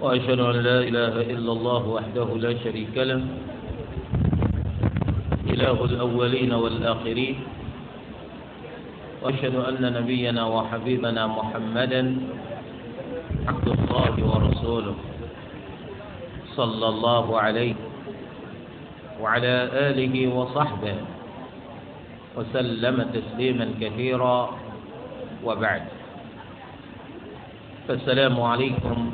وأشهد أن لا إله إلا الله وحده لا شريك له إله الأولين والآخرين وأشهد أن نبينا وحبيبنا محمدا عبد الله ورسوله صلى الله عليه وعلى آله وصحبه وسلم تسليما كثيرا وبعد فالسلام عليكم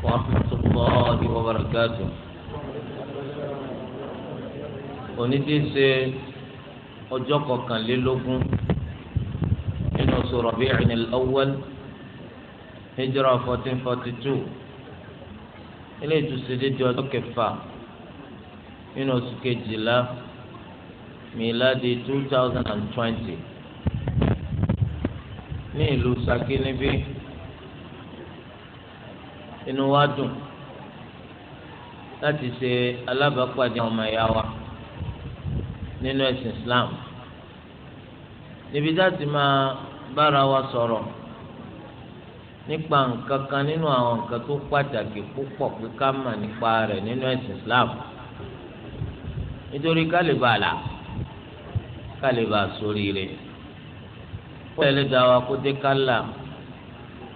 ورحمة الله وبركاته òní tí í ṣe ọjọ́ kọkànlélógún nínú oṣù Rabi'in al-Awwal hijra fourteen forty two ilé ìtúsí dídí ọjọ́ kẹfà nínú oṣù kejìlá miladi two thousand and twenty ní ìlú Ṣakí níbí inú wa dùn láti ṣe alábàápàdé àwọn ọmọ ìyá wa nínú ẹ̀sìn Islam níbi láti máa bára wa sọ̀rọ̀ nípa nǹkan kan nínú àwọn nǹkan tó pàtàkì púpọ̀ pé ká mà nípa rẹ̀ nínú ẹ̀sìn Islam nítorí ká lè bàlà ká lè bà sóríire ó lè lè dá wa kó dé ká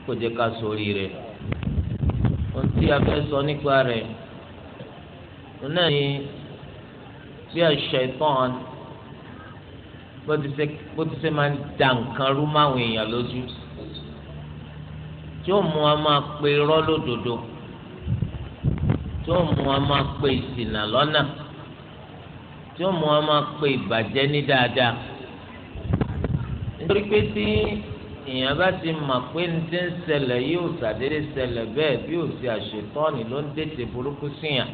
kó dé ká sóríire ohun tí a fẹ́ sọ nípa rẹ̀ òun náà ni bí àṣetán bó ti ṣe máa ń da nǹkan rú máwọn èèyàn lójú tí ó mú wa máa pe irọ́ lódodo tí ó mú wa máa pe ìṣìnà lọ́nà tí ó mú wa máa pe ìbàjẹ́ ní dáadáa nítorí pé tí. Si, èèyàn bá ti mọ̀ pé ní ti ń ṣẹlẹ̀ yóò ṣàdédé ṣẹlẹ̀ bẹ́ẹ̀ bí ó ṣe àṣetọ́ni ló ń dètè burúkú síyàn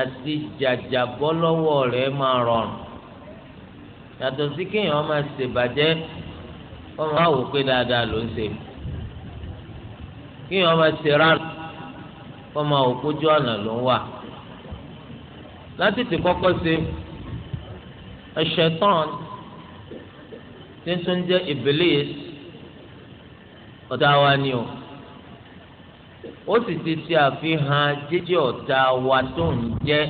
àti jàjàbọ́ lọ́wọ́ rẹ̀ máa rọrùn yàtọ̀ sí kéèyàn máa ṣèbàjẹ́ ọmọ àwò pé dáadáa ló ń ṣe kéèyàn máa ṣe rárá ọmọ àwò kójú ọ̀nà ló ń wà láti kọ́kọ́ ṣe ẹ̀ṣẹ̀ tán tí tún jẹ́ Iblis ọ̀tá wa ni o ó sì ti ṣe àfihàn jíjẹ́ ọ̀tá wa tó ń jẹ́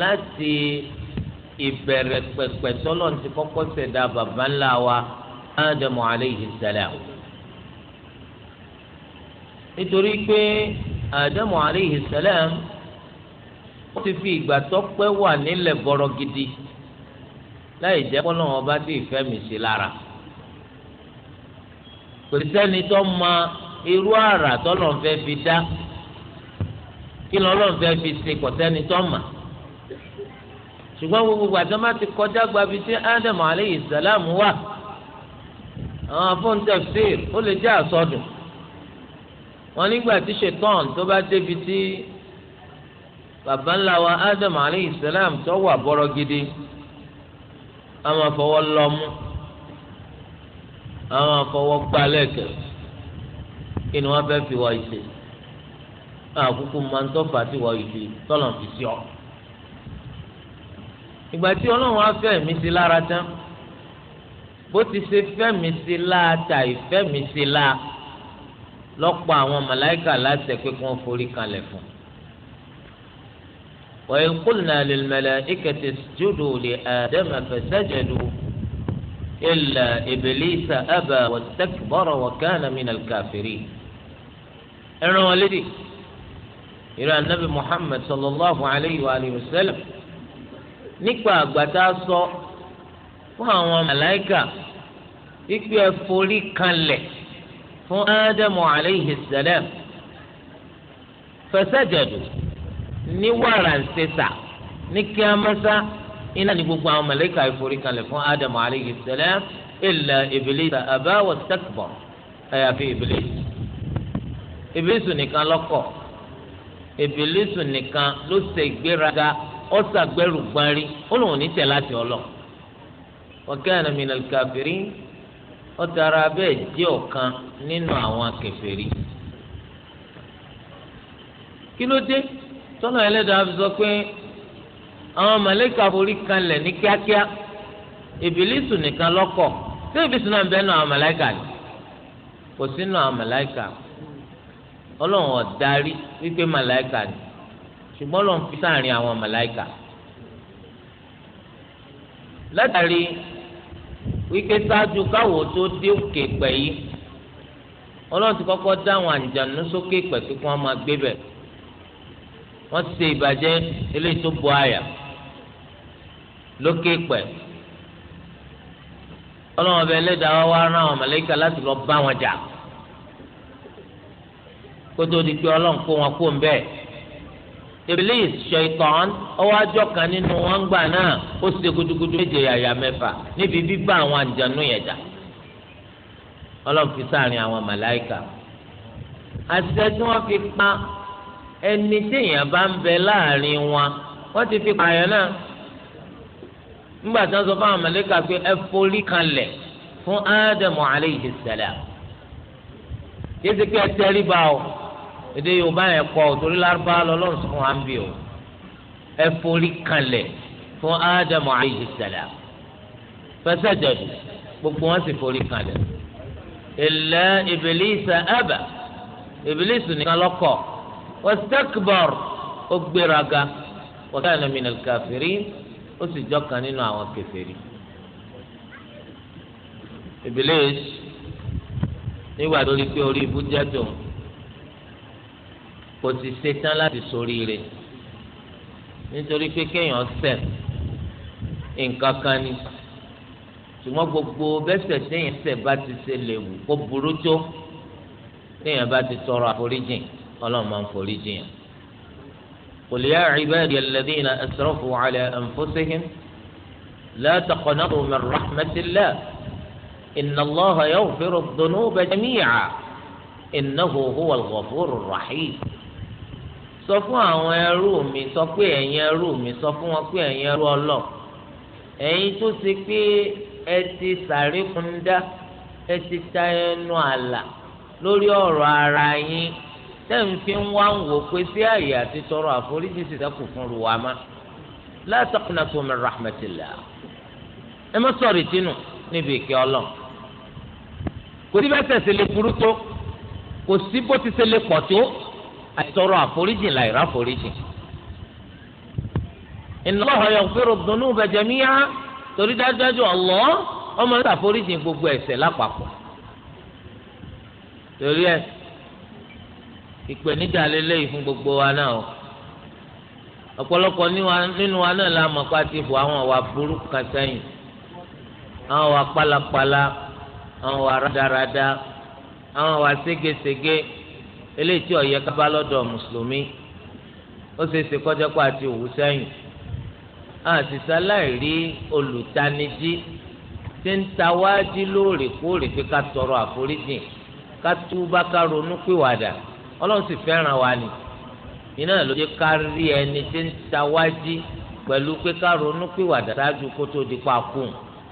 láti ìbẹ̀rẹ̀ pẹ̀pẹ̀ tọ́lọ̀ ti kọ́kọ́ ṣẹ̀dá baba ńlá wa Ádámù alayhi salam nítorí pé Ádámù alayhi salam ó ti fi ìgbà tó wà nílẹ̀ bọ̀rọ̀ gidi láì jẹ́ kọ́ lọ́wọ́ bá sì fẹ́ mi sí lára kò sẹ́ni tó mọ irú àrà tọ́lọ̀ fẹ́ fi dá kí lọ́lọ́ fẹ́ fi ṣe kò sẹ́ni tó mọ̀ ṣùgbọ́n gbogbo àtọ́má ti kọjá gbabi tí Ádámù aleyhi sàlám wà àwọn afọ́ńtẹ̀fẹ́ ó lè jẹ́ àsọdùn wọn nígbà tí ṣetán tó bá débi tí bàbá ńlá wa Ádámù aleyhi sàlám tó wà bọ́rọ̀ gidi a máa fọwọ́ lọ́mú a máa fọwọ́ gbá lẹ́kẹ̀ kí ni wọ́n fẹ́ fi wọ ìṣe àkókò máa ń tọ́fà tí wọ́n ìṣe tọ́lọ̀ fi sí ọ. ìgbà tí ọlọ́run á fẹ́ mi sí lára tán bó ti ṣe fẹ́ mi sí láa ìfẹ́ mi sí láa lọ́pọ̀ àwọn màláìkà láti ẹ̀ pé kí wọ́n forí kalẹ̀ fún un. وإن قلنا للملائكة اسجدوا لآدم فسجدوا إلا إبليس أبى واستكبر وكان من الكافرين أنا والدي إلى النبي محمد صلى الله عليه وآله وسلم nípa àgbàtà sọ fún àwọn màláìkà wípé ẹ forí kanlẹ̀ fún ní wàràǹsẹ̀sà ní kíámẹ́sà iná ní gbogbo àwọn màláíkà ìforíkalẹ̀ fún ádámù alayhi salam illa Iblis aba wastakbar àyàfi Iblis Iblis nìkan lọ́kọ̀ Iblis nìkan ló ṣe ìgbéraga ó ṣàgbẹ́rù gbanrí ó lòun ní tẹ̀ láti ọlọ́ wa kana minal kafirin ó tara bẹ́ẹ̀ jẹ́ ọ̀kan nínú àwọn kèfèrí kí ló dé tọ́lọ̀ ẹlẹ́dàá fi sọ pé àwọn màlẹ́kà forí kanlẹ̀ ní kíákíá ìbílísù nìkan lọ́kọ̀ tí ìbísù náà bẹ́ẹ̀ nù àwọn màlẹ́kà ni kò sínú àwọn màlẹ́kà ọlọ́run ọ̀darí wípé màlẹ́kà ni ṣùgbọ́n ọlọ́run fi sáàrin àwọn màlẹ́kà látàrí wípé sáájú káwọ́ tó dé òkè pẹ̀ ọlọ́run ti kọ́kọ́ dá àwọn àǹjànú sókè pẹ̀ kí wọ́n máa gbé bẹ̀rẹ̀ wọ́n ti ṣe ìbàjẹ́ eléyìí tó bu àyà lókè pẹ̀ ọlọ́wọ́n bẹ ẹlẹ́dàá wá wá rán àwọn màláíkà láti lọ bá wọn jà kótó di pé ọlọ́run kó wọn kó ń bẹ́ẹ̀ Iblis Ṣaitan ọwọ́ ajọ́ kan nínú wọn gbà náà ó ṣe gudugudu méje yàyà mẹ́fà níbi bíbá àwọn àǹjànú yẹn jà ọlọ́run fi sáàrin àwọn màláíkà àṣẹ tí wọ́n fi pa ẹni téèyàn bá ń bẹ láàrin wọn wọ́n ti fi pààyàn náà nígbà tí wọ́n sọ fáwọn mọ̀lẹ́kà pé ẹ forí kanlẹ̀ fún ádámù alayhi salam yé ti pé ẹ tẹrí ba o èdè yorùbá yẹn kọ ò torí lárúbá lọ́lọ́run sọ fún wa ń bì o ẹ forí kanlẹ̀ fún ádámù alayhi salam fasajadu gbogbo wọn sì forí kanlẹ̀ illa iblisa aba iblisu nìkan lọ́kọ̀ọ́ wastakbar ó gbéraga wa kana minal kafirin ó sì jọkàn nínú àwọn kèfèrí. Iblis nígbà tó rí pé orí ibú jẹ́ tòun kò sì ṣetán láti ṣoríire nítorí pé kéèyàn ṣẹ̀ nǹkan kan ni ṣùgbọ́n gbogbo bẹ́sẹ̀ téèyàn ṣẹ̀ bá ti ṣe lè wù kó burú tó téèyàn bá ti tọrọ àforíjìn ọlọ́run máa ń forí jiyàn. قل يا عبادي الذين أسرفوا على أنفسهم لا تقنطوا من رحمة الله إن الله يغفر الذنوب جميعا إنه هو الغفور الرحيم sọ fún àwọn ẹrú mi sọ pé ẹ̀yin ẹrú mi sọ fún wọn pé ẹ̀yin ẹrú ọlọ́ ẹ̀yin tó ti pé ẹ ti sàrékùn dá ẹ ti ta ẹnu àlà lórí ọ̀rọ̀ ara yín lẹ́yìn fi ń wá ń wò pé sí àyè àti tọrọ àforíjì sì dẹ́kun fún ruwa ma la taqnatu min rahmatillah ẹ má sọ̀rọ̀ ìtinú níbi ìkẹ́ ọlọ́n kò sí bẹ́ẹ̀ tẹ̀sí lè burú tó kò sí bó ti ṣe lè pọ̀ tó àìtọrọ àforíjì là ìrà àforíjì. inna Allaha yaghfiru dhunuba jami'a torí dájúdájú Allah ọmọ ìsàforíjì gbogbo ẹ̀ṣẹ̀ lápapọ̀ torí ẹ̀ ìpèníjà lélẹ́yìí fún gbogbo wa náà o ọ̀pọ̀lọpọ̀ nínú wa náà la mọ̀ pa ti bọ̀ àwọn àwa burúkú kan sẹ́yìn àwọn àwa pálapàla àwọn àwa rádaràda àwọn àwa ségesège eléyìí tí ó yẹ ká bá lọ́dọ̀ mùsùlùmí ó ṣe é ṣe kọjá pa àti òwú sẹ́yìn àtìsá láì rí olùtanijí tí ń ta wájí lóòrèkóòrè pé ká tọrọ àforíjì ká túbá ká ronú pìwàdà. ọlọ́run sì fẹ́ràn wa ni iná ló jẹ́ ká ẹni tí ń ta pẹ̀lú pé ká ronú ṣáájú kó tó di pa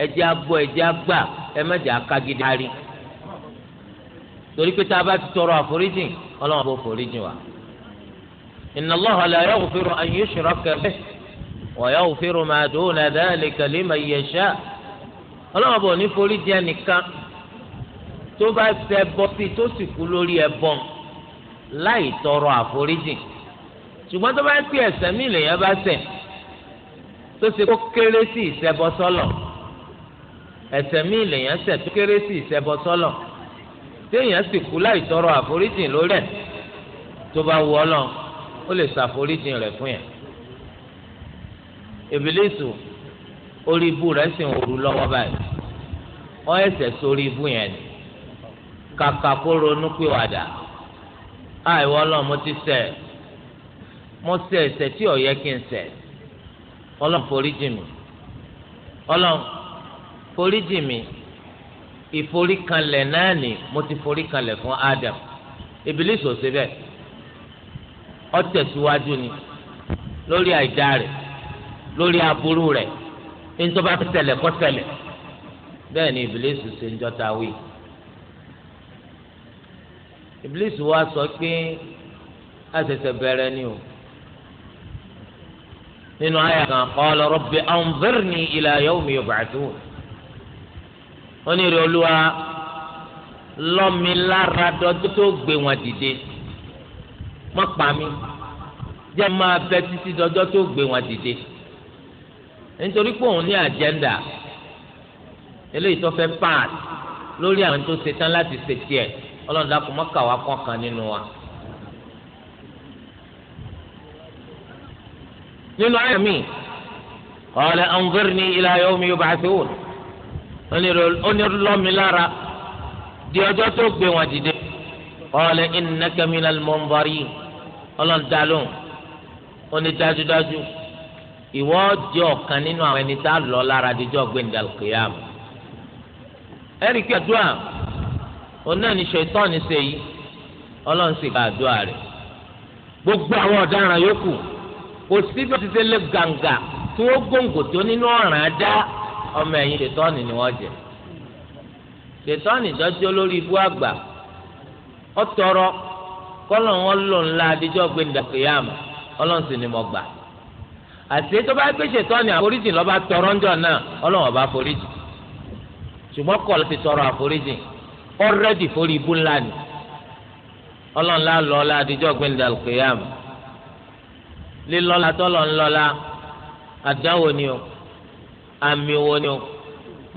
ẹjẹ́ agbọ́ ẹjẹ́ agbà ẹ má jẹ́ akagídarí torí pé tá a bá ti tọrọ àforíjìn ma ọlọ́run bò ní foríjìn ẹnìkan tó bá sí tó láì tọrọ àforíjì ṣùgbọ́n tó bá ń pè ẹ̀ṣẹ̀ mí lèèyàn bá ṣẹ̀ tó ṣe kó kéré sí ìṣẹbọ sọ́lọ̀ ẹ̀ṣẹ̀ mí lèèyàn ṣẹ̀ tó kéré sí ìṣẹbọ sọ́lọ̀ téèyàn sì kú láì tọrọ àforíjì lórí ẹ̀ tó bá wù Ọlọ́run ó lè ṣàforíjì rẹ̀ fún yẹn Ìbílísù orí ibu rẹ̀ sì ń wòru lọ́wọ́ báyìí wọ́n ẹ̀ṣẹ̀ sórí ibu yẹn ni kàkà kó ronú pé wàdà àìwọ Ọlọ́run mo ti ṣẹ̀ mo ṣẹ̀ ẹ̀ṣẹ̀ tí ò yẹ kí n ṣẹ̀ Ọlọ́run forí jì mí Ọlọ́run forí jì mí ìforíkanlẹ̀ náà ni mo ti foríkanlẹ̀ fún Adam Ìbílísì ò ṣe bẹ́ẹ̀ ó tẹ̀síwájú ni lórí àìdá rẹ̀ lórí aburú rẹ̀ ní tó bá tẹ̀lẹ̀ kó tẹ̀lẹ̀ bẹ́ẹ̀ ni Ìbílísì ṣe ń jọta wí. Iblis wa sọ pé a ṣẹ̀ṣẹ̀ bẹ̀rẹ̀ ni o nínú àyà kan qala rabbi anzirni ila yawmi yub'athun ó ní rí olúwa lọ́mi lára dọ́jú tó gbé wọn dìde mọ́ pa mí jẹ́ máa bẹ títí dọ́jọ́ tó gbé wọn dìde nítorí pé òun ní àjẹ́ndà eléyìí tó fẹ́ pass lórí àwọn tó ṣetán láti ṣe tiẹ̀ ọlọ́run dákun mọ́kà wá kọ́ kan nínú wa. nínú ayé mi qala anzirni ila yawmi yub'athun onírúlọ́mi lára di ọjọ́ tó gbé wọn dìde qala innaka minal munzirin ọlọ́run dá lóhùn ó ní dájúdájú ìwọ jẹ́ ọ̀kan nínú àwọn ẹni tá a lọ lára díjọ́ gbẹ̀ndàlùkìyàmù ẹ̀rí kí àdúrà. òun náà ní ṣètọ́n ní ṣe ọlọ́run sì gba gbogbo àwọn ọ̀daràn yòókù kò sí bí wọ́n lé gàǹgà tí wọ́n gbòǹgò tó nínú ọ̀ràn dá ọmọ ẹ̀yìn ṣètọ́n ni wọ́n jẹ ṣètọ́n ìdọ́jọ́ lórí ibú àgbà ọ̀tọ̀rọ̀ kọ́lọ̀ wọn lò ńlá adijọ́ gbẹ̀ndàkìyàmù ọlọ́run sì ni mo gbà àti tó bá gbé àforíjì lọ́ba tọrọ ńjọ náà ọlọ́run ọba àforíjì ṣùgbọ́n kọ́ ló ti tọrọ àforíjì ọ̀rẹ́dì fori ibú ńlá ni ọlọ́nla lọ́la àdìjọ́ gbẹ̀ndẹ̀ alùkìyàm lílọ́la tọ́lọ̀ àdáwò ni o àmì wo ni o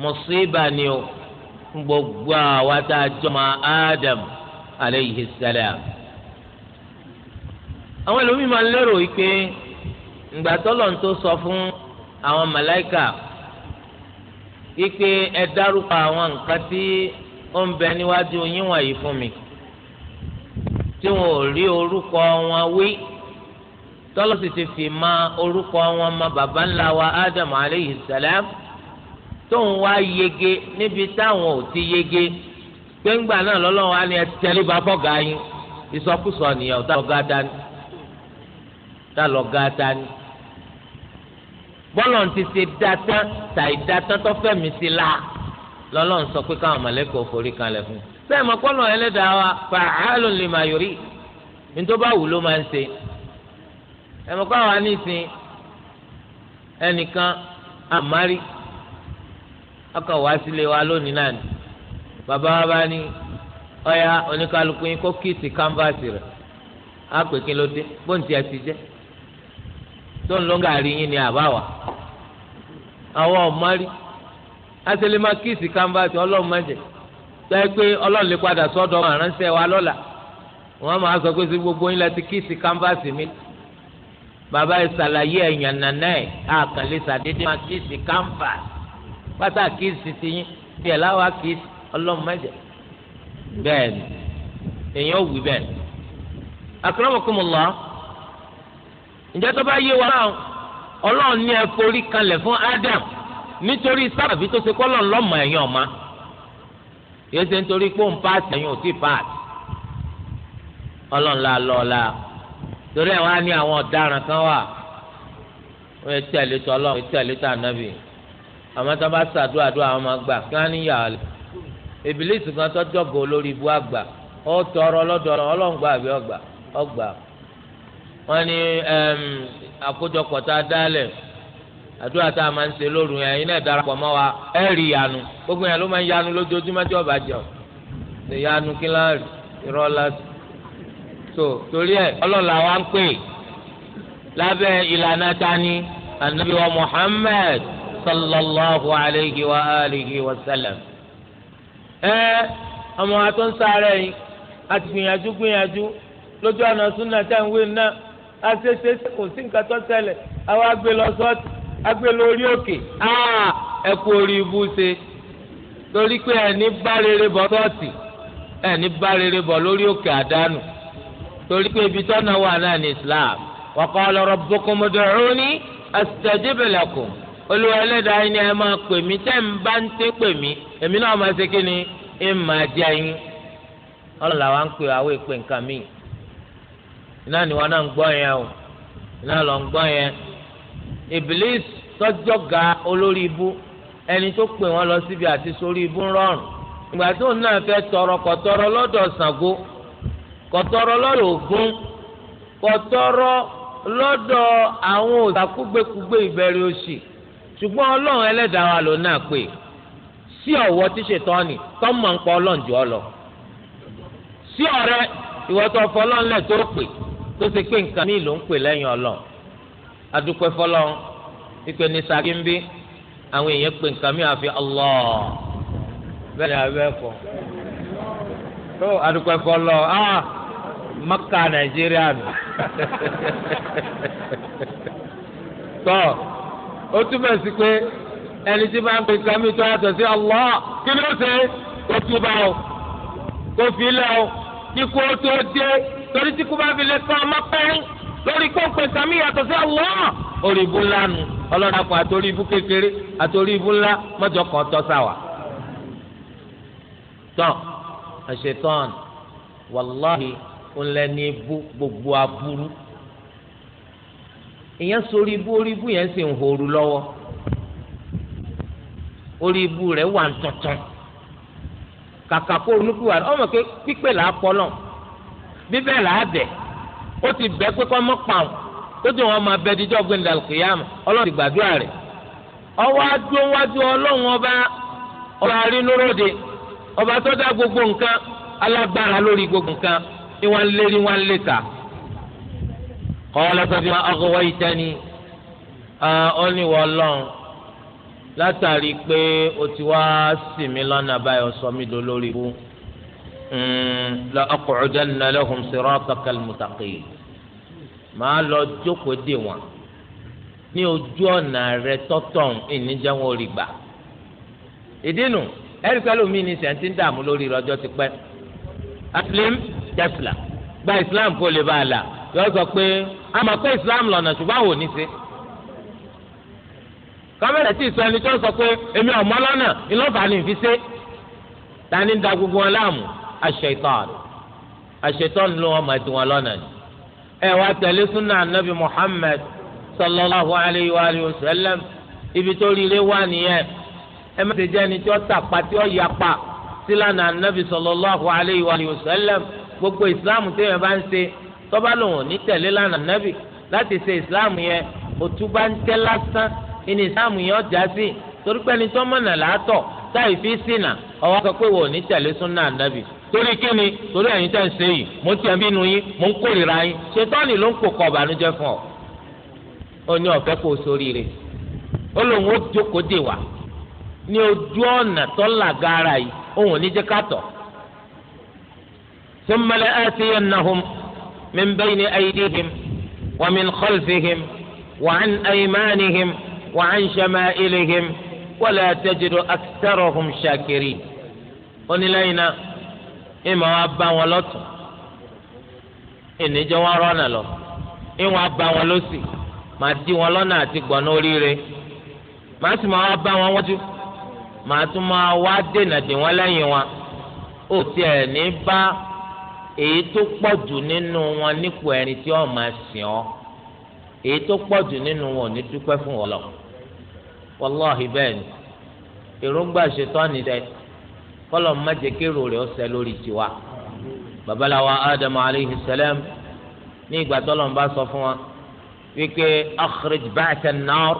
mùsíbà ni o gbogbo àwa tá a jọ ma Ádámù aleyhi salam àwọn ẹlòmíì máa ń lérò wípé ìgbà tọ́lọ̀ ń tó sọ fún àwọn wípé ẹ dárúkọ àwọn ó ń bẹ níwájú yín wọ̀nyí fún mi tí wọn ò rí orúkọ wọn wí tọ́lọ́ sì ti fi ma orúkọ wọn ma bàbá ńlá wa Ádámù aleyhi sàlám tóun wá yege níbi táwọn ò ti yege gbẹ̀ngbà náà lọ́lọ́wọ́ á ní ẹ tẹ́lẹ̀ bá bọ́gà yín ìsọkúsọ nìyẹn ọ̀tá lọ́gá dání tá lọ́gá dání bọ́lọ̀ ti ṣe dá tàì dá tó fẹ́ mi sí la. Lọlọ sọ pé káwọn mọ̀lẹ́kọ̀ forí kalẹ̀ fún un wa fa'alun lima yuri nítorí wù ló máa ń ṣe ẹ̀mọ̀ káwọn anísìn ẹnìkan àmárí wá sílé wa lónìí náà ni bàbá wa bá ní ọ̀ya oníkálukú yín kó kíìtì ló dé bóńtì ẹ ti tó ń asẹlẹ̀ ma kíìsì kanvaasi ọlọ́run máa jẹ pé ọlọ́run lè padà sọ́dọ̀ ọmọ wa máa sọ pé gbogbo yín láti kíìsì kanvaasi mi bàbá ẹ̀yàn nànà ẹ̀ sàdédé máa kanvaasi pátá tiyín láwa èèyàn ò wí tó bá yé wa náà ní ẹ forí nítorí sábàbí tó ṣe kọ́lọ̀ ńlọ́mọ ẹ̀yìn ọ̀ma yìí ṣe nítorí pé òun paasi ẹ̀yìn òtí paasi ọlọ́nla lọ́la torí ẹ̀ wá ní àwọn ọ̀daràn kan wà wọ́n ti tẹ̀lé tọ́ ọlọ́run wọ́n ti tẹ̀lé tọ́ ànábì àmọ́ tó bá ṣàdúrà dúrà wọn máa gbà kí wọ́n ní yà á lẹ̀ ìbílísì kan tó jọ̀gọ̀ olórí ibú àgbà ó tọrọ lọ́dọ̀ ọlọ́run àbí ọgbà ọgbà wọ́n ní àkójọpọ̀ tá a dálẹ̀ àdúrà tá a máa ń ṣe lóru yẹn iná ìdarapọ̀ mọ́ wa ẹ rí yanu gbogbo yẹn ló máa ń yanu lójoojúmọ́ tí ọba jẹ ṣe yanu kí lá rí irọ́ lásì. so torí ẹ ọlọ́la wa ń pè lábẹ́ ìlànà tani anabi wa Muhammad sallallahu alayhi wa alihi wa sallam. ẹ ọmọ wa tó ń sáré yìí a ti gbìyànjú gbìyànjú lójú ọ̀nà súnà tẹ̀ ń wé náà a ṣe ṣe kò sí nǹkan tó ṣẹlẹ̀ àwa gbé lọ sọ́ọ̀tì agbé lórí òkè ah, ẹ kú orí ibú ṣe torí pé ẹni bá rere bọ́ tọ́ọ̀tì ẹni bá rere bọ́ lórí òkè àdánù torí pé ibi tọ́nà wà náà ní Islam wa qala rabbukum ud'uni astajib lakum olúwa ẹlẹ́dàá yín ni ẹ máa pè mí tẹ́ ń bá ń tẹ́ pè mí èmi náà máa ṣe kí ni ẹ máa jẹ́ yín ọlọ́run làwọn ń pè àwọn èpè nǹkan míì iná ni wọn náà ń gbọ́ yẹn o iná lọ ń gbọ́ yẹn iblis tọjọ ga olórí ibú ẹni tó pè wọn lọ síbi àti sórí ibú rọrùn ìgbà tó náà fẹ́ tọrọ kọtọrọ lọ́dọ̀ Ṣàngó kọtọrọ lọ́dọ̀ Ògún kọtọrọ lọ́dọ̀ àwọn òsàkúgbèkúgbè ìbẹ̀rẹ̀ òsì ṣùgbọ́n Ọlọ́run Ẹlẹ́dàá wa ló náà pè sí ọwọ́ tí ṣètọ́ni tọmọ ń pa Ọlọ́run jù ọ lọ sí ọ̀rẹ́ ìwọtọ fọlọ́nlẹ̀ tó pè tó ṣe pé nǹkan míì ló ń pè lẹ́yìn Ọlọ́run adúpẹ́ fọlọ́ ìpè ní sàkínbí àwọn èèyàn pè nǹkan mi àfi Allah bẹ́ẹ̀ ni abẹ́ kọ́ tó adúpẹ́ fọlọ́ ah maka nàìjíríà nù tọ́ O túbọ̀ sí pé ẹni tí bá ń pè nǹkan mi tó yàtọ̀ sí Allah kí o ṣe kó túbọ̀ o kó fi lẹ́ o kíkó tó dé torí tí kú bá fi lè kọ́ ọmọ pẹ́ẹ́n lórí pọ́ǹpẹ́ sàmì yàtọ̀ sí Allah orí ibú ńlá nu ọlọ́run àpò àtòrí ibú kékeré àtòrí ibú ńlá mọ́jọ kan tọ́ sáwà. tán àṣetán wàláhì ńlẹ ní ibú gbogbo aburú ìyẹn sórí ibú orí ibú yẹn sì ń horu lọ́wọ́ orí rẹ̀ wà ń tọ̀tàn kàkà kó onúkúwà ọmọ pé pípé làá pọ̀ lọ bíbẹ̀ làá bẹ̀ ó ti bẹ́ pé kọ́ mọ́ pàwọn ó ti wọn máa bẹ díjọ́ gbẹ̀ndà kìyàmù ọlọ́run ti gbàdúrà rẹ̀ ọwọ́ adó wájú ọlọ́run ọba ọba arínúròde ọba tó dá gbogbo nǹkan alágbára lórí gbogbo nǹkan ni wọ́n lé ní wọ́n lé ta kọ́lọ́sọ fi máa ọkọ̀wé ìtẹ́ni ó ní wọ́n lọ́run látàrí pé o ti wá ṣì lọ́nà báyọ̀ sọ mí dolórí fún لأقعدن لهم صراطك المستقيم máa lọ jókòó wọn ní ojú ọ̀nà rẹ tọ́tọ̀n ìníjà wọn ò rí gbà ìdínú ẹ̀ríkà lómi ní sẹ́ńtì ń dààmú lórí ti pẹ́ aslim tesla gba islam kó lè bá a sọ pé a máa pé islam lọ́nà ṣùgbọ́n àwọn ò ní kọ́mẹ́rẹ́ sọ pé èmi ọ̀mọ́ lọ́nà ìlọ́fà ni ìfi ṣe ta ni ń da aṣetán aṣetán ló wọn máa ti wọn lọ́nà ni. ẹ wá tẹ̀lé súnà anabi muhammed sallallahu alayhi wa sallam ibi tó rí ilé nìyẹn ẹ má ti jẹ́ ẹni tí ó tàpá tí ó yapa sílànà sallallahu alayhi wa sallam gbogbo islam tí yẹn bá ń ṣe tọ́ba lòun ní tẹ̀lé lànà anabi láti ṣe islam yẹn ń tẹ́ lásán ìní yẹn ọjà sí torí fi sínà ọwọ́ sọ torí kíni torí ẹ̀yin tẹ̀ ń ṣe yìí mo ń tẹ̀ bínú yín mo ń kórìíra yín ṣètọ́ni ló ń kó kọ ọ̀bànújẹ́ fún ọ. ó ní ọ̀fẹ́ kó sóríire ó lóun ó jókòó dè wá ní ojú ọ̀nà tó làgàrà yìí òun ò ní jẹ́ kátọ̀. ثم لآتينهم من بين أيديهم ومن خلفهم وعن أيمانهم وعن شمائلهم ولا تجد أكثرهم شاكرين. ó ní lẹ́yìn náà ìmọ̀ wa bá wọn lọ́tún ìníjọ́ wọn rọ́nà lọ ìwọ̀n bá wọn lọ́sì màá di wọn lọ́nà àti gbọ̀nà oríire màá sì máa wá bá wọn wọ́jú màá tún máa wá dènà dè wọ́n lẹ́yìn wọn ó tiẹ̀ ní bá èyí tó pọ̀ jù nínú wọn nípò ẹni tí wọ́n máa sìn ọ́ èyí tó pọ̀ jù nínú wọn ò ní dúpẹ́ fún wọn lọ wọláhì bẹ́ẹ̀ ni èròǹgbà ṣetán ni dẹ́ẹ́ kọlọ má jẹ́ kérò rẹ̀ ọsẹ lórí tiwa babaláwa adamu aleyhi salam ní ìgbà tọlọ ń bá sọ fún wa wípé akhrij ba'sa an-nar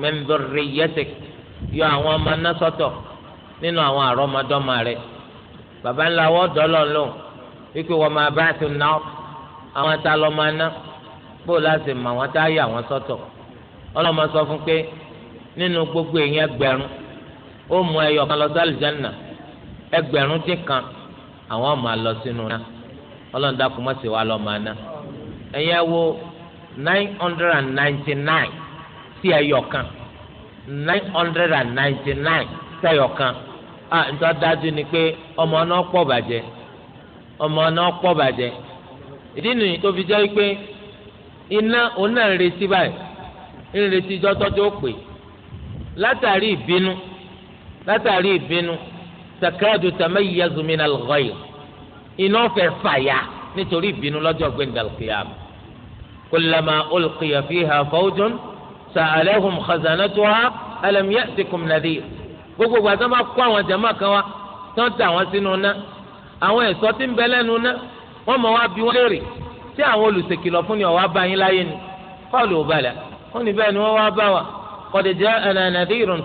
min dhurriyyatik yọ àwọn ọmọ náà nínú àwọn àrọmọdọ́mọ rẹ̀ baba ńlá wọ dọlọ lò wípé wọn máa ba'sa an-nar àwọn tá lọ máa ná bó láti mọ àwọn tá yà wọn sọ́tọ̀ ọlọmọ sọ fún pé nínú gbogbo èèyàn gbẹ̀rún ó mú ẹyọ kan lọ sí àlùjánnà. ẹgbẹ̀rún dín kan àwọn ọmọ àlọ sínú náà ọlọ́run dákun má wá lọ màá ná ẹ̀yẹ wo nine hundred kan nine hundred and a dájú ni pé ọmọ náà pọ̀ bàjẹ́ ọmọ náà pọ̀ bàjẹ́ ìdí nìyí tó fi jẹ́ pé iná òun náà ń retí báyìí ń retí takadu tamayyazu minal ghayr iná fẹ́ fàyà nítorí ìbínú lọ́jọ́ gbẹ̀ndàl qiyam kullama ulqiya fiha fawjun sa'alahum khazanatuha alam ya'tikum nadhir gbogbo gbàtà máa kó àwọn jama kan wa tán tà wọn sínú ná àwọn ẹ̀sọ́ tí ń bẹ lẹ́nu ná wọ́n mọ̀ wá bí wọ́n léèrè tí àwọn olùṣèkìlọ̀ fún ni ọ̀wá bá yín láyé ni qalu bala wọ́n ní bẹ́ẹ̀ ni wọ́n wá bá wa qad ja'ana nadhirun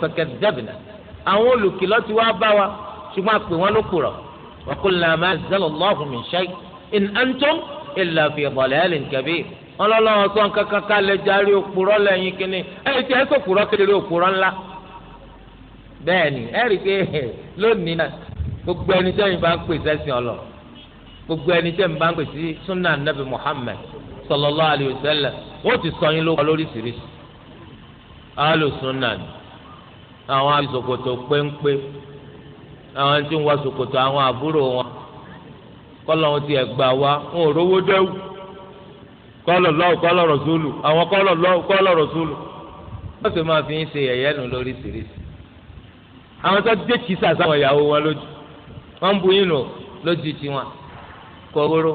ṣùgbọ́n àpè wọn ló kùrọ̀ wa kulna ma anzala Allahu min in antum illa fi dalalin kabir ọlọ́lọ́wọ́ sọ kankan ká lè jarí òpùrọ́ lẹ́yìn kínní ẹ̀yìn tí ẹ sọ òpùrọ́ kékeré ńlá bẹ́ẹ̀ ni rí pé lónìí náà gbogbo ẹni bá ń pè sẹ́sìn ọlọ gbogbo ẹni bá ń pè sí sunnah nabi àwọn tí ń wọ ṣòkòtò àwọn àbúrò wọn kọlọ wọn ti ẹgbà wa wọn ò rówó dẹwù kọlọ lọwọ kọlọ rọsúlù àwọn kọlọ lọwọ kọlọ rọsúlù wọn sì máa fi ń ṣe yẹ̀yẹ́ nù lóríṣiríṣi àwọn tó dé kìí sàṣà wọn ìyàwó wọn lójú wọn ń bu yín nù lójú tiwọn kò wúrú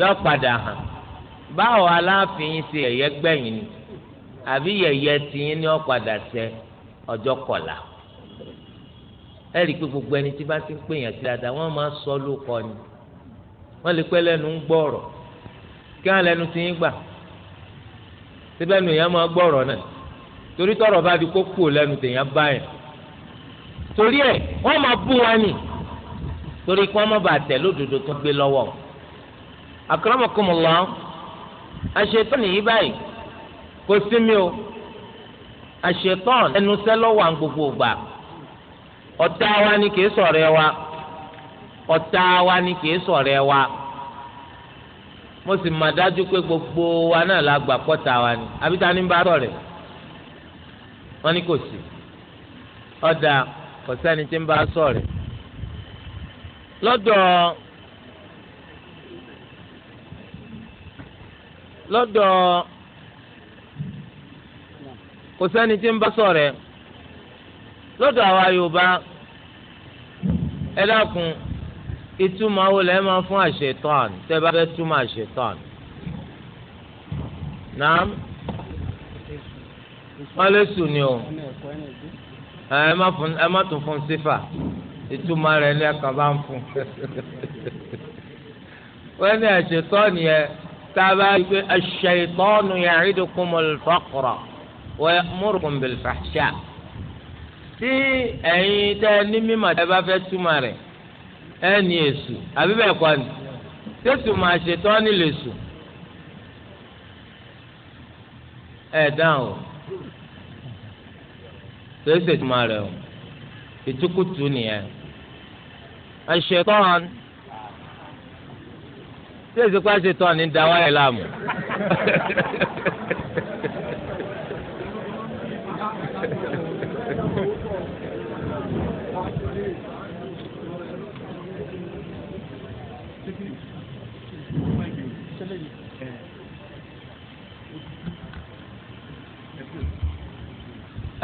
yọ padà hàn báwo aláàfin ṣe yẹ̀yẹ́ gbẹ̀yìn ni àbí yẹ̀yẹ́ tiyín ni ọ padà ṣe ọjọ́ kọlà. ẹ rí i pé gbogbo ẹni tí bá ti ń pè yàn sí dáadáa wọ́n máa sọ ló ni wọ́n lè pẹ́ lẹ́nu ń gbọ́ ọ̀rọ̀ kí wọ́n lẹ́nu ti ń gbà síbẹ̀ nù yẹn máa gbọ́ ọ̀rọ̀ náà torí tọ́rọ̀ bá di kókó lẹ́nu tèèyàn báyìí torí ẹ̀ wọ́n máa bú wa nì torí kí wọ́n má bàa tẹ̀ lódodo tó gbé lọ́wọ́ akramakumullah aṣetán yìí báyìí kò sí mi o aṣetán ẹnu à ń gbogbo gbà. ọ̀tá wa ni kìí ṣọ̀rẹ́ wa ọ̀tá wa ni kìí ṣọ̀rẹ́ wa mo sì mà dájú pé gbogbo wa náà la gbà pọ́ta wa ni àbí ta ni ń bá ṣọ̀rẹ́ wọ́n ní kò sí ọ̀dà kò sẹ́ni tí ń bá ẹ lọ́dọ̀ lọ́dọ̀ kò sẹ́ni tí ń bá ẹ lọ́dọ̀ àwa yorùbá ẹ dákun ìtumọ̀ wo lẹ́ẹ̀ máa fún àṣetán tẹ́ bá fẹ́ túmọ̀ àṣetán naam wọ́n lè sùn ni o ẹ má tún fún sífà ìtumọ̀ rẹ̀ ní ẹ̀kan bá ń fún wọ́n ní àṣetán yẹn tá a bá rí i pé àṣetán yẹn àrídìkùn mọ̀lẹ́fọ́kọ̀rọ̀ wọ́n múrùkùn bẹ̀lẹ́fàṣà tí ẹ̀yin tẹ́ ní mímọ̀ tẹ́ bá fẹ́ túmọ̀ rẹ̀ ẹ ní èṣù àbí bẹ́ẹ̀ kọ́ ni tètù máa ṣètọ́ nílò èṣù ẹ dáhùn o tètè ṣètúmọ̀ rẹ̀ o ìtukùtù nìyẹn àṣetọ́n tètè pa ṣetọ́n ní dáwọ́ ẹ̀ láàmú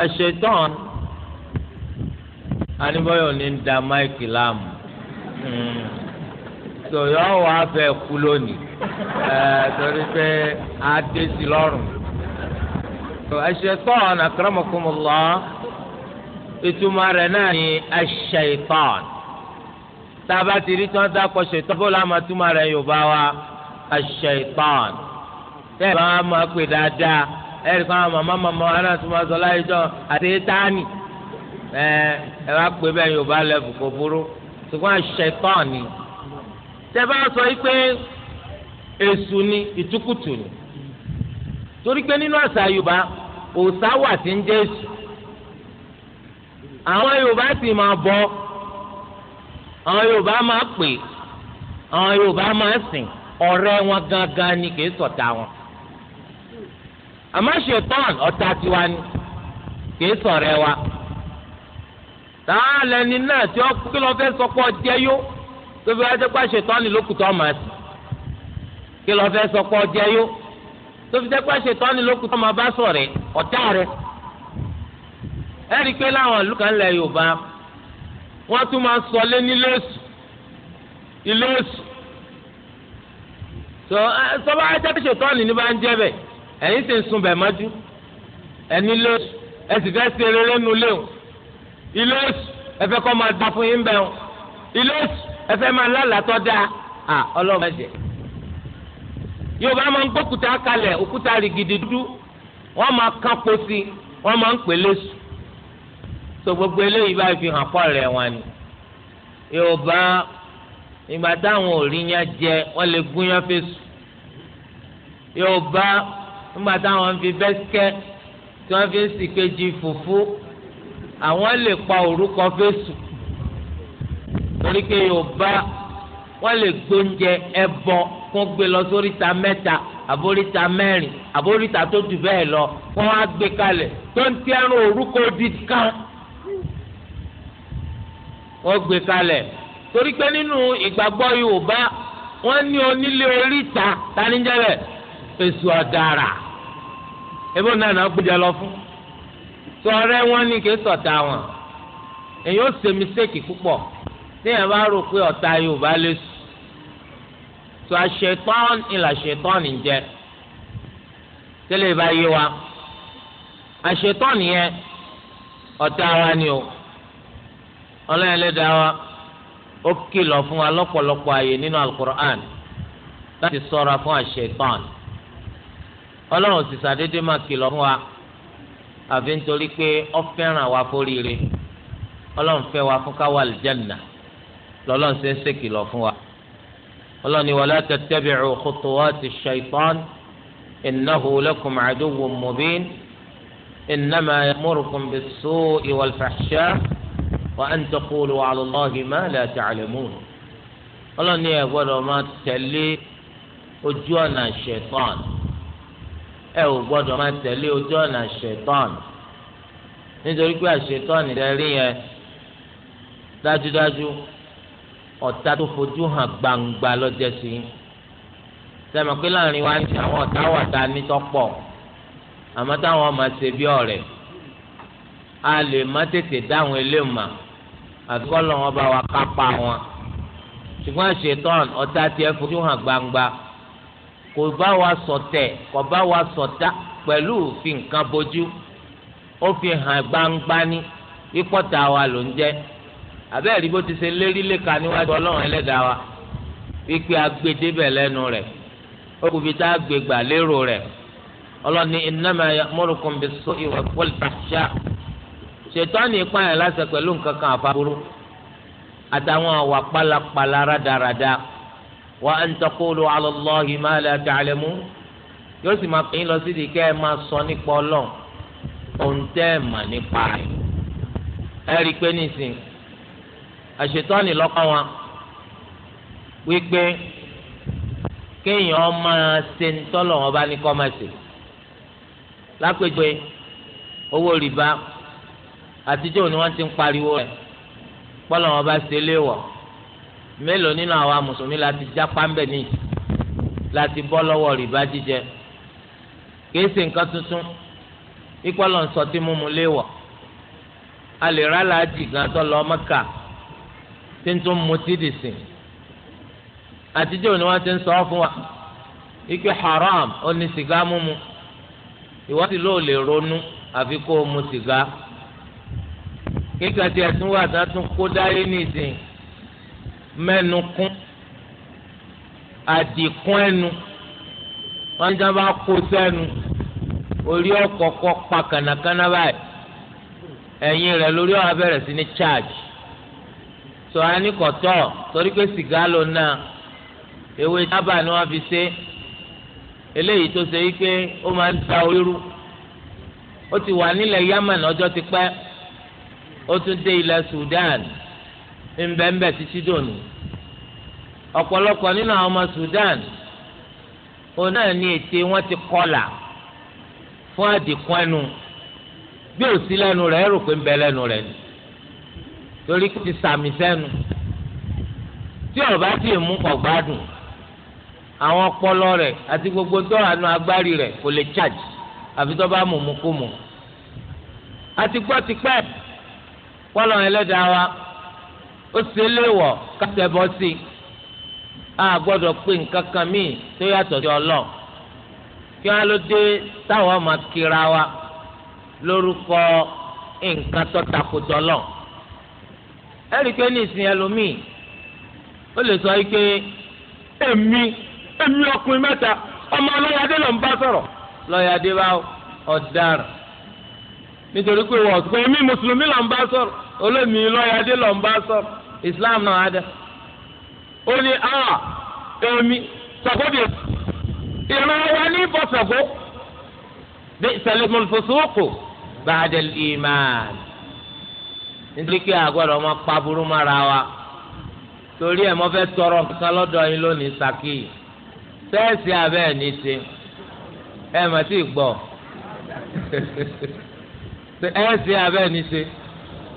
ẹ̀ṣẹ̀tàn anibọ́yọ̀ ní da máìkì láàmú tòyọ́ hmm. wà fẹ́ kú lónìí eh, torí pé a dé sí lọ́rùn ẹ̀ṣẹ̀tàn akramakumullah ìtumọ̀ rẹ̀ náà ni ẹ̀ṣẹ̀tàn tába ti rí tí wọ́n dákọ̀ ṣètò bó la máa túmọ̀ rẹ̀ Yorùbá wa ẹ̀ṣẹ̀tàn tẹ́ẹ̀ bá máa pè dáadáa. ẹ̀rí kan àwọn màmá màmá aná tó máa sọ láyé jọ àti tání ẹ ẹ wá pé bẹ́ẹ̀ yorùbá lẹ́bù kò burú ṣùgbọ́n àṣetán ni tẹ bá sọ yìí pé èṣù ni ìtukùtù ni torí pé nínú àṣà yorùbá òòṣà wà tí ń jẹ́ èṣù àwọn yorùbá sì máa bọ àwọn yorùbá máa pè àwọn yorùbá máa sìn ọ̀rẹ́ wọn gangan ni kì í ṣọ̀tá wọn àmọ́ ṣètọ́n ọ̀tá tiwa ni kìí sọ̀rẹ́ wa tààlẹ́ ni náà tí ó kí lọ́ọ́ fẹ́ sọ pé ọjẹ́ yó tóbi wá jẹ́ pé ṣètọ́n ni lókùtọ́ máa sí kí lọ́ọ́ fẹ́ sọ pé ọjẹ́ yó tóbi jẹ́ pé ṣètọ́n ni lókùtọ́ máa bá sọ̀rẹ́ ọ̀tá rẹ̀ ẹ̀rí pé láwọn ìlú kan lẹ̀ Yorùbá wọ́n tún máa sọ lé nílé èsù ilé èsù tó sọ́ba ajá ṣètọ́n ni ní bá ń jẹ́ bẹ́ẹ̀ ẹ̀yin sì ń sun bẹ̀ mọ́jú ẹni lóṣù ẹ sì fẹ́ ṣe rere nu léwu ilé oṣù ẹ fẹ́ kọ́ máa da fún yín bẹ́ẹ̀ o ilé oṣù ẹ fẹ́ máa lálàtọ́ da à ọlọ́run ẹ jẹ́ yorùbá máa ń gbókùtà kalẹ̀ òkúta rìgìdì dúdú wọ́n máa kán po sí wọ́n máa ń pè lóṣù tó gbogbo eléyìí bá fi hàn pọ̀ rẹ̀ wọn ni yorùbá ìgbà táwọn ò rí yẹn jẹ wọ́n lè gún yẹn fèsù yorùbá nígbà táwọn fi bẹ́sikẹ́ tí wọ́n fi sìkejì fùfú àwọn lè pa orúkọ fésù torí pé yorùbá wọ́n lè gbóúnjẹ ẹbọ kó gbé lọ sóríta mẹ́ta àbóríta mẹ́rin àbóríta tó jù bẹ́ẹ̀ lọ kó wọ́n á gbé kalẹ̀ tó ń tí ẹran orúkọ dídì kan wọ́n gbé kalẹ̀ torí pé nínú ìgbàgbọ́ yorùbá wọ́n ní onílé oríta tani jẹ́ bẹ́ẹ̀. èsù ọ̀dàrà ebe náà na gbèjà lọ fụ sọ̀rọ̀ wọn ni ka í ọdara wọn èyí ó ṣe mistake púpọ̀ téèyàn bá rò pé ọ̀tá Yorùbá lè sùn tó àṣetán ìlà ṣetán jẹ tẹ́lẹ̀ bá yé wa àṣetán yẹn ọ̀tá wa ni o ọlọ́run ẹlẹ́dàá wa ó kìlọ̀ fún wa lọ́pọ̀lọpọ̀ àyè nínú al láti sọ̀ra fún àṣetán. ọlọ́run sì sàdédé máa kìlọ̀ fún wa àfi nítorí pé ó fẹ́ràn wa fóríire ọlọ́run fẹ́ wa fún káwa àlìjánnà lọ́lọ́run sì ń ṣèkìlọ̀ fún wa ọlọ́run ní wala tattabi'u khutuwati shaytan innahu lakum aduwwun mubin innama ya'murukum bis-su'i wal-fahsha'i wa an taqulu 'ala Allahi ma la ta'lamun ọlọ́run ní ẹ gbọ́dọ̀ máa tẹ̀lé ojú ọ̀nà shaytan ẹ ò gbọ́dọ̀ máa tẹ̀lé ojú ọ̀nà ṣẹ̀tọ́n nítorí pé àṣetọ́n rẹ rí yẹn dájúdájú ọ̀tá tó fojú hàn gbangba lọ́jọ́ sí i sẹ́mi pé láàrin wa ní àwọn ọ̀tá wà tá a ní tọ́pọ̀ àmọ́ táwọn máa ṣe bí ọ̀rẹ́ a lè má tètè dáhùn eléyìí mà àfikọ́ lọ́wọ́ bá wa kápá wọn ṣùgbọ́n àṣetọ́n ọ̀tá tiẹ̀ fojú hàn gbangba. kò bá wa ṣọ̀tẹ̀ kò bá wa fi hàn gbangba ní ìkọta wa ló ń jẹ́ àbẹ́ẹ̀rí bó ti ṣe lérí léka níwájú ọlọ́run ẹlẹ́dàá wa wípé lẹ́nu rẹ̀ ó kò fi tá a lérò rẹ̀ ọlọ́ni innama ya'murukum bis ṣètọ́ni lásẹ̀ pẹ̀lú nǹkan kan àtàwọn àwà pálapàla rádaràda. Rada wa an taqulu ala Allahi ma la ta'lamun yóò sì máa pín in lọ sí di kẹ́ ẹ máa sọ nípa ọlọ́run ohun tẹ́ ẹ mà nípa rẹ̀ ẹ rí i pé nísìn àṣetọ́ni lọ́kàn wa wípé kéèyàn máa ṣe ń wọn bá ní kọ́ máa owó rìbá àtijọ́ ni wọ́n ti ń pariwo rẹ̀ pọ́lọ̀ wọn bá ṣe léwọ̀ mélòó nínú àwa mùsùlùmí láti já pàmbẹ ní láti bọ́ lọ́wọ́ rìbá jíjẹ kìí ṣe nǹkan tuntun ikú ọlọ́n sọ tí mímu léwọ̀ a lè rà láàjì gan tó lọ Mẹ́kà tí ń tún mutí dì sí àtijọ́ ni wọ́n ti ń sọ fún wa ikú haram ó ní sìgá mímu ìwádìí ló lè ronú àfi kó o mu sìgá kíkà tí ẹ̀sùn wà tán tún kó dáyé ní ìsìn mẹ́nu kún àdìkún ẹnu wọ́n jẹ́ bá kó sẹ́nu orí ọ̀kọ̀ọ̀kọ̀ pa kànákànná báyìí ẹ̀yìn rẹ̀ lórí ọ̀hún abẹ́rẹ́ sí ní charge sọ anìkọ̀tọ̀ torí pé sìgá ló ná ewé tábà ni wọ́n fi ṣe eléyìí tó ṣe wípé ó máa ń da orí rú ó ti wà nílẹ̀ yamani ọjọ ti pẹ ó tún dé ilẹ̀ Sudan ńbẹ́ńbẹ́ títí dòní ọ̀pọ̀lọpọ̀ nínú àwọn ọmọ Sudan òun náà ní ète wọn ti kọlà fún àdìkún ẹnu bí ò sí lẹ́nu rẹ̀ ẹ̀rù pé ń bẹ lẹ́nu rẹ̀ ni torí ti sàmì sẹ́nu tí ọba ti mú ọgbádùn àwọn ọpọlọ rẹ̀ àti gbogbo tó àánú agbárí rẹ̀ kò lè charge àfi tó bá mú mú kú mú àti gbọ́ tipẹ́ pọ́lọ́ ẹlẹ́dàá wa ó ṣe léwọ̀ kásẹ̀bọ sí a gbọ́dọ̀ pé nǹkan kan míì tó yàtọ̀ sí ọlọ́ọ̀ kí wọ́n á ló dé táwọn máa kira wa lórúkọ nǹkan tó takòtò ọlọ́ọ̀ ẹ̀rí pé ní ìsìn ẹlòmíì ó lè sọ pé èmi èmi ọkùnrin mẹ́ta ọmọ ọlọ́yàdé ló ń bá sọ̀rọ̀ lọ́yàdé bá ọ̀daràn nítorí pé wọ́n sọ pé mùsùlùmí ló ń bá sọ̀rọ̀ olómi lọ́yàdé ló ń bá sọ̀rọ̀ islam náà á dẹ ó ní a èmi sọgódì ìran wa ní bọ̀sọ̀gó bí sẹlẹmọ fòsókò bàdé ìmàn nítorí pé àgọ́dọ̀ ọmọ pa burú mára wa torí ẹ̀ mọ́ fẹ́ tọrọ nǹkan lọ́dọ̀ yín lónìí saki sẹ́ẹ̀sì abẹ́ ẹ̀ ní ṣe ẹ̀ mà ti gbọ́ sẹ́ẹ̀sì abẹ́ ẹ̀ ní ṣe.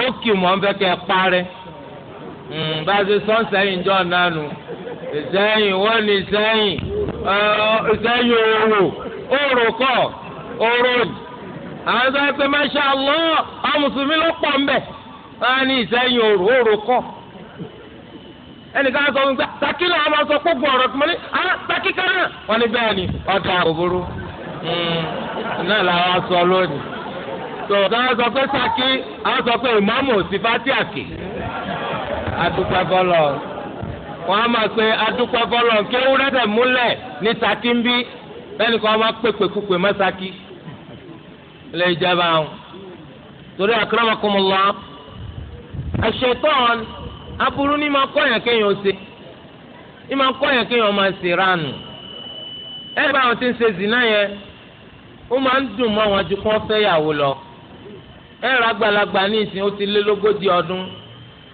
ó kì mọ́ ń fẹ́ kẹ́ ẹ parẹ́ hmm, bá a ṣe sọ́n sẹ́yìn jọ náà nù wọ́n ní sẹ́yìn ọ òru òru kọ́ òru àwọn sọ pé Allah àwọn mùsùlùmí ló pọ̀ mbẹ̀ wọ́n ní sẹ́yìn òru òru kọ́ ẹnìkan sọ fún máa sọ gbogbo ní ah, takí kan hmm, sọ lónìí. tó àwọn sọ pé saki àwọn sọ pé ìmáàmù òsì fati àkè adúpẹ́ fọlọ́ wọn á máa pe adúpẹ́ fọlọ́ kí ewúrẹ́ dẹ̀ múlẹ̀ ní saki ń bí lẹ́nu kan máa pèpè kúpè mọ́ saki lè jẹba àwọn torí akramakumullah àṣetán aburú ni máa kọ́yàn kéèyàn ṣe ni máa kọ́yàn kéèyàn máa ṣe ránù ẹ bá wọn ti ń ṣe zina yẹn ó máa ń dùn mọ́ wọn ju kó fẹ́ yàwó lọ ẹ ra gbalagba ní ìsìn ó ti lé lógójì ọdún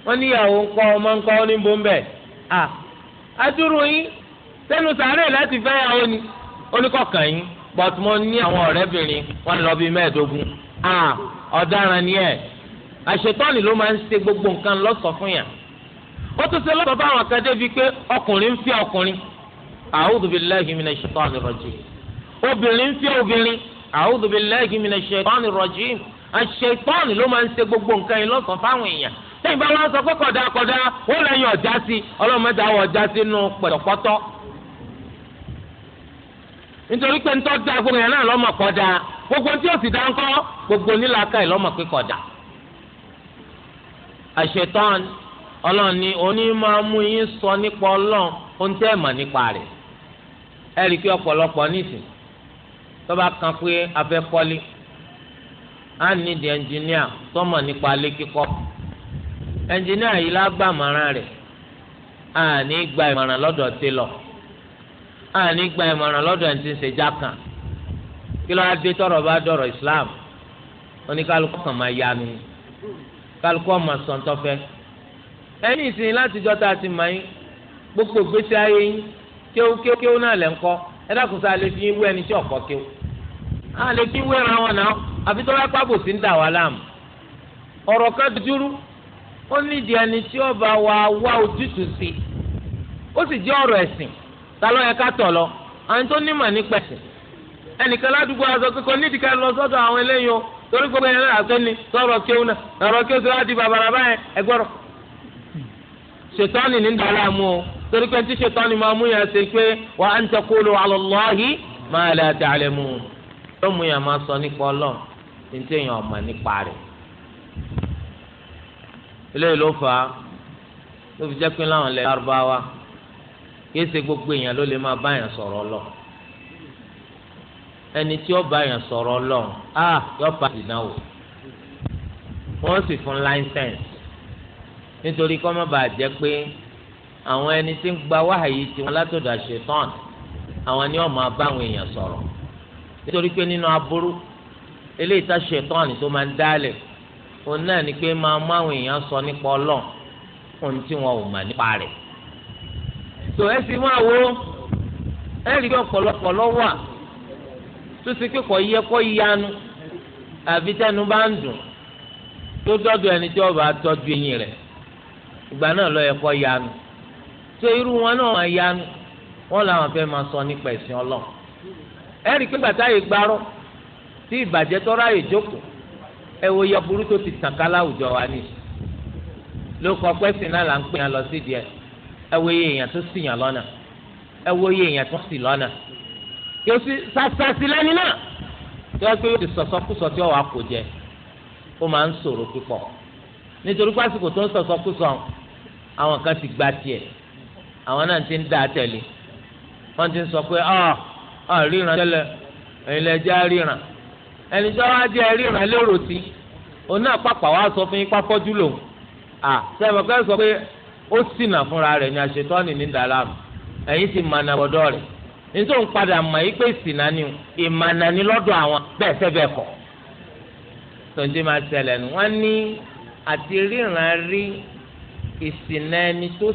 wọ́n níyàwó ńkọ́ ọmọ ńkọ́ ó ní bó ń bẹ à adúrú yín sẹnu sàárè láti fẹ́ yàwó ni oníkọkàn yín but mo ní àwọn ọ̀rẹ́bìnrin wọ́n lọ bíi mẹ́ẹ̀ẹ́dógún à ọ̀daràn ni ẹ àṣetọ́ni ló máa ń ṣe gbogbo nǹkan lọ́sọ̀ fún yàn ó tún ṣe lọ́sọ̀ fáwọn kan débi pé ọkùnrin ń fi ọkùnrin a'udhu billahi minash obìnrin ń fi obìnrin a'udhu billahi minash àṣetọ́ọ̀nù ló máa ń ṣe gbogbo nǹkan yẹn lọ́sàn-án fáwọn èèyàn tẹ́yìn bá wọn sọ pé kọ̀dá kọ̀dá ó lẹ́yìn ọ̀já sí ọlọ́mọdé àwọn ọ̀já sí nù pẹ̀tọ̀pọ̀tọ̀ nítorí pé ń tọ́jú agbóhùn yẹn náà lọ́mọ gbogbo tí ó sì dá ń kọ́ gbogbo nílàáká ẹ̀ lọ́mọ pé kọ̀dá ọlọ́ọ̀ni sọ nípa tẹ́ á ní di ẹnjìníà tọmọ nípa alé kíkọ́ ẹnjìníà yìí mara màrán rẹ̀ á ní gba ìmọ̀ràn lọ́dọ̀ lọ a ní gba ìmọ̀ràn lọ́dọ̀ ẹni tí ń ṣe jákàn kí ló á dé bá dọ̀rọ̀ Islam oníkálukú kan máa yanu kálukú ọmọ sọ̀ńtọ́fẹ́ ẹni ìsìn látijọ́ tá a ti mọ̀ yín gbogbo gbèsè ayé yín kéwú kéwú kéwú náà lẹ̀ ń kọ́ ẹ dákun lè fi wú ẹni tí kéwú lè fi wú àfi tó bá pa bòsí ń dà wá láàmú ẹni tí ọba wa wá ojútùú sí i ó sì jẹ́ ọrọ ẹ̀sìn ta ló yẹ ká tọ̀ lọ àwọn tó nímọ̀ nípa ẹ̀sìn ẹnìkan ládùúgbò aṣọ kíkọ nídìí ká lọ sọ́dọ̀ àwọn eléyìí o torí gbogbo náà náà wá di bàbàrà báyẹn ṣètọ́ni ní o torí ala sọ nípa ọlọ́run ntí ọmọ nípa rẹ̀ eléyìí ló fà á ló fi jẹ́ pé láwọn gbogbo èèyàn ló lè máa bá èèyàn sọ̀rọ̀ lọ ẹni tí ó bá èèyàn sọ̀rọ̀ lọ á yọ pa ìdánwò wọ́n sì fún láńsẹ̀nsì nítorí kọ́ má bàa jẹ́ pé àwọn ẹni tí ń gba wáhàyí tiwọn látọ̀dọ̀ àṣetán àwọn ni wọ́n máa bá àwọn èèyàn sọ̀rọ̀ nítorí pé nínú eléyìí tá ṣètọ́ọ̀nì tó máa ń dálẹ̀ òun náà ni pé máa mú àwọn èèyàn sọ nípa ọlọ́run ohun tí wọn ò mà nípa rẹ̀ tó ẹ sì máa wo ẹ rí ọ̀pọ̀lọpọ̀ lọ́wọ́ à tó ti kíkọ̀ yẹ kó yanu àbí tẹnu bá ń dùn tó dọ́dọ̀ ẹni tí ọba tọ́jú eyín rẹ̀ ìgbà náà ló yẹ kó yanu tó irú wọn náà máa yanu wọn làwọn fẹ́ máa sọ nípa ẹ̀sìn ọlọ́run ẹ rí pé gbàtà yìí gbárọ́ tí ìbàjẹ́ tọ́ra yìí jókòó ẹ wo burú ti tàn ká láwùjọ wa ni ló kọ pẹ́sìn náà là ń pè yàn lọ sí díẹ̀ ẹ wo iye èèyàn tó sì yàn lọ́nà ẹ wo iye èèyàn tó sì lọ́nà kí o sì sàṣàṣì lẹ́ni náà tí wọ́n yóò ti sọ̀sọ́kùsọ tí wọ́n wà kó jẹ ó máa ń púpọ̀ nítorí pásìkò tó ń kan ti gba tiẹ̀ àwọn náà ti ń dá tẹ̀lé wọ́n ti ń sọ pé ọ̀ ọ̀ ríran tẹ́lẹ̀ ẹni tí jẹ́ ẹrí ìrànlérò sí òun náà pàpà wá sọ fún yín pápọ́jú lòun à sẹ́wọ̀n kẹ́ sọ pé ó ṣìnà fúnra rẹ̀ ní àṣetọ́ni ní dàlámù ẹ̀yin sì mànà bọ̀dọ̀ rẹ̀ nítorí òun padà mọ̀ pé ni ìmànà ni lọ́dọ̀ àwọn bẹ́ẹ̀ fẹ́ bẹ́ẹ̀ máa ṣẹlẹ̀ nù wọ́n ní àti ríran rí ẹni tó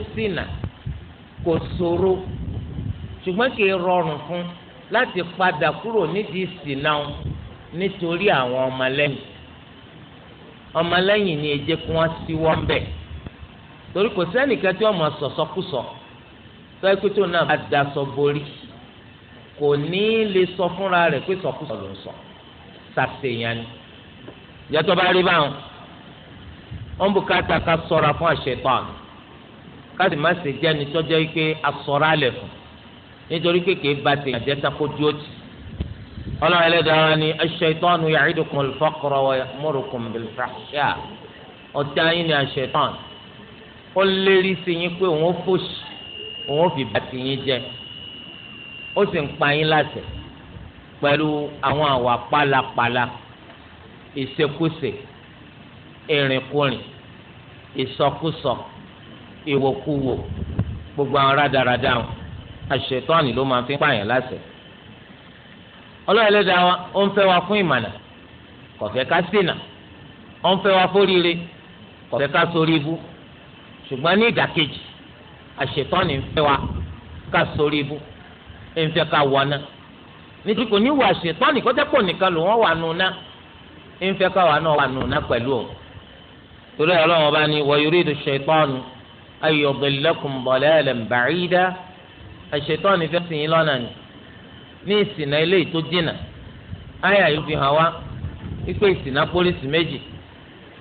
kò ṣùgbọ́n kì í rọrùn fún nítorí àwọn ọmọlẹ́yìn ọmọlẹ́yìn ni ẹjẹ́ kí wọ́n síwọ́ ń bẹ̀ torí kò sẹ́nìkan tí wọ́n mọ̀ sọ̀sọ́kùsọ̀ tó ẹ pé tó náà bá daṣọ borí kò ní lè sọ fúnra rẹ̀ pé sọ̀kùsọ̀ ló ń sọ sàṣeyàn ni ìyàtọ̀ bá rí báwọn wọn bù káta ká sọra fún àṣetán káti má ṣe jẹ́ni tọ́jọ́ yìí pé asọ̀rọ̀ alẹ̀ fún nítorí pé kì í ba jẹ́ tako dúró ọlọ́run ẹlẹ́dàá ni aṣ-ṣaytanu ya'idukum al-faqra wa ya'murukum bil-fahsha ọ̀tá yín ni aṣ-ṣaytan ó lérí sí yín pé òun ó fòṣì òun ó fi bá ti yín jẹ ó sì ń pa yín láṣẹ pẹ̀lú àwọn àwà pálapàla ìṣekúṣe ìrìnkúrìn ìsọkúsọ ìwòkúwò gbogbo àwọn rádaràdà aṣ-ṣaytan ló máa fi ń pààyàn láṣẹ ọlọ́run ẹlẹ́dàá wa ó ń fẹ́ wa fún ìmànà kò fẹ́ ká ṣìnà ó ń fẹ́ wa fóríire kò fẹ́ ká sórí ibú ṣùgbọ́n ní ìdàkejì àṣetọ́ni ń fẹ́ wa ká sórí ibú ń fẹ́ ká wọná nítorí kò ní wà ṣetọ́ni kó jẹ́ pọ̀ nìkan ló wọ́n wà nù ná ń fẹ́ ká wà náà wà nù pẹ̀lú o torí ọlọ́run ọba ni wa yuridu ṣetọ́nu ayọ̀dẹ̀lẹ́kùn bọ̀lẹ́ẹ̀lẹ̀ bàrídà àṣetọ́ni fẹ́ sìn ní ìsìnà eléyìí tó dínà àyà yóò fi hàn wá isina ìsìnà pólísì méjì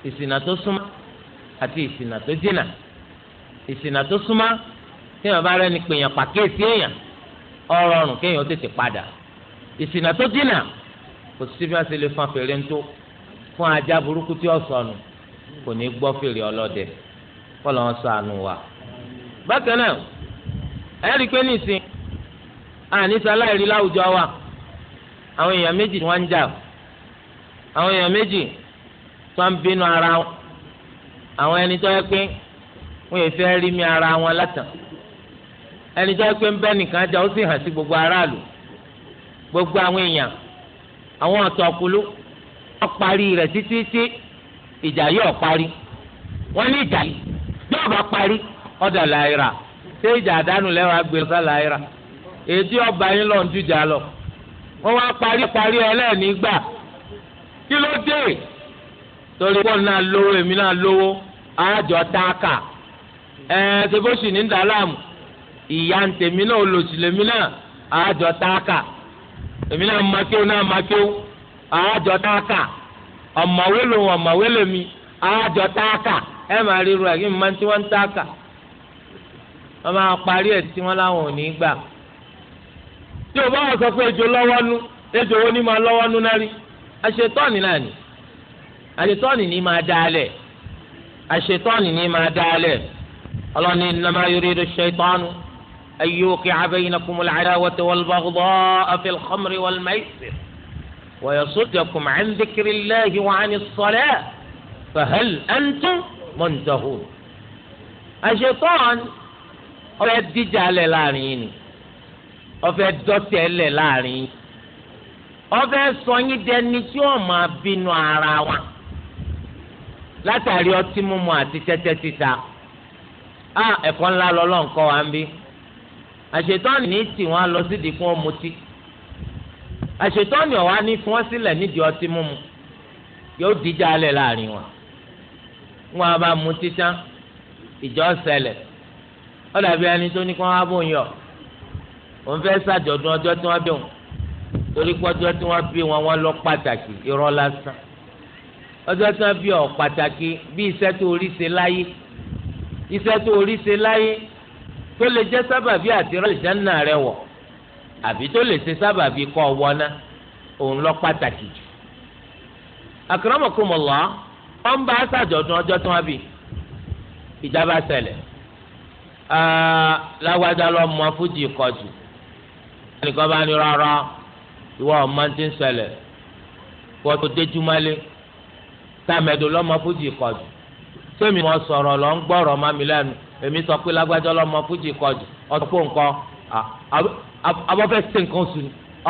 ìsìnà tó súnmọ́ àti ìsìnà tó dínà ìsìnà tó súnmọ́ téèyàn bá rẹ́ni pèèyàn pàkíyèsí èèyàn ọ̀rọ̀ ọ̀rùn kéèyàn tètè padà ìsìnà tó dínà kò sí bí wọ́n ṣe lè fọn fèrè ńtó fún ajá burúkú tí ó sọnù kò ní gbọ́ fèrè ọlọ́dẹ kọ́ lọ́n sọ àánú wa bákan náà ẹ̀rí pé àníṣe aláìrí láwùjọ wa àwọn èèyàn méjì ni wọ́n ń jà àwọn èèyàn méjì tó ń bínú ara wọn àwọn ẹni tó yẹ pé wọ́n yẹ fẹ́ rí mi ara wọn látàn ẹni tó yẹ pé ń bẹ́ nìkan jà ó sì hàn sí gbogbo aráàlú gbogbo àwọn èèyàn àwọn ọ̀tọ̀kùlú wọ́n parí rẹ̀ títí tí ìjà yóò parí wọ́n ní ìjà yìí yóò bá parí ọ̀dà láìra ṣé ìjà àdánù lẹ́wọ̀n agbèrè sá láìra èdè ọba yín lọ ń dújà lọ wọn wá parí parí ẹlẹ́ẹ̀ni gbà kí ló dé torí pọ́n náà lówó èmi náà lówó àjọ táàkà ẹ̀ẹ́n ní dàlámù ìyá ntẹ̀mí náà olùsìlẹ̀mí náà àjọ táàkà èmi náà makéwò náà lòun ọ̀mọ̀wé lèmi àjọ táàkà ẹ máa tí wọ́n ń táàkà wọ́n máa parí tí o bá wà sọ fún ejò lọ́wọ́ nu ejò wo ni máa lọ́wọ́ nu náà rí àṣetọ́ni náà ni àṣetọ́ni ni máa dá alẹ̀ àṣetọ́ni ni máa dá alẹ̀ ọlọ́ni innama yuridu shaytanu an yuqi'a baynakum al-'adawata wal-baghdha'a fil khamri wal-maysir wa yasuddakum 'an dhikrillahi wa 'ani s-salati fa hal antum muntahun àṣetọ́ni ọ̀rẹ́ díjà alẹ̀ láàrin yìí ni ọfẹ dọtí ẹlẹ láàrin ọfẹ sọ yín dẹni tí ó máa bínú ara wa látàrí ọtí mímu àti tẹ́tẹ́ títa a ẹ̀kọ́ ńlá lọ́lọ́run kọ́ wa ń bí àṣetọ́ni ní tì wọ́n lọ sídìí fún ọmọtí àṣetọ́ni ọ̀wá ní fún wọn sílẹ̀ nídìí ọtí mímu yóò dìjà alẹ̀ láàrin wọn wọn bá mutí tán ìjọ ṣẹlẹ̀ ọ̀dàbí ẹni tó ní kí wọ́n á bóun wọ́n fẹ́ ṣàjọ̀dún ọjọ́ tí wọ́n bí wọn torí pé ọjọ́ tí wọ́n bí wọn wọ́n lọ pàtàkì irọ́ lásán ọjọ́ tí wọ́n bí ọ pàtàkì bí iṣẹ́ tó rí ṣe láyé iṣẹ́ tó rí ṣe láyé tó lè jẹ́ sábàbí àti rẹ ìjánná rẹ wọ̀ àbí tó lè ṣe sábàbí kọ́ wọná òun lọ pàtàkì jù àkàràmọ̀kùmọ̀lá wọ́n bá ṣàjọ̀dún ọjọ́ tí wọ́n bí ìjábá ṣẹlẹ̀ ah, láwájá lọ́ọ́ mọ fújì kọjú ẹnìkan bá ní rárá ìwọ ọmọ ti ń ọdụ kó tó déjú mọ́lé sàmẹ̀dò lọ́mọ fújì kọ̀jù sẹ́mi wọn sọ̀rọ̀ lọ ń gbọ́rọ̀ má mi lẹ́nu èmi sọ pé lágbájọ́ fújì ọtún fún nǹkan ṣe nǹkan oṣù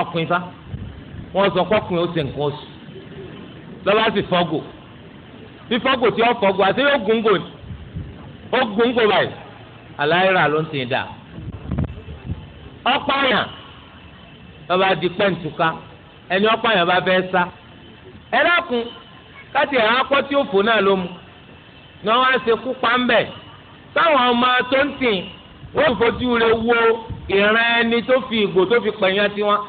ọkùnrin fa wọn sọ ó ṣe nǹkan oṣù sì tí ó àti ó báyìí aláìra ló ń dà lọ́ba di pẹ́ǹtùká ẹni ọ̀pá yẹn bá fẹ́ sá ẹ dákun káti ẹ̀ akọ́ tí òfò náà ló mu ni wọ́n á ṣe kú pàmbẹ̀ táwọn ọmọ tó ń tì wọ́n fojú rẹ̀ wo ìran ẹni tó fi ìgò tó fi pẹ̀yàn tiwọn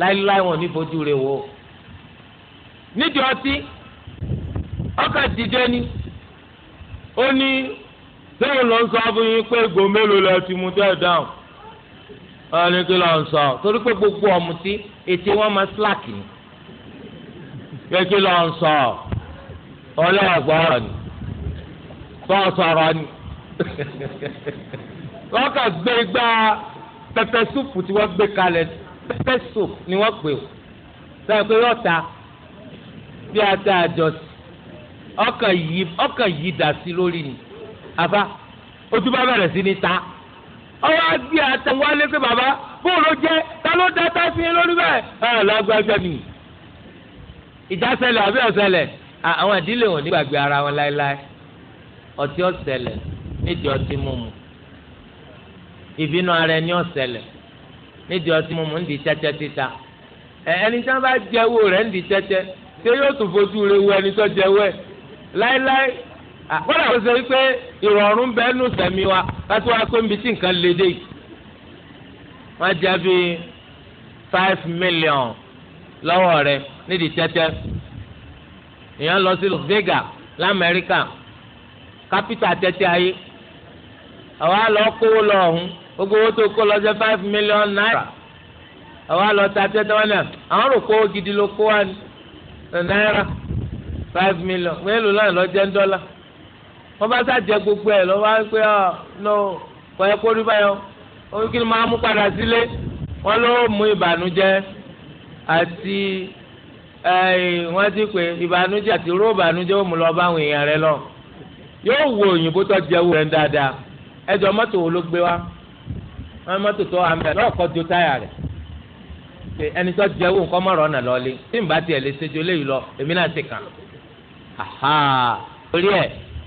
láíláí wọn ní fojú rẹ̀ wo nídìí ọtí ọkà dìde ni ó ní sẹ́yìn ló fún yín pé ìgò mélòó lẹ ti mu tẹ́ dáhùn wọn ní kí ló ń sọ torí pé gbogbo ọ̀mùtí etí wọn máa slack ni pé kí ló ń sọ ọlọ́ọ̀gbọ́rọ̀ ni tọ́sọ̀rọ̀ ni wọ́n kà gbé gbá pẹpẹ súpù tí wọ́n gbé kalẹ̀ pẹpẹ súpù ni wọ́n pè ó sọ pé yóò ta bí ata àjọsí ọkàn yìí dà sí lórí ni àbá ojú bá bẹ̀rẹ̀ sí ní ta ọwọ́ àgbẹ̀ àtàwọn alẹ́ pé bàbá bóòlù jẹ́ ta ló da tá fi lórí bẹ́ẹ̀. ẹ lágbájá mi ìjà ṣẹlẹ̀ àbí ọ̀ṣẹlẹ̀ àwọn ìdílé wọn nígbàgbé ara wọn láéláé ọtí ọ̀ṣẹlẹ̀ nídìí ọtí mímu ìbínú ara ẹni ọ̀ṣẹlẹ̀ nídìí ọtí mímu nídìí tẹ́tẹ́ títa ẹni tí wọn bá jẹ owó rẹ̀ nídìí tẹ́tẹ́ ṣé yóò tún fojú rẹ̀ wo ẹni tó jẹ owó ẹ láéláé àkọ́dà ah, ló sọ wípé ìrọ̀rùn bẹ́ẹ̀ nù sẹ́mi wa láti wá pé nbí tí nǹkan lè dé yìí wọ́n jẹ́ bí five million lọ́wọ́ rẹ nídìí tẹ́tẹ́ èèyàn lọ sí Las Vegas lamẹ́ríkà kápítà tẹ́tẹ́ ayé àwa lọ kówó lọ ọ̀hún gbogbo owó tó kó lọ jẹ́ five million naira àwa lọ ta tẹ́tẹ́ wọn náà àwọn rò kówó gidi ló kó wa naira five million mélòó náà lọ jẹ́ ń dọ́là wọ́n bá sàjẹ́ gbogbo ẹ̀ lọ́wọ́ á pé ọ́ lọ kọ́yẹ́ kó rí báyọ̀ ó kí ni máa mú padà sílé wọ́n ló mú ìbànújẹ́ àti eh, wọ́n ti pè ìbànújẹ́ àti ró ìbànújẹ́ ó mú lọ bá àwọn èèyàn rẹ lọ yóò wo òyìnbó tó jẹ́ wò rẹ̀ dáadáa ẹjọ́ mọ́tò wo ló gbé wá wọ́n mọ́tò tó wà mẹ́rin lọ́ọ̀kọ́ do táyà rẹ̀ ẹni tó jẹ́ wò nǹkan mọ̀rọ̀ ọ̀nà lọ́ọ́lé tí n bá tiẹ̀ lè ṣe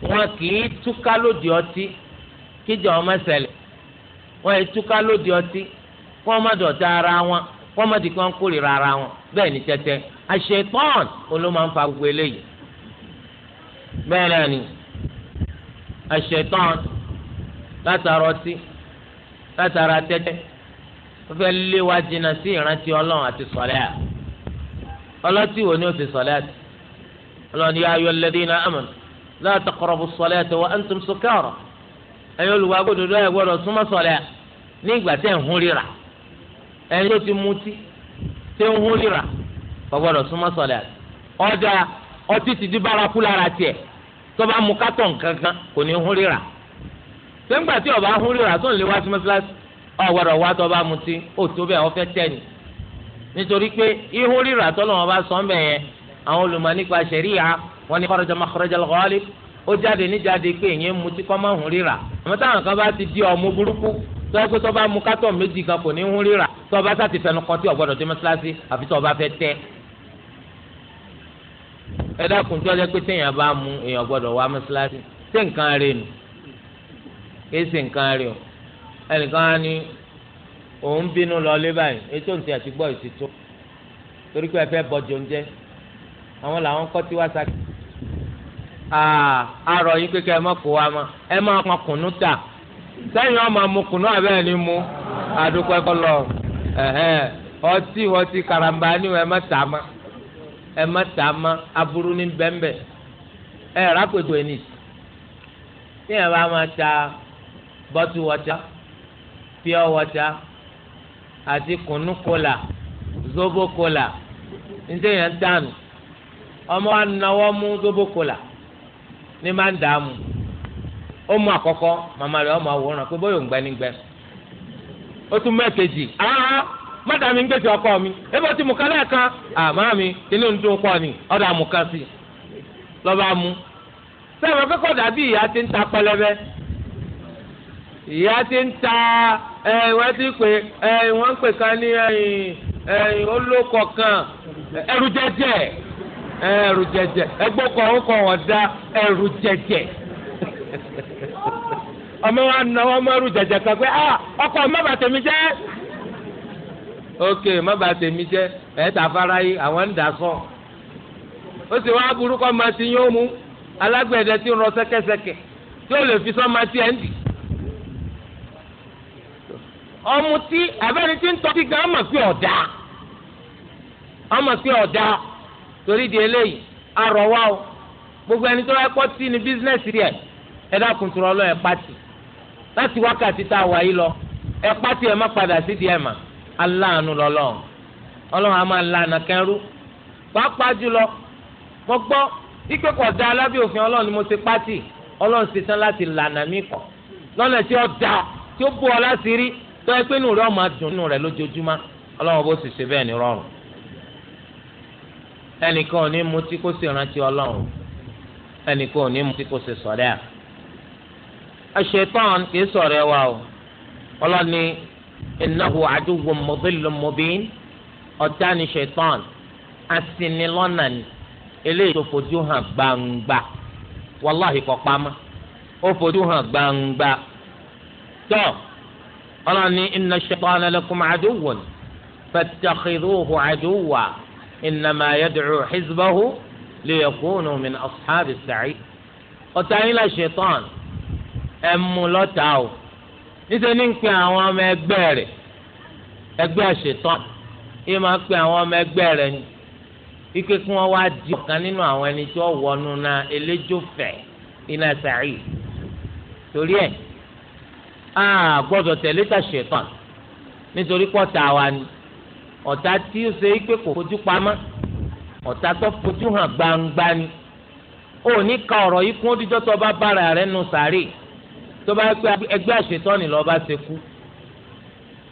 wọn kì í túká lóde ọtí kíjà ọmọ ṣẹlẹ̀ wọn kì í túká lóde ọtí kó ọmọ dọ̀tí ara wọn kó ọmọ dìkan ń kórìíra ara wọn bẹ́ẹ̀ ni tẹ́tẹ́ àṣetán ló máa ń fa gbogbo eléyìí bẹ́ẹ̀ náà ni àṣetán látara ọtí látara tẹ́tẹ́ wọ́n fẹ́ lé jìnnà sí ìrántí ọlọ́run àti sọ̀lẹ́ ọlọ́tí wo ni ó ti sọ̀lẹ́ àti ọlọ́run ni ayọ̀ lẹ́dínà amanu la taqrabu as-salata wa antum sukara ẹ̀yin olùwàgbọ́dọ̀dọ̀ ẹ̀ gbọ́dọ̀ súnmọ́ sọ̀lẹ́ ní ìgbà tẹ̀ ń hún ríra ẹni tó ti mutí tẹ̀ ń hún ríra kò gbọ́dọ̀ súnmọ́ sọ̀lẹ́ ọjà ọtí ti di bárakú lára tiẹ̀ tó bá mu kátọ̀ nkankan kò ní hún ríra sẹ́ńgbà tí ọba hún ríra tó ń lè wá sí mọ́sálásí ọ̀gbọ́dọ̀ wá tó mutí ó tó bẹ́ẹ̀ ọ fẹ́ nítorí pé ihún ríra tó bá sọ wọ́n ní kọ́rọ́jà makọ́rọ́jà lọ́ọ́lì ó jáde níjáde pé èyàn ń mutí kọ́ máa ń hun ríra àmọ́ táwọn kan bá ti di ọmọ burúkú tó yẹ kó tó bá mu kátọ̀ méjì kan kò ní hun ríra tó bá sá ti fẹnu kan tí ọ̀gbọ́dọ̀ dé mọ́sálásí àfi tó bá fẹ́ tẹ́ ẹ dákun tó yẹ pé téèyàn bá mu èèyàn gbọ́dọ̀ wá mọ́sálásí ṣé nǹkan rẹ̀ nù kí ṣe nǹkan rẹ̀ o ẹnìkan á ní òun bínú lọ lé báyìí àrọ̀ yín pé kẹ́ wa mọ́ ẹ má kùnú sẹ́yìn ọmọ mu kùnú àbẹ́rẹ́ ni mu àdúpẹ́ kọlọ ọtí ọtí karamba ni ẹ má tà ma ẹ má tà má aburú ní bẹ́ńbẹ́ ẹ rákòtò ẹni tí ẹ bá ta bọ́tù wọ́tá zobo kola ní sẹ́yìn ọmọ wa zobo kola. ní máa ń dààmú ó mú àkọ́kọ́ màmá rẹ̀ ọmọ àwòrán pé bóyá òǹgbẹ ní gbẹ ó tún mẹ́ẹ̀kejì ń gbèsè ọkọ mi àmọ́ mi inú ń pọ̀ ni ọ̀dọ̀ àmúkan sí lọ́ba mú sẹ́wọ̀n dàbí ìyá ti ń ta pẹlẹbẹ ìyá ti ń ta ti pè pè kan ẹrù jẹjẹ ẹgbẹ́ kọ ọkọ wọn dá ẹrù jẹjẹ ọmọ wa nà wọn ẹrù jẹjẹ kan pé ah ọkọ má bàa tèmi jẹ ok má bàa tèmi jẹ ẹ fara yi àwọn ń dà sọ ó sì wá burúkọ ma ti yín ó mú alágbẹ̀dẹ tí rọ sẹ́kẹ́sẹ́kẹ́ tí ó lè fi sọ́ máa ti ẹ̀ ń dì ọmọ tí abẹ́ni tí ń tọ́ gan ọmọ ọ̀dà ọmọ ọ̀dà. torí di eléyìí arọ o gbogbo ẹni tó ẹkọ tí ní bísínẹsì rẹ ẹ dákun tó ẹ pàtì láti wákàtí tá a wà yìí lọ ẹ pàtì ẹ má padà sí di ẹ mà aláàánú lọlọ Ọlọ́run a máa lànà kẹrú pàápàá jùlọ mo gbọ́ ikpe da òfin Ọlọ́run ni mo ti da tí ó ọ láti rí ẹnìkan ò ní mutí kó sì rántí ọlọ́run ẹnìkan ò ní mutí kó sì sọ̀rẹ́ à. aṣetán kì í sọ̀rọ̀ ẹ wa o ọlọ́ni innahu aduwwun mudillun mubin ọ̀tá ni ṣetán asinilọ́nà ni eléyìí tó fojú hàn gbangba wàláhì kọ́ pamọ́ ó fojú hàn gbangba tó ọlọ́ni inna ash-shaytana lakum aduwwun fattakhidhuhu aduwwa innama yad'u hizbahu liyakunu min ashabi sa'id ọ̀tá yín la ṣetán ẹ mú lọ́tà o níṣẹ́ ní ń pe àwọn ọmọ ẹgbẹ́ rẹ̀ ẹgbẹ́ ṣetán yín máa pe àwọn ọmọ ẹgbẹ́ rẹ̀ ni ike kí wọ́n wá di ọ̀kan nínú àwọn ẹni tí wọ́n wọnú na eléjòfẹ́ iná sa'id torí ẹ̀ a gbọ́dọ̀ tẹ̀lé ta ṣetán nítorí pọ̀ tá a wá ni ọ̀tá tí ó ṣe é pé kò fojú pamọ́ ọ̀tá tó fojú hàn gbangba ni ó ní ka ọ̀rọ̀ yìí kún díjọ́ tó bá bára rẹ̀ nù sàárè tó bá pẹ́ ẹgbẹ́ àṣetọ́ni lọ́ba ṣe kú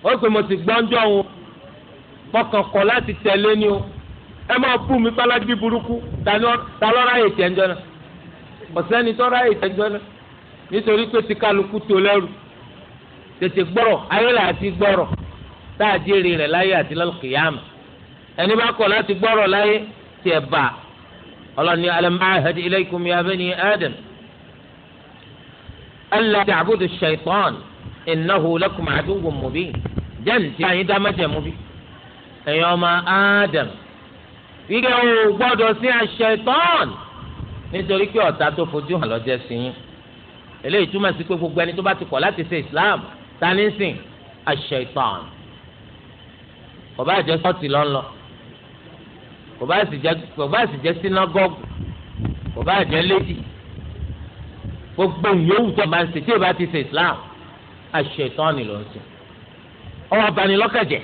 ó pè mo ti gbọ́njọ́ wọn fọkàn kọ̀ láti tẹ̀lé ni o ẹ máa bú mi bálájú burúkú ta lọ́ra ètò ẹ̀jọ́ náà ọ̀sẹ́ni tọ́ra ètò ẹ̀jọ́ náà nítorí pé ti kálukú tó lẹ́rù tètè gbọ́rọ̀ ayé làá ti gbọ́rọ̀ tá a jèrè rẹ̀ láyé àti lọ́kìyàmù ẹni bá kọ̀ láti gbọ́rọ̀ láyé tiẹ̀ bá ọlọ́ni alam ahad ilaykum ya bani adam alla ta'budu shaitan innahu lakum aduwwun mubin jẹ́ǹtì àyín dámẹ́jẹ̀ mú bí ẹ̀yin ọmọ adam wíkẹ́ o gbọ́dọ̀ sí àṣetán nítorí pé ọ̀tá tó fojú hàn lọ́jẹ́ sí yín eléyìí túmọ̀ sí pé gbogbo ẹni tó bá ti kọ̀ láti ṣe islam ta ní sìn àṣetán kò bá jẹ́ sọ́ọ̀tì lọ́nlọ́ kò bá sì jẹ́ sínágọ́gù kò bá jẹ́ lédi gbogbo ìyẹ́wù tó máa ń ṣe tí o bá ti ṣe Islam àṣẹ ìtọ́ni ló ń sìn ọwọ́ abanilọ́kàjẹ́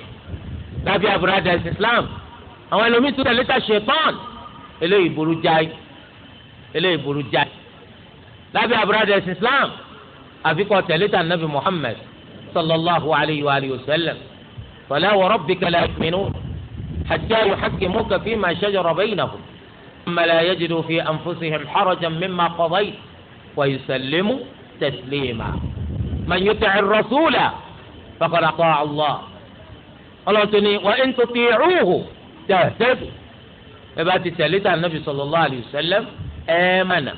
lábẹ́ àbúradà Islam àwọn ẹlòmíì tún tẹ̀lé ta ṣe tán eléyìí burú jáì eléyìí burú jáì lábẹ́ àbúradà Islam àfikọ́ tẹ̀lé ta Nabi Muhammad sallallahu alayhi wa sallam. فلا وربك لا يؤمنون حتى يحكموك فيما شجر بينهم ثم لا يجدوا في أنفسهم حرجا مما قضيت ويسلموا تسليما من يطع الرسول فقد أطاع الله الله تني وإن تطيعوه تهتدوا إبا تسلتها النبي صلى الله عليه وسلم آمنا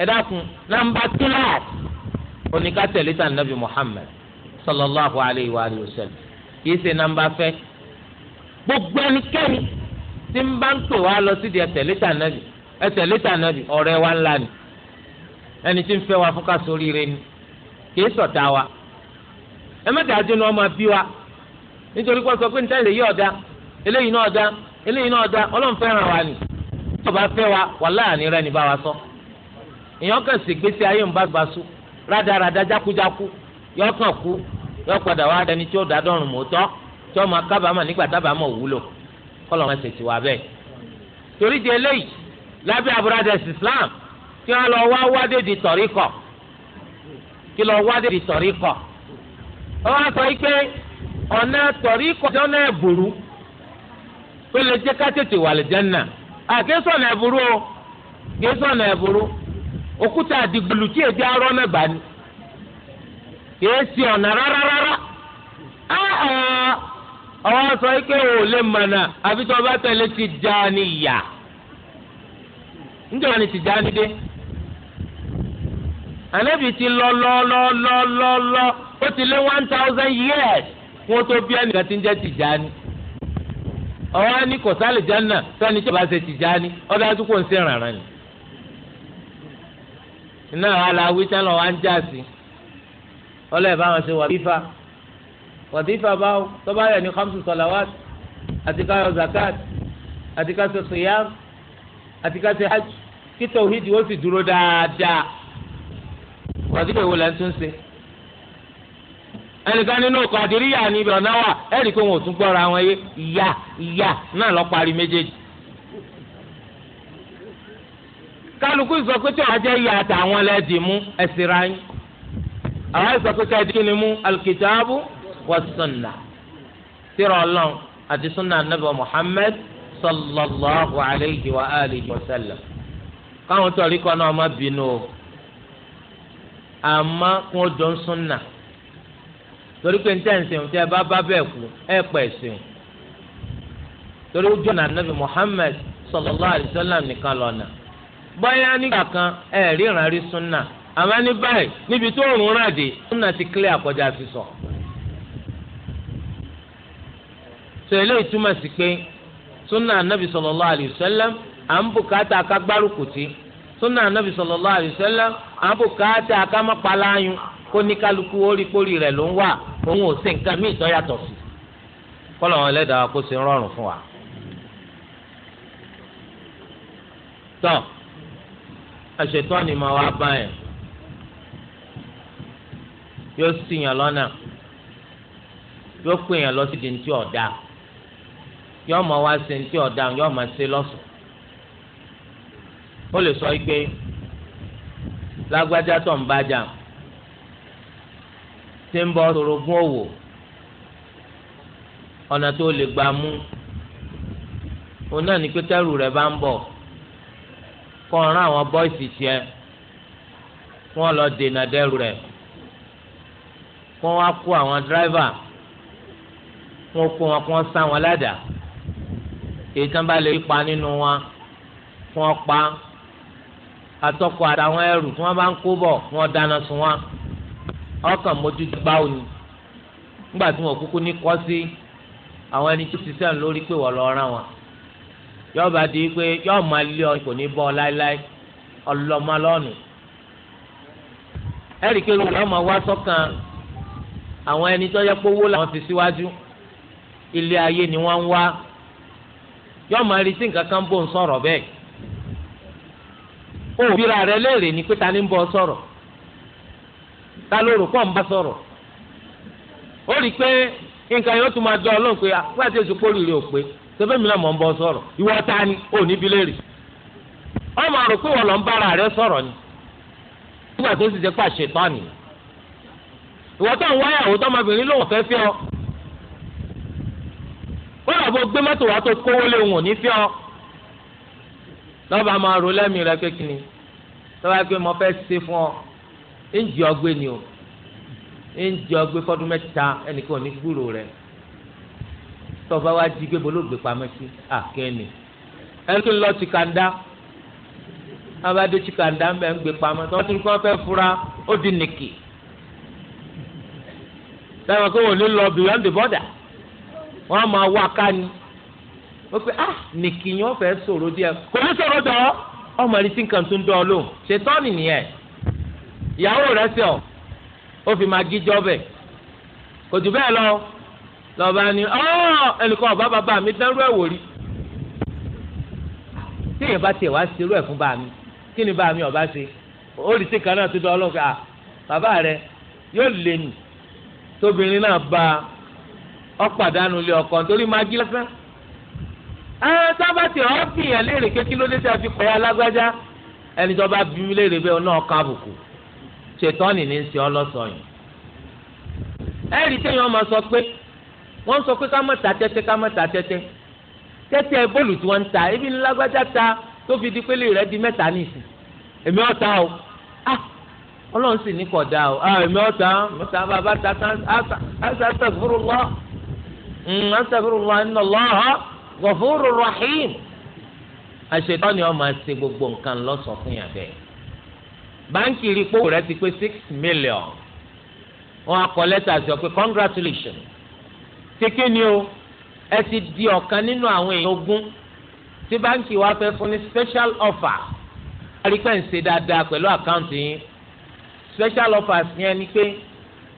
إذا نمبر ثلاث ونكاتلتها النبي محمد sallallahu alayhi wa sallam kì í ṣe nàmbà fẹ́ gbogbo ẹnikẹ́ni tí ń bá ń lọ sídìí nàbì nàbì ọ̀rẹ́ wa ńlá ni ẹni tí ń fẹ́ wa fúnka sórí ni kì í ṣọ̀tá wa ẹ má dájú ni bí wa nítorí pé sọ pé níta lè yí eléyìí náà eléyìí náà ọlọ́run wa ni tí ọba fẹ́ wa rẹ bá wa sọ èèyàn kàn ayé ń bá rádaràdá yọ kú yọ padà wá dẹni tí ó dá dọ́rùn mọ́tọ́ tí ọmọ kábàámọ̀ nígbà tábàámọ̀ wúlò kọ́lọ̀ wọn ṣètì wá bẹ́ẹ̀. torí di eléyìí lábẹ́ abúradẹ̀s islam kí wọ́n lọ wá wádé di tọ̀ríkọ̀ kí lọ wádé di tọ̀ríkọ̀. wọ́n wá sọ pé ọ̀nà tọ̀ríkọ̀ tí ọ̀nà ẹ̀bùrú pé lè jẹ́ ká tètè wà lè jẹ́ nà àkésọ̀nà ẹ̀bùrú o àkésọ̀nà ẹ̀bùrú òkúta àdìgbòlù tí èdè arọ́ náà bá ní kìí sí ọ̀nà rárá ọwọ́ sọ pé o lè mọ̀nà àfi tí wọ́n bá tẹ̀lé ti já ni yà níjọba ni ti já ni dé ànábì ti lọ lọ lọ lọ lọ lọ ó ti lé one thousand years wọ́n tó bí ẹnìkan ti ń jẹ́ ti já ni ọwọ́ ni kò sálè jẹ́nà sani tí o bá ṣe ti já ni ọdọ àdúgbò ń ṣe rànran ni iná aláwí sẹ́lọ̀ wá ń já sí i. ọlọ́ọ̀ báwọn ṣe wàdífà wàdífà báwo tọ́ba rẹ̀ ní khamsu salawat àti ká yọ zakat àti ká ṣe siyam àti ká ṣe hajj kí tòhídìí ó sì dúró dáadáa wàdífà ìwòlá tún ṣe ẹnìkan nínú kọ̀dìríyà ni ibẹ̀ ọ̀nà wà ẹ̀rí kó wọn ò tún gbọ́ra wọn yé ìyá ìyá náà lọ parí méjèèjì. kálukú sọ pé tí ọ̀rọ̀ ajẹ́ àtàwọn lẹ́ẹ̀dì mú ẹ̀sìn ra yín àwọn sọ pé ká ẹdí ni mú alikitaabu wa sunna tírà Ọlọ́run àti sunna anabi muhammed sallallahu alayhi wa alihi wa sallam káwọn tó rí kọ́ náà má bínú o àmọ́ kún ó dán sunna torí pé níta ẹ̀sìn tẹ́ ẹ bá bá bẹ́ẹ̀ kú ẹ pẹ̀ ẹ̀sìn torí ó jọ̀nà anabi muhammed sallallahu alayhi wa sallam nìkan lọ́nà báyà nígbà kan ẹ̀ ríran rí sunna. àmọ́ ní báyìí níbi tó rùn rà suna ti kílẹ̀ àkọjá ti sọ eléyìí túmọ̀ sí pé súnà anábì sallallahu alayhi wa à ń bùkátà akágbárùkùtì súnà anábì sallallahu alayhi wa sallam à ń bùkátà akámọ́paláyún kó ní kálukú oríkórì rẹ̀ ló ń wà òun ò sí nǹkan míì tó sí. kọ́lọ̀ wọn ẹlẹ́dàá kó ṣe rọrùn fún wa. yóò ṣì yàn lọ́nà yóò pè yàn lọ sí di ntí ọ̀dà yóò mọ wá sí ntí ọ̀dà yóò mọ sí lọ́sùn ó lè sọ pé lágbájá tó ń bájà tí ń bọ́ sorogún òwò ọ̀nà tó lè gbà mú òun náà ní pé rẹ̀ bá ń bọ̀ kọ́ ọ̀ràn àwọn bọ́ìsì tiẹ̀ wọ́n lọ dènà dẹ́rù rẹ̀ kó wọn kó àwọn dírẹ́fà kó kó wọn kó wọn sá wọn ládàá èyí tán bá lè pa nínú wọn kó wọn pa atọ́kọ àtàwọn ẹrù tí wọ́n bá ń kó bọ̀ wọ́n dáná sun wọn ọkàn mójútó báwo ni nígbà tí wọ́n kúkú ní kọ́ sí àwọn ẹni tó ti sẹ́yìn lórí pé wọ́n lọ rán wọn yóò bá di pé yóò máa lé ọ kò ní bọ́ ọ láéláé ọlọ́mọ ẹ̀rí kí ló ń lọ́mọ wá sọ́kàn. So àwọn ẹni tó yẹ pé làwọn fi ilé ayé ni wọn ń wá yóò máa rí sí nǹkan kan bó ń sọ̀rọ̀ bẹ́ẹ̀ rẹ léèrè ni pé ta ń bọ̀ sọrọ ta ń bá ó rí i pé nǹkan yóò tún máa dán ọlọ́run pé wá ah, pé mi náà ń ìwọ ta ni ní bí léèrè rò pé lọ ìwọ tó ń wáyà òótọ́ ọmọbìnrin lòun fẹ́ fẹ́ ọ wọ́n lọ bó gbé mọ́tò wá tó kówó lé wọn ní fẹ́ ọ lọ́ba máa ro lẹ́mìí rẹ kékeré lọ́ba pé mo fẹ́ ṣe fún ọ ń jẹ ọgbẹ́ ni o ń jẹ ọgbẹ́ fọdún mẹ́ta ẹnìkan ò ní gbúrò rẹ tọ́ba wá jí gbé bolóògbé pamẹ́ sí àkẹ́ni ẹni tó ń lọ tìkàndá abadé tìkàndá ń bẹ ń gbé pamẹ́ tọ́ba tó ń fẹ́ fura ó di nìkì sẹ́wọ̀n pé wọ́n ní lọ beyond the border wọ́n á máa wá ká ni wọ́n pe ah nìkìyàn fẹ́ sọ̀rọ̀ díẹ̀ kò ní sọ̀rọ̀ dọ̀ ọmọ rí tí nǹkan tó ń dọ̀ ọ́ lóhùn ṣètọ́nì nìyẹn ìyàwó rẹ̀ sẹ̀ ọ́ ó fi máa gíjọ́ bẹ̀ kò jù bẹ́ẹ̀ lọ lọ́ba ni ọ́ ẹnìkan ọ̀bá bàbá mi dánrú ẹ̀ wò rí tí èèyàn bá tiẹ̀ wá ṣerú ẹ̀ fún bá mi kí ni bá mi ṣe ó rí tí nǹkan náà tó dọ̀ ọ́ lóhùn pé ah bàbá rẹ yóò lé nìí tóbìnrin náà bá ọ̀pàdánù ilé ọkọ nítorí májí lásán. ẹ sábà tí ọ fìyàn léèrè pé kí ló dé tí a fi kọ́ ya lágbájá ẹni tó bá bí mi léèrè bẹ́ẹ̀ náà ká àbùkù ṣètọ́nì ní í ṣe ọlọ́sọ̀yìn. ẹ rí téèyàn máa sọ pé wọ́n sọ pé ká má ta tẹ́tẹ́ ká má ta tẹ́tẹ́ tẹ́tẹ́ bọ́ọ̀lù tí wọ́n ń ta ebi ńlágbájá ta tó fi di pélé rẹ̀ di mẹ́ta nìsín èmi ọ̀ ta o ah ọlọ́run sì ní kọ̀dá o ẹ̀mí ah, ọ̀tá mọ̀tá bàbá tata astaghfirullah mm, astaghfirullah inna Allaha rahim àṣetọ́ ni ọmọ àti gbogbo nǹkan lọ́sọ̀ fún yàn bẹ́ẹ̀ báńkì rí rẹ ti pé six million wọn akọ lẹ́tà sí ọ pé congratulations kéke ni o ẹ ti di ọ̀kan nínú àwọn èèyàn ogún tí báńkì wa fẹ́ fún ní special offer àríkà ń ṣe dáadáa pẹ̀lú àkáǹtì yín special offers yẹn ni pé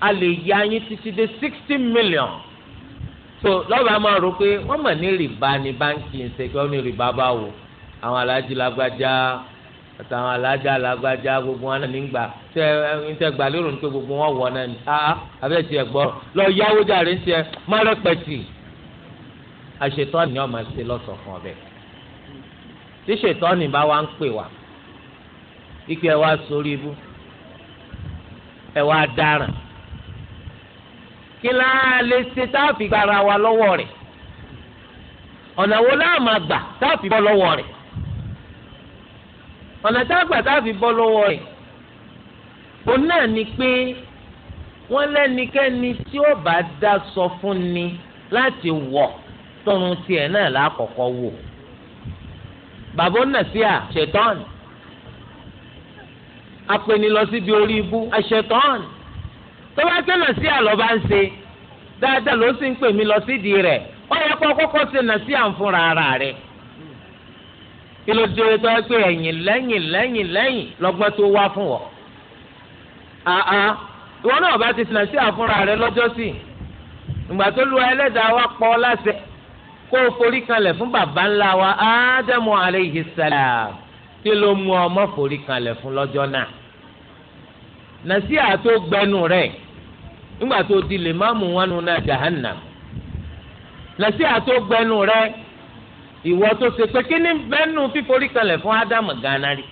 a lè ya yín títí dé sixty million so lọ́ba máa rò pé wọ́n mọ̀ ní rìbá ní báńkì ń ṣe kí wọ́n ní rìbá bá wò àwọn alájí lágbájá àtàwọn alájà alágbájá gbogbo wọn náà nígbà tẹ ẹ tẹ gbà lérò ní pé gbogbo wọn wọ náà ní ah abẹ́rẹ́ tiẹ̀ gbọ́ lọ yáwó jàre ń tiẹ̀ má rẹpẹtì àṣetọ́ ni ọmọ ṣe lọ́sọ̀ fún ọbẹ̀ tí ni bá wá ń pè wá ike wá sórí ibú ẹ wá dáràn kí láà lè ṣe táàfì gbára wa lọ́wọ́ rẹ̀ ọ̀nà wo láà máa gbà táàfì bọ́ lọ́wọ́ rẹ̀ ọ̀nà táàgbà táàfì bọ́ lọ́wọ́ rẹ̀ òun náà ni pé wọ́n lẹ́nikẹ́ni tí ó bá dá sọ fún ni láti wọ̀ tọrun tiẹ̀ náà lákọ̀ọ́kọ́ wò bàbá ó nà apẹni lọ síbi orí ibú àṣetán tó bá tẹ̀nà sí àlọ́ bá ń ṣe dáadáa ló sì ń pè mí lọ sídìí rẹ̀ ó yẹ kó kọ́kọ́ ṣe nà sí àǹfọ̀nra ara rẹ̀ kí ló dé tó yẹ pé ẹ̀yìn lẹ́yìn lẹ́yìn lẹ́yìn lọ́gbọ́n tó wá fún wọ́ àá ìwọ náà bá ti nà sí àǹfọ̀nra rẹ̀ lọ́jọ́ ìgbà tó lu ẹlẹ́dàá wa pọ̀ láṣẹ kó o forí kanlẹ̀ fún bàbá ńlá wa ádámù alayhi salam kí ló mú ọmọ forí kanlẹ̀ fún lọ́jọ́ náà nàṣíà tó gbẹnu rẹ̀ nígbà tó di lè má mú wọn nù náà jahannam nàṣíà tó gbẹnu rẹ̀ ìwọ tó ṣe pé kí ni bẹ́ẹ̀nù fíforí kalẹ̀ fún ádámù ganari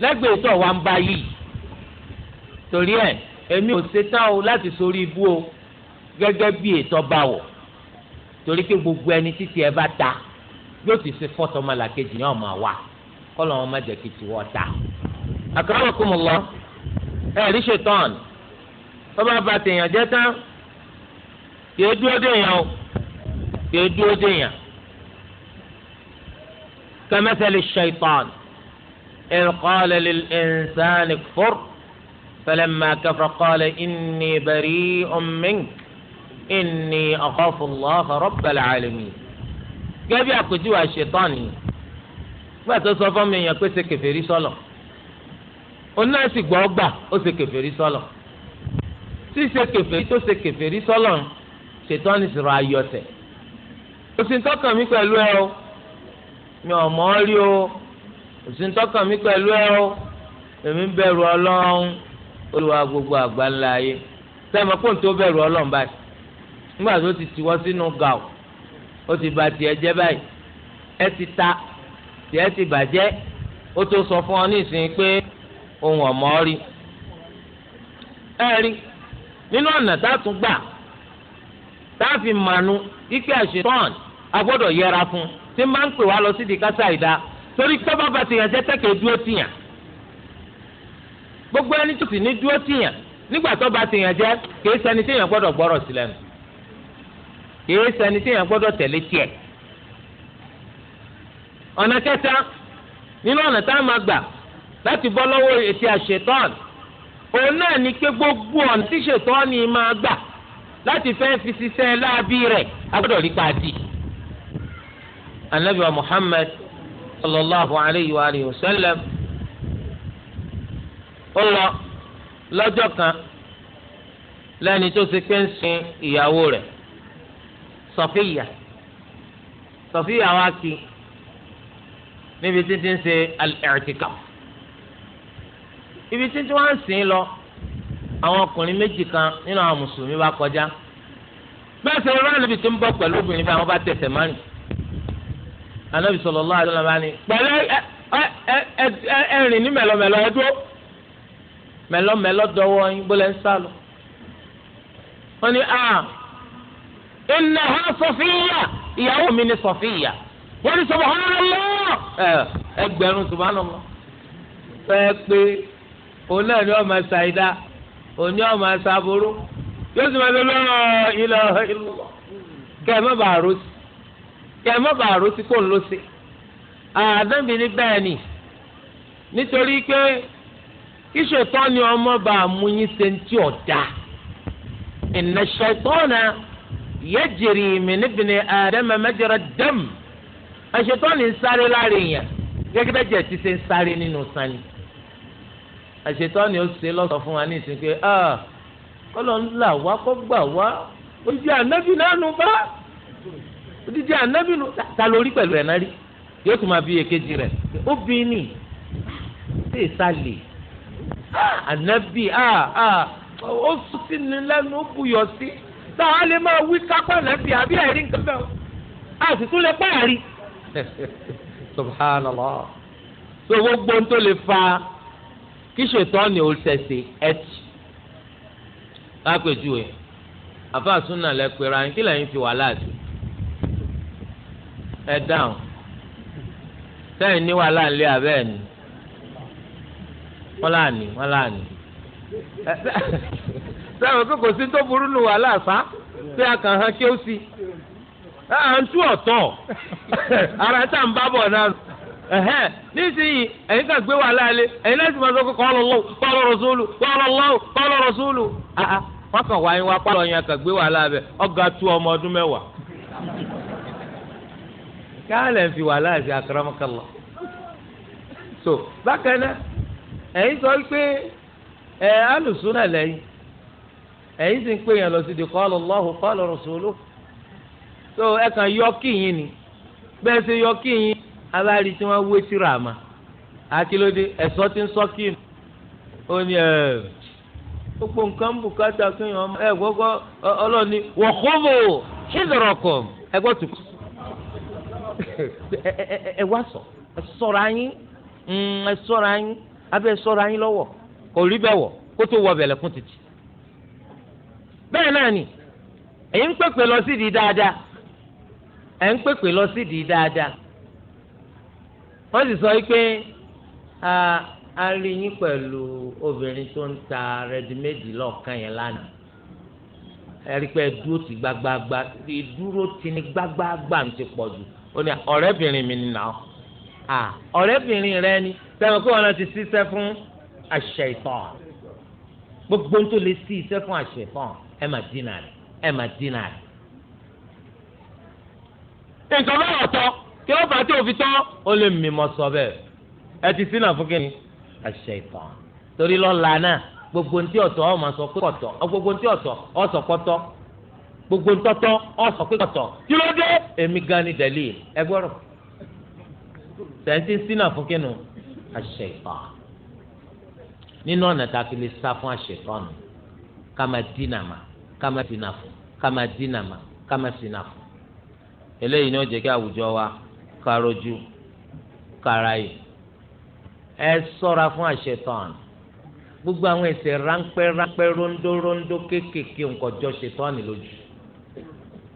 lẹ́gbẹ̀ẹ́ tó wà ń bá yìí torí ẹ̀ èmi ò ṣetán o láti sori ibú o gẹ́gẹ́ bí ètò bá wọ̀ torí pé gbogbo ẹni títí ẹ bá ta yóò ti ṣe fọ́tọ̀mọlàkejì ní ọ̀mọ̀ wa kọ́ lọ́wọ́ má jẹ́ kí tiwọ́ ta. akramakumullah ẹ rí ṣetán wọn bá ba tèèyàn jẹ tán kì í dúró déèyàn o kì í dúró déèyàn kẹmẹsẹlẹ ṣetán ìlkọlẹ ìnsánì fúr fẹlẹmà kẹfọkọlẹ ìní bẹrí ọmọnk ìní ọkọfùlọ rọbẹlẹ àlẹmí gẹbi àpèjúwe ṣetán yìí gbàtọ sọ fún mi yàn pé ṣe kẹfẹ rí sọlọ. So oná sì gbọ́ gbà ó ṣe kèfèrí sọ́lọ̀ ṣíṣe kèfèrí tó ṣe kèfèrí sọ́lọ̀ ṣètọ́ ní sọ̀rọ̀ ayọ̀tẹ̀ òsìntọ́kàn mi pẹ̀lú ẹ o mi ò mọ̀ ọ́ rí o òsìntọ́kàn mi pẹ̀lú ẹ o èmi ń bẹ̀rù ọlọ́run olùwà gbogbo àgbáńlá ayé sẹ́mi kó n tó bẹ̀rù ọlọ́run báyìí nígbà tó ti tiwọ́ sínú gàù ó ti ba tiẹ̀ jẹ́ báyìí ẹ ti ta tiẹ̀ ti bàjẹ́ ó tó sọ fún ọ nísìnyí pé ohun ọmọ rí ẹ rí nínú ọ̀nà tá a tún gbà tá mànú ike àṣetán agbọ́dọ̀ yẹra fún tí máa ń pè wá lọ sí di kásá ìdá torí tọ́ba bá ti yàn jẹ́ tẹ́kẹ̀ dúró tìyàn gbogbo ẹni tó sì ní dúró tìyàn nígbà tó bá ti yàn jẹ́ kìí tí láti bọ́ lọ́wọ́ ètí àṣetán òun náà ni pé gbogbo ọ̀nà tí ṣetán ni máa gbà láti fẹ́ fi ṣiṣẹ́ láabi rẹ̀ agbọ́dọ̀ rí pàdé. anabi wa muhammad sallallahu alayhi wa alihi wa sallam ó lọ lọ́jọ́ kan lẹ́ni tó ṣe pé ń sin ìyàwó rẹ̀ sọfíyà sọfíyà wa kì níbi títí ń ṣe al-i'tikaf ibi tí tí wọ́n ń sìn lọ àwọn ọkùnrin méjì kan nínú àwọn mùsùlùmí bá kọjá bẹ́ẹ̀ sẹ́yìn rán níbi tí ń bọ̀ pẹ̀lú obìnrin bí àwọn bá tẹ̀sẹ̀ márùn anabi sallallahu alaihi wasallam pẹ̀lú ẹ̀rìn ní mẹ̀lọ́mẹ̀lọ́ ẹ dúró mẹ̀lọ́mẹ̀lọ́ dọwọ́ yín bó lẹ́ ń sá lọ. wọ́n ní a innaha Safiyya ìyàwó mi ni Safiyya wọ́n ní subhanallah ẹgbẹ̀rún subhanallah fẹ́ẹ́ pé òun náà ni wọn máa sa ìdá òun ni wọn máa sa aburú yóò sì máa lọ ilọ ilọ kẹ ẹ má bàa rọsí kẹ ẹ má bàa rọsí kó ń lọ sí àdánbì ní bẹ́ẹ̀ ni nítorí pé ìṣètọ́ ni ọmọ bá a mú yín ṣe ń tí ọ̀ dá ìnà ṣètọ́ náà yẹ jèrè mi níbi ni àdánmà mẹjọra dẹ́m ẹ̀ṣẹ̀tọ́ ni ń sáré láre yẹn gẹ́gẹ́ bẹ́ẹ̀ jẹ́ ti ṣe ń sáré nínú sani àṣetọ́ni ó ṣe lọ́sọ̀ fún wa ní ìsìn pé kọ́lọ̀ ń là wá kọ́ gbà wá odidi ànábì náà nù bá odidi ànábì nù ta lórí pẹ̀lú ẹ̀ náà rí yóò tún máa bí èkejì rẹ̀ ó bí ní ṣé ìsàlẹ̀ ànábì ó sùn sí ni lẹ́nu ó buyọ̀ sí tá a lè máa wí kápá ànábì àbí ẹ̀rí nǹkan bẹ́ẹ̀ a sì tún lè pààrí subhanallah so gbogbo ń tó lè fa kí ṣètọ́ni ò ṣẹ̀ṣẹ̀ ẹtì lápèjúwe àfa súnà lẹ́pẹ̀rẹ̀ àyìn kí lẹ́yìn fi wà láàdì ẹ dáhùn sẹ́yìn ní wàhálà ńlẹ́ abẹ́ẹ̀ ni wọ́n láàní wọ́n láàní sẹ́wọ̀n kò kò sí tó burú nu wàhálà sá pé a kàn hàn kí ó sí à ń tú ọ̀tọ̀ ara tá à ń bá bọ̀ náà. ẹ̀hẹ́n nísìnyí ẹ̀yin kan gbé wàhálà lé ẹ̀yin náà sì máa sọ pé kọ́ lọ́lọ́ kọ́ lọ́rọ̀ sóòlù kọ́ lọ́lọ́ kọ́ lọ́rọ̀ sóòlù. wọ́n kàn wáyé wá pálọ̀ yẹn kàn gbé wàhálà ọmọ ọdún káàlẹ̀ wàhálà so bákan náà sọ pé ẹ sì ń pè yẹn lọ sí di so ẹ kàn yọ kíyìn ni abáàrí tí wọ́n wé síra àmà akílódé ẹ̀sọ́ ti ń sọ kí ni ó ní ẹ̀ gbogbo nǹkan bùkátà kí ni ọmọ ẹ gbọ́gbọ́ ọlọ́ọ̀ni wọ̀kọ́bò ṣídọ̀rọ̀kọ̀ ẹ gbọ́ tù ẹ wá sọ ẹ sọ̀rọ̀ ayín mm, ẹ sọ̀rọ̀ ayín abẹ́ sọ̀rọ̀ ayín lọ́wọ́ kò rí bẹ́ẹ̀ wọ̀ kó tó wọ bẹ̀lẹ̀kùn títì bẹ́ẹ̀ náà ni ẹ̀yin ń pèpè lọ sídìí dáadáa ẹ̀ ń pèpè lọ sídìí dáadáa wọ́n sì sọ pé a rí yín pẹ̀lú obìnrin tó ń ta rẹ́dímẹ́dì lọ́ọ̀kan yẹn lánàá ẹ̀rí pé dúró ti gbágbáágbá ìdúró ti ní gbágbáágbá ń ti pọ̀ jù ó ní ọ̀rẹ́bìnrin mi nìyà ọ́ ọ̀rẹ́bìnrin rẹ ni sẹ́wọ̀n kí wọ́n náà ti ṣiṣẹ́ fún àṣẹ ìtàn gbogbo ń tó lè sí iṣẹ́ fún àṣẹ ìtàn ẹ̀ máa dínà rẹ̀ ẹ̀ máa dínà rẹ̀. nǹkan lọ́wọ́ tọ́. kí ló fà á tí òfin sọ ó lè mímọ sọ bẹ́ẹ̀ ẹ ti sínà fún ni àṣẹ ìtàn torí lọ́la náà gbogbo ntí ọ̀tọ̀ ọmọ sọ pé kọ̀tọ̀ gbogbo ntí ọ̀tọ̀ ọ̀ pọ̀tọ̀ gbogbo ntọ́tọ̀ pé kọ̀tọ̀ kí ló dé èmi gan ni dẹ̀lí nínú ọ̀nà tá fún àṣẹ ìtàn ká Karoju, karayò ẹ ṣọ́ra fún àṣetán gbogbo àwọn ẹ̀ṣẹ̀ ránpẹ́ ránpẹ́ róńdó róńdó kéékèèké nkọjọ ṣetán lójú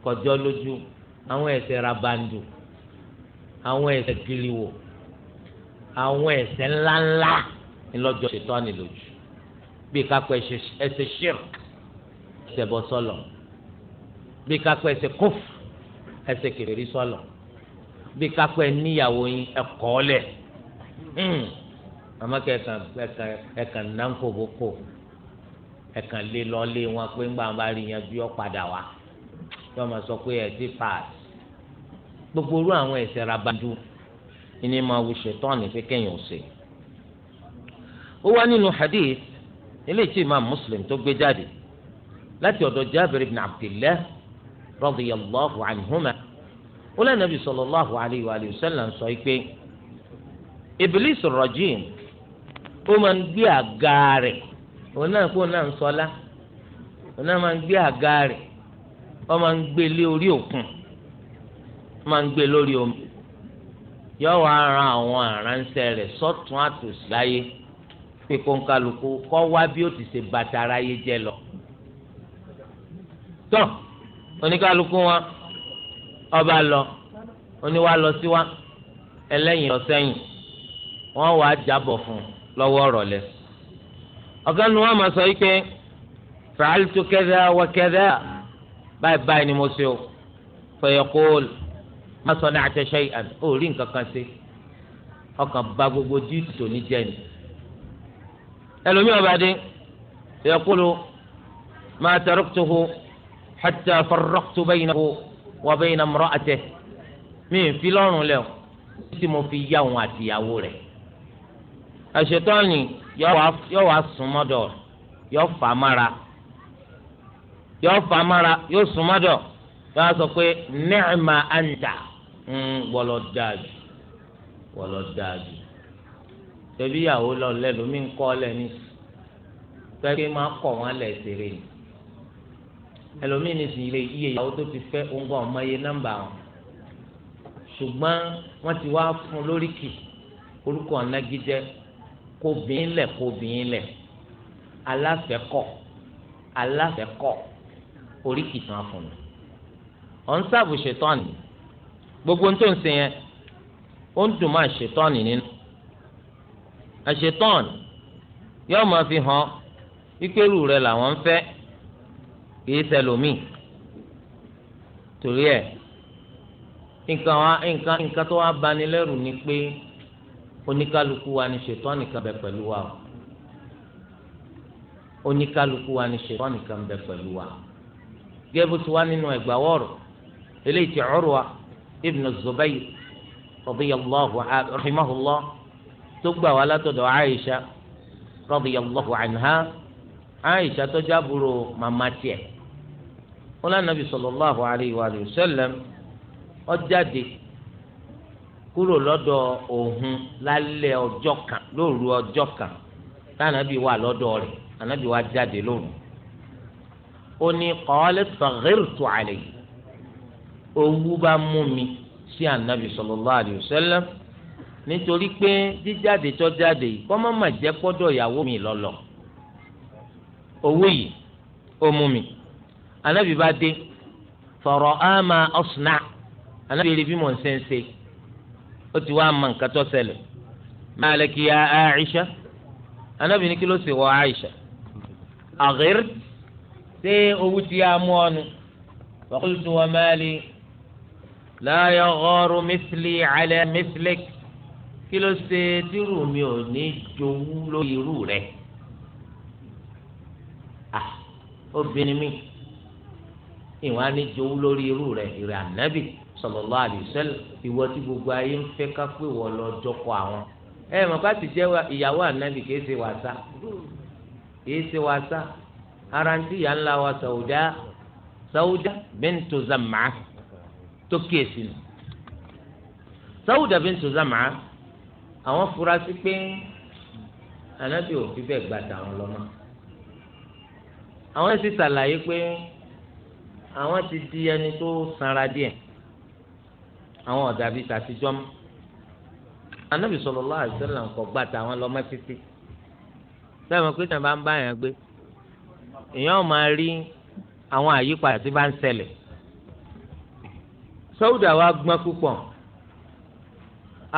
kọjọ lójú àwọn ẹ̀ṣẹ̀ rabandu àwọn ẹ̀ṣẹ̀ giliwo àwọn ẹ̀ṣẹ̀ ńláńlá ńlọjọ ṣetán lójú bí kakọ ẹ̀ṣẹ̀ shirk ẹ̀ṣẹ̀ bọ sọlọ bí kakọ ẹ̀ṣẹ̀ kófù ẹ̀ṣẹ̀ kẹfẹẹrí sọlọ. So bí kápẹ́ níyàwó yín ẹ̀kọ́ lẹ̀ hmm. àmọ́ kẹ̀kàn ẹ̀kàn nánkòbókò ẹ̀kàn lé lọ́lé wọn pé ńgbà wọn bá rí yẹn bí ó padà wá tí wọ́n máa sọ pé ẹ̀ ti pass gbogbo orú àwọn ẹ̀ṣẹ̀ rabandu ìní máa wo ṣètọ́ọ̀nì pé kéèyàn ó wá nínú hadith eléyìí tí Imam Muslim tó gbé jáde láti ọ̀dọ̀ Jabir ibn Abdillah radiyallahu anhuma ó lẹ́nu nàbì sallallahu alayhi wa sallam sọ pé Iblis rajim ó máa ń gbé àga rẹ̀ òun náà kó náà ń sọlá òun náà máa ń gbé àga rẹ̀ ó máa ń gbé lé orí òkun ó máa ń gbé lórí omi yóò wá ran àwọn aránṣẹ́ rẹ̀ sọ́tún àtòsí láyé pé kó ń kálukú kọ́ wá bí ó ti ṣe bàtà aráyé jẹ lọ. tọ́ oníkálukú wọn ọba lọ oníwà lọ sí wa ẹlẹ́yìn lọ sẹ́yìn wọ́n wàá jábọ̀ fún lọ́wọ́ rọ̀lẹ́ ọ̀gá nu wọn máa sọ yìí pé fàálítù kẹdà wà kẹdà báyìí báyìí ni mo ṣe o fẹyẹkóòl má sọ ní àtẹṣe ìhàn ó nǹkan kan ṣe ọkàn bá gbogbo díìtì tó ní ni ẹlòmíràn bá dé fẹyẹkóòl máa tẹrọkùtù hó hàtà fọrọkùtù bẹyìn náà hó. wa bayna imra'atihi mi ń fi lọ́rùn lẹ̀ o tí mo fi yá òun àtìyàwó rẹ̀ àṣetọ́ni yọ wá sùn mọ́dọ̀ yọ fà mára yọ fà mára yóò sùn mọ́dọ̀ yọ wá sọ pé ni'ma anta wọlọ dáadu wọlọ dáadu ìyàwó lọ lẹ́nu mi ń kọ́ máa kọ̀ wọ́n ẹlòmíì ní sìn ilé iye ìyàwó tó ti fẹ́ òǹkà ọmọ iye nọ́mbà wọn ṣùgbọ́n wọ́n ti wá fún lóríkì orúkọ ọ̀nàgídẹ́ kó bìín lẹ̀ kó bìín lẹ̀ aláfẹ́kọ̀ aláfẹ́kọ̀ oríkì tán fún mi ọ̀n sáàbù ṣètọ́ni gbogbo tó ń ṣe yẹn ó ń dùn máa ṣètọ́ni nínú àṣetọ́ni yóò máa fi hàn ikú rẹ làwọn ń fẹ́ kìí sẹlómi torí ẹ nǹkan wa nǹkan nǹkan tó wá bani lẹ́rù ni pé oníkálukú wa ni ṣètò nìkan bẹ pẹ̀lú wa o oníkálukú wa ni ṣètò nìkan bẹ pẹ̀lú wa gẹ́gẹ́ tí wá nínú ẹ̀gbáwọ́rọ̀ eléyìí ti Urwa ibn Zubayr radiyallahu rahimahullah tó gbà wá látọ̀dọ̀ Aisha radiyallahu anha Aisha tó jábúrò màmá tiẹ̀ wọn lánàá nàbì sallallahu alayhi wa sallam ó jáde kúrò lọ́dọ̀ òhun lálẹ́ ọjọ́ kan lóru ọjọ́ kan tànàbí wà lọ́dọ̀ rẹ̀ ànàbí wà jáde lóru ó ní qalat faghirtu alayhi owú bá mú mi sí ànàbì sallallahu alayhi wa sallam nítorí pé jíjáde tó jáde yìí kọ́ jẹ́ pọ́dọ̀ ìyàwó mi lọ́lọ́ owú yìí ó mú mi anabi bá dé fọ̀rọ̀ ama ọ̀sùnà anabi rí bí mò ń ṣe ń ṣe ó ti wá mọ nǹkan tó ṣẹlẹ̀ malaki ya aisha anabi ní kí ló ṣe wọ aisha àgírí ṣé owó ti yá mú ọnu wàkúlùtù wa máàlì láyà ọrù mísìlì alẹ mísìlì kí ló ṣe mi ò ní jowú lórí irú rẹ ah, obìnrin mi ìwọ̀n á ní jowú lórí irú rẹ̀ ìrẹ̀ ànábì sallallahu alaihi wasallam ìwọ tí gbogbo ayé ń fẹ́ ká pé wọ́n lọ jọkọ àwọn. ẹ mọ̀ bá ti jẹ́ ìyàwó ànábì kìí ṣe wàsá kìí ṣe wàsá ara ń tí ìyá ńlá wa Sauda Sauda bintu Zam'a tó kíyèsí nù. Sauda bintu Zam'a àwọn fura pé ànábì ò fi bẹ́ẹ̀ gbàdá àwọn lọ́mọ. àwọn sì ṣàlàyé pé àwọn ti di ẹni tó sanra díẹ̀ àwọn ọ̀dà bíi tàtijọ́ mọ́ anabi sallallahu alaihi wasallam kò gbà táwọn lọ mọ́ títí sẹ́wọ̀n pé tàbá ń bá yẹn gbé èèyàn máa rí àwọn àyípadà tí bá ń ṣẹlẹ̀ sọ́wọ́dà wa gbọ́n púpọ̀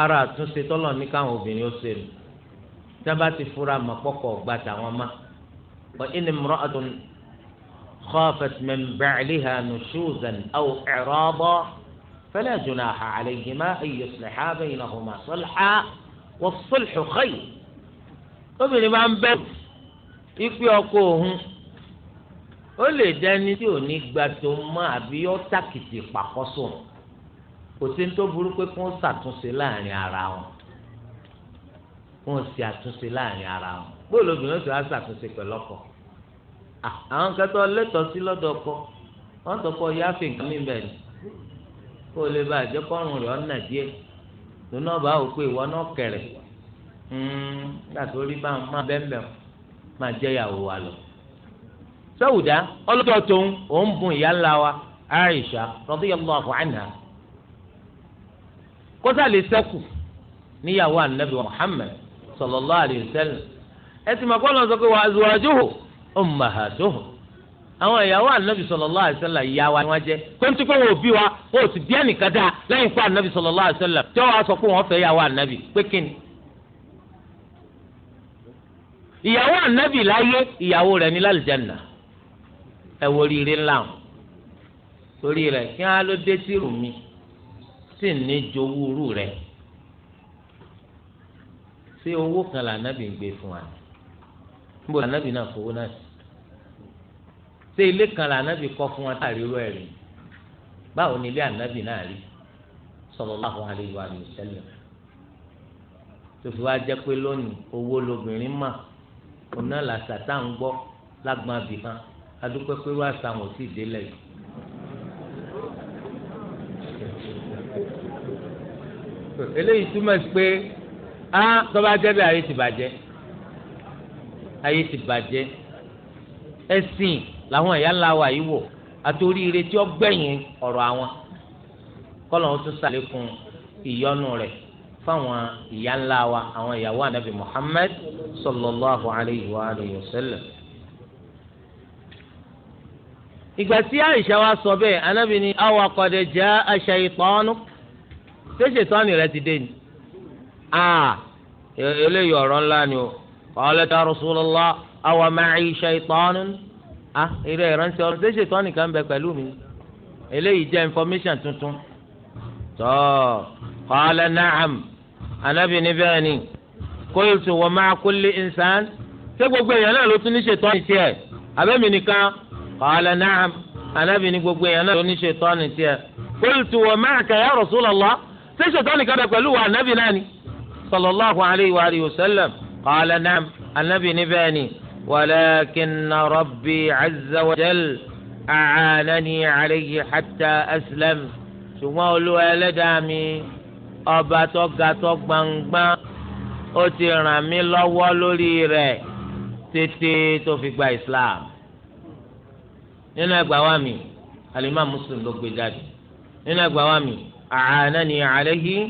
ara àtúnṣe tọ́lọ̀ ní káwọn obìnrin ó ṣe nù tí ti fura mọ́ pọ́kọ̀ gbà táwọn má wọ́n ẹni mìíràn ọ̀tún خافت من بعلها نشوزا أو إعراضا فلا جناح عليهما أن يصلحا بينهما صلحا والصلح خير obìnrin máa ń bẹ̀rù ipe ọkọ òun ó lè dání tí ò ní gba tó mọ́ àbí ó tàkìtì pàkọ́sọ kò sí ní tó burú pé kó ṣàtúnṣe láàrin ara wọn kó ṣe àtúnṣe láàrin ara wọn bóòlù obìnrin ó sì wá ṣàtúnṣe pẹ̀lú ọkọ àwọn kẹtọ lẹtọ sí lọ́dọ̀ kọ wọn tọkọ ya fi nǹkan mi bẹ́ẹ̀ ni kó o lè bá àjẹ rẹ ọ̀nà díẹ̀ lónà bá wò pé ìwọ náà kẹrẹ hmm, nígbà tó rí bá máa máa jẹ́ ìyàwó wa lọ. sọ́wùdá ọlọ́dọ̀ tóun òun bùn ìyá ńlá wa Aisha radiyallahu anha kọ́tà lè sẹ́kù níyàwó ànábì wa sallam ẹ ti mọ̀ kọ́ lọ sọ pé wàá ummahatuhum àwọn ìyàwó anabi sallallahu iyawo ìyá wa ni wọn jẹ pẹntí pé wọn ò bí wa wọn ò sì bí ẹnìkan anabi sallallahu alaihi tí wọn sọ pé wọn fẹ́ ìyàwó anabi pé kíni. ìyàwó anabi láyé ìyàwó rẹ̀ ní lálùjánnà ẹ wo oríire ńlá o torí rẹ̀ kí á ló dé sí rùmí ní anabi ń gbé fún wa ṣé ilé kan lànàbì kọ́ fún wa láàrin irú ẹ̀rí báwo ni ilé ànàbì náà rí sallallahu alaihi wa sallam tó fi wá jẹ́ pé lónìí owó lobìnrin mà òun náà làṣà tá à ń gbọ́ lágbọn abìkan adúpẹ́ pé wá sàwọn ò sì délẹ̀ yìí. eléyìí túmọ̀ sí pé á tọ́ba jẹ́ ayé ti bàjẹ́ ayé ti bàjẹ́ ẹ̀sìn làwọn ìyá ńlá wa yìí wò àtòrí ire tí ó gbẹ̀yìn ọ̀rọ̀ àwọn kọ́lọ̀ ń tún sàlékún ìyọ́nú rẹ̀ fáwọn ìyá ńlá wa àwọn ìyàwó ànábì Muhammad sallallahu alayhi wa alayhi wa sallam. ìgbà tí Àìṣà wa sọ bẹ́ẹ̀ ànábì ni awa qad jaa shaytanuk ṣé ṣètọ́nù rẹ ti dé ni. eléyìí ọ̀rọ̀ ńlá ni o qalat ya Rasulullah awa ma'i shaytanun ah eré ìrántí ọlọ́run ṣé ṣètò ọ̀nìkan ń bẹ pẹ̀lú mi eléyìí jẹ́ information tuntun tó qala na'am anabi ní bẹ́ẹ̀ ni qultu wa ma'a kulli insan ṣé gbogbo èèyàn náà ló tún ní ṣètò ọ̀nì tiẹ̀ abẹ́mi nìkan qala na'am anabi ní gbogbo èèyàn náà ló ní ṣètò ọ̀nì tiẹ̀ qultu wa ma'aka ya rasulallah ṣé ṣètò ọ̀nìkan bẹ pẹ̀lú wa anabi náà ni sallallahu ولكن ربي عز وجل أعانني عليه حتى أسلم ṣùgbọ́n olúwa ẹlẹ́dàá mi ọba tó ga tó gbangban ó ti ràn mí lọ́wọ́ lórí rẹ̀ tètè tó fi gba islam nínú ẹgbàá wa mi alimá muslim ló gbé jáde nínú ẹgbàá wa mi àánání àlẹ́yìn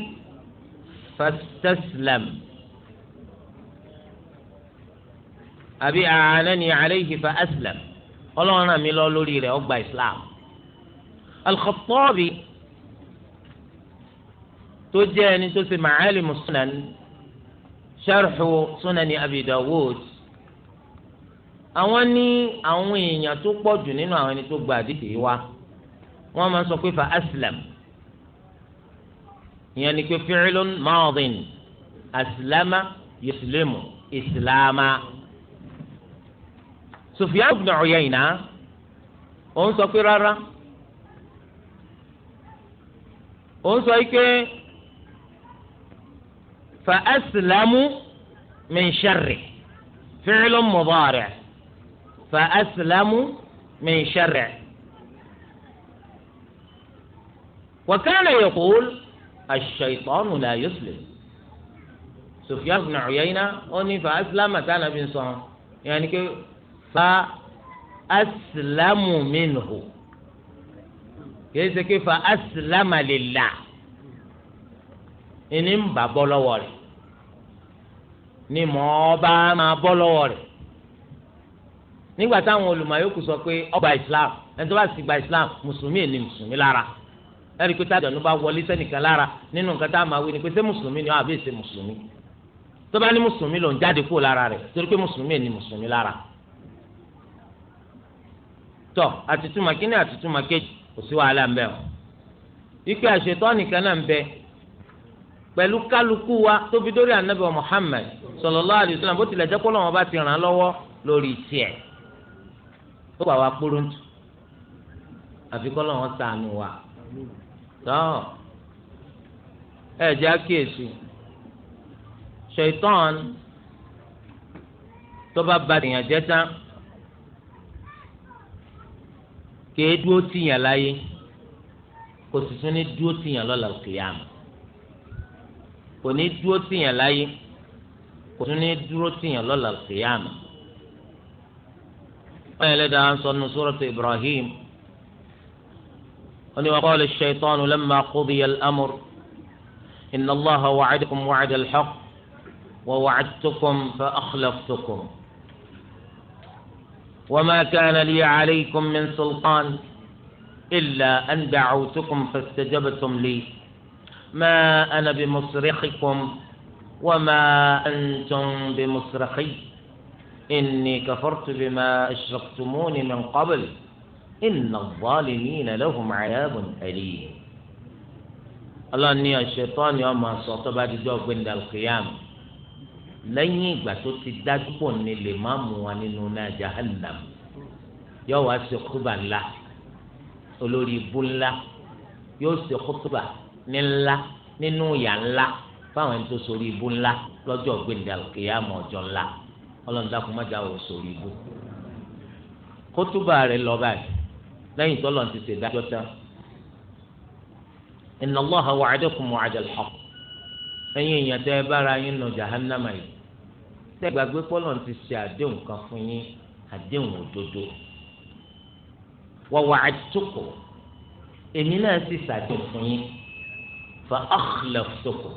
fastaslam. àbí àánẹ́ni alayhi fa aslam ọlọ́run ràn mí lọ lórí rẹ̀ ó gba islam al-Khattabi tó jẹ́ ẹni tó ṣe ma'alimu sunan sharhu sunani abi dawud àwọn ní àwọn èèyàn tó pọ̀ jù nínú àwọn ẹni tó gba àdìsí wa wọ́n máa sọ pé fa aslam ìyẹn ni pé fi'lun madin aslama yuslimu islama. Islama Sufyan ibn Uyayna òun sọ pé rárá òun sọ pé fa aslamu min sharri fi'lun mudari fa aslamu min sharri wa kana yaqul ash-shaytanu la yuslim Sufyan ibn Uyayna ní fa aslamu tá a nàbí sọ yẹn ni fa asilamu minhu kìí ṣe kí fa asilama lillah ìní ń bà bọ́ lọ́wọ́ rẹ̀ ni mọ̀ ọ́ bá máa bọ́ lọ́wọ́ rẹ̀ nígbà táwọn olùmọ̀yókù sọ pé ọgbà islam ẹni tó bá sì gba islam mùsùlùmí ni mùsùlùmí lára ẹni pé tájà ló bá wọlé sẹ́nìkan lára nínú nǹkan tá máa wí ni pé ṣé mùsùlùmí ni wọ́n àbí ṣe mùsùlùmí tó bá ní mùsùlùmí ló ń jáde kúrò lára rẹ̀ torí pé mùsùlùmí ni mùsùlùmí lára tọ àtútùmọ̀ kínní àtútùmọ̀ kejì kò sí wàhálà ń bẹ o ike àṣetọ́ nìkan náà ń bẹ pẹ̀lú kálukú wa tóbi dórí anabi wa Muhammad sallallahu alaihi wasallam bó tilẹ̀ jẹ́ kó lọ́wọ́ bá ti ràn án lọ́wọ́ lórí tiẹ̀ ó wà wá kpóróntù àfi kọ́ lọ́wọ́ sànù wa tọ́ ẹ jẹ́ àkíyèsí ṣèitán tó bá ba tèèyàn jẹ́ tán. kèé dúró tìyàn láyé kò sì tún ní dúró tìyàn lọ́la kìyàmù kò ní dúró tìyàn láyé kò tún ní dúró tìyàn lọ́la kìyàmù. wọ́n yẹn lẹ́dàá ń sọ nínú sọ́rọ́tò Ibrahim wọ́n ní wọ́n kọ́ lè ṣètọ́nù lẹ́mà kúdìyà lámùr inna Allaha wàcàdìkùm wàcàdìl xaq wà wàcàdìkùm fa akhlaftukum. وما كان لي عليكم من سلطان إلا أن دعوتكم فاستجبتم لي ما أنا بمصرخكم وما أنتم بمصرخي إني كفرت بما أشركتمون من قبل إن الظالمين لهم عذاب أليم الله أني الشيطان يوم ما صوت بعد جوف عند القيامة lẹ́yìn ìgbà tó ti dájú pọ̀ ní lè má mú wa nínú náà jahannam yóò wá ṣe kúbà ńlá olórí ibú ńlá yóò ṣe kúbà ní ńlá nínú ìyà ńlá fáwọn ẹni tó sori ibú ńlá lọ́jọ́ gbẹ̀ndà kìyàmọ̀ ọjọ́ ńlá ọlọ́run dákun má jáwọ́ sori ibú kótóbà rẹ̀ lọ báyìí lẹ́yìn tó lọ́n ti ṣèdájọ́ tán inna Allaha wa'adakum wa'dal haqq ẹ̀yin èèyàn tẹ́ ẹ bára yín nù jahannama yìí tẹ́ gbàgbé pọ́lọ̀ ti ṣe àdéhùn kan fún yín àdéhùn òdodo wa wa'adtukum èmi náà sì ṣàdéhùn fún yín fa akhlaftukum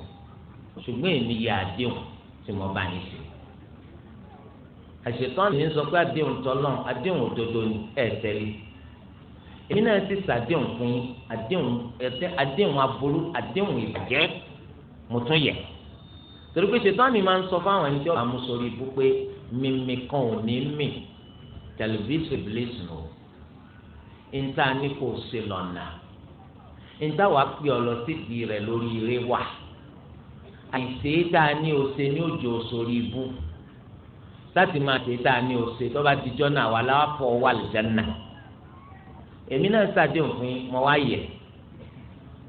ṣùgbọ́n èmi yẹ àdéhùn tí mo bá yín ṣe àṣetán ni sọ pé àdéhùn tọ́lọ́ àdéhùn òdodo ni ẹ̀ tẹ́lẹ̀ èmi náà sì ṣàdéhùn fún yín àdéhùn àdéhùn aburú àdéhùn ìbàjẹ́ mo tún yẹ torí pé ṣètọ́ni máa ń sọ fáwọn ẹni tí ó bá mú sórí ibú pé mímí kan ò ní mì tẹlifíṣì bìlíṣì o níta ni kò ṣe lọ́nà níta wàá pè ọ lọ síbi rẹ lórí eré wà àìsè tá a ní ose ní òjò sórí ibú láti máa ṣe tá ní ose tó bá ti jọ́nà wà láwàpọ̀ wà lẹ́nà èmi náà ṣàdéhùn fún yín mo wá yẹ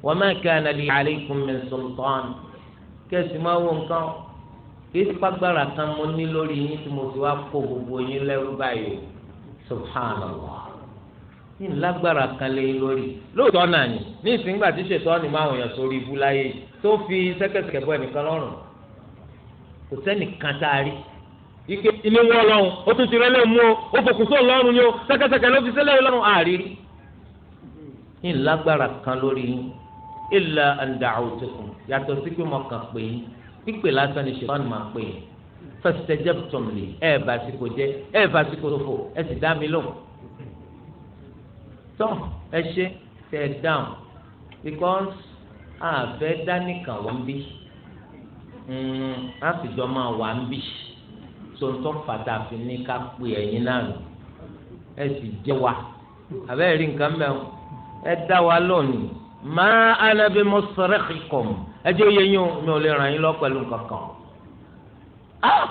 wa ma kana li alaykum min sultan kẹ́sì máa wọ nǹkan kìí fagbára kan mo ní lórí yín tí mo ti wá kó gbogbo yín lẹ́rú báyìí subhanallah ní lágbára kan lé lórí lóòótọ́ náà ni ní ìsìngbà tí ṣètọ́ni máa wọ̀nyàn sórí ibú láyé tó fi sẹ́kẹ̀sẹ̀kẹ̀ bọ́ ẹnìkan lọ́rùn kò sẹ́nìkan tá a rí ike ilé wọn lọ́rùn ó tún ti rẹ́lẹ̀ mú o ó fòkùn sóò lọ́rùn ni o sẹ́kẹ̀sẹ̀kẹ̀ ló fi sílẹ̀ lọ́rùn àárí ní lágbára kan lórí yín illa an da'awtukum yàtọ̀ sí pé mo kàn pé yín pípé lásán ni ṣètọ́nù máa pè yín fastajabtum li ẹ̀ bá sìkò jẹ́ ẹ̀ bá sìkò tó fò ẹ̀ sì dá mi lóhùn. tọ́ ẹ ṣe tẹ̀ dáhùn because àfẹ́ dánìkan wọ́n bí àfìjọ hmm, máa wà ń bì tontọ́ pàtàkì ní ká pè ẹ̀yin náà nù ẹ sì jẹ́ wa àbẹ́ẹ̀rí nǹkan mẹ́wọ́n ẹ dá wa lónìí ma ana bi musrikhikum ẹjọ́ yẹ yín mi ò lè ràn yín lọ pẹ̀lú kankan ah!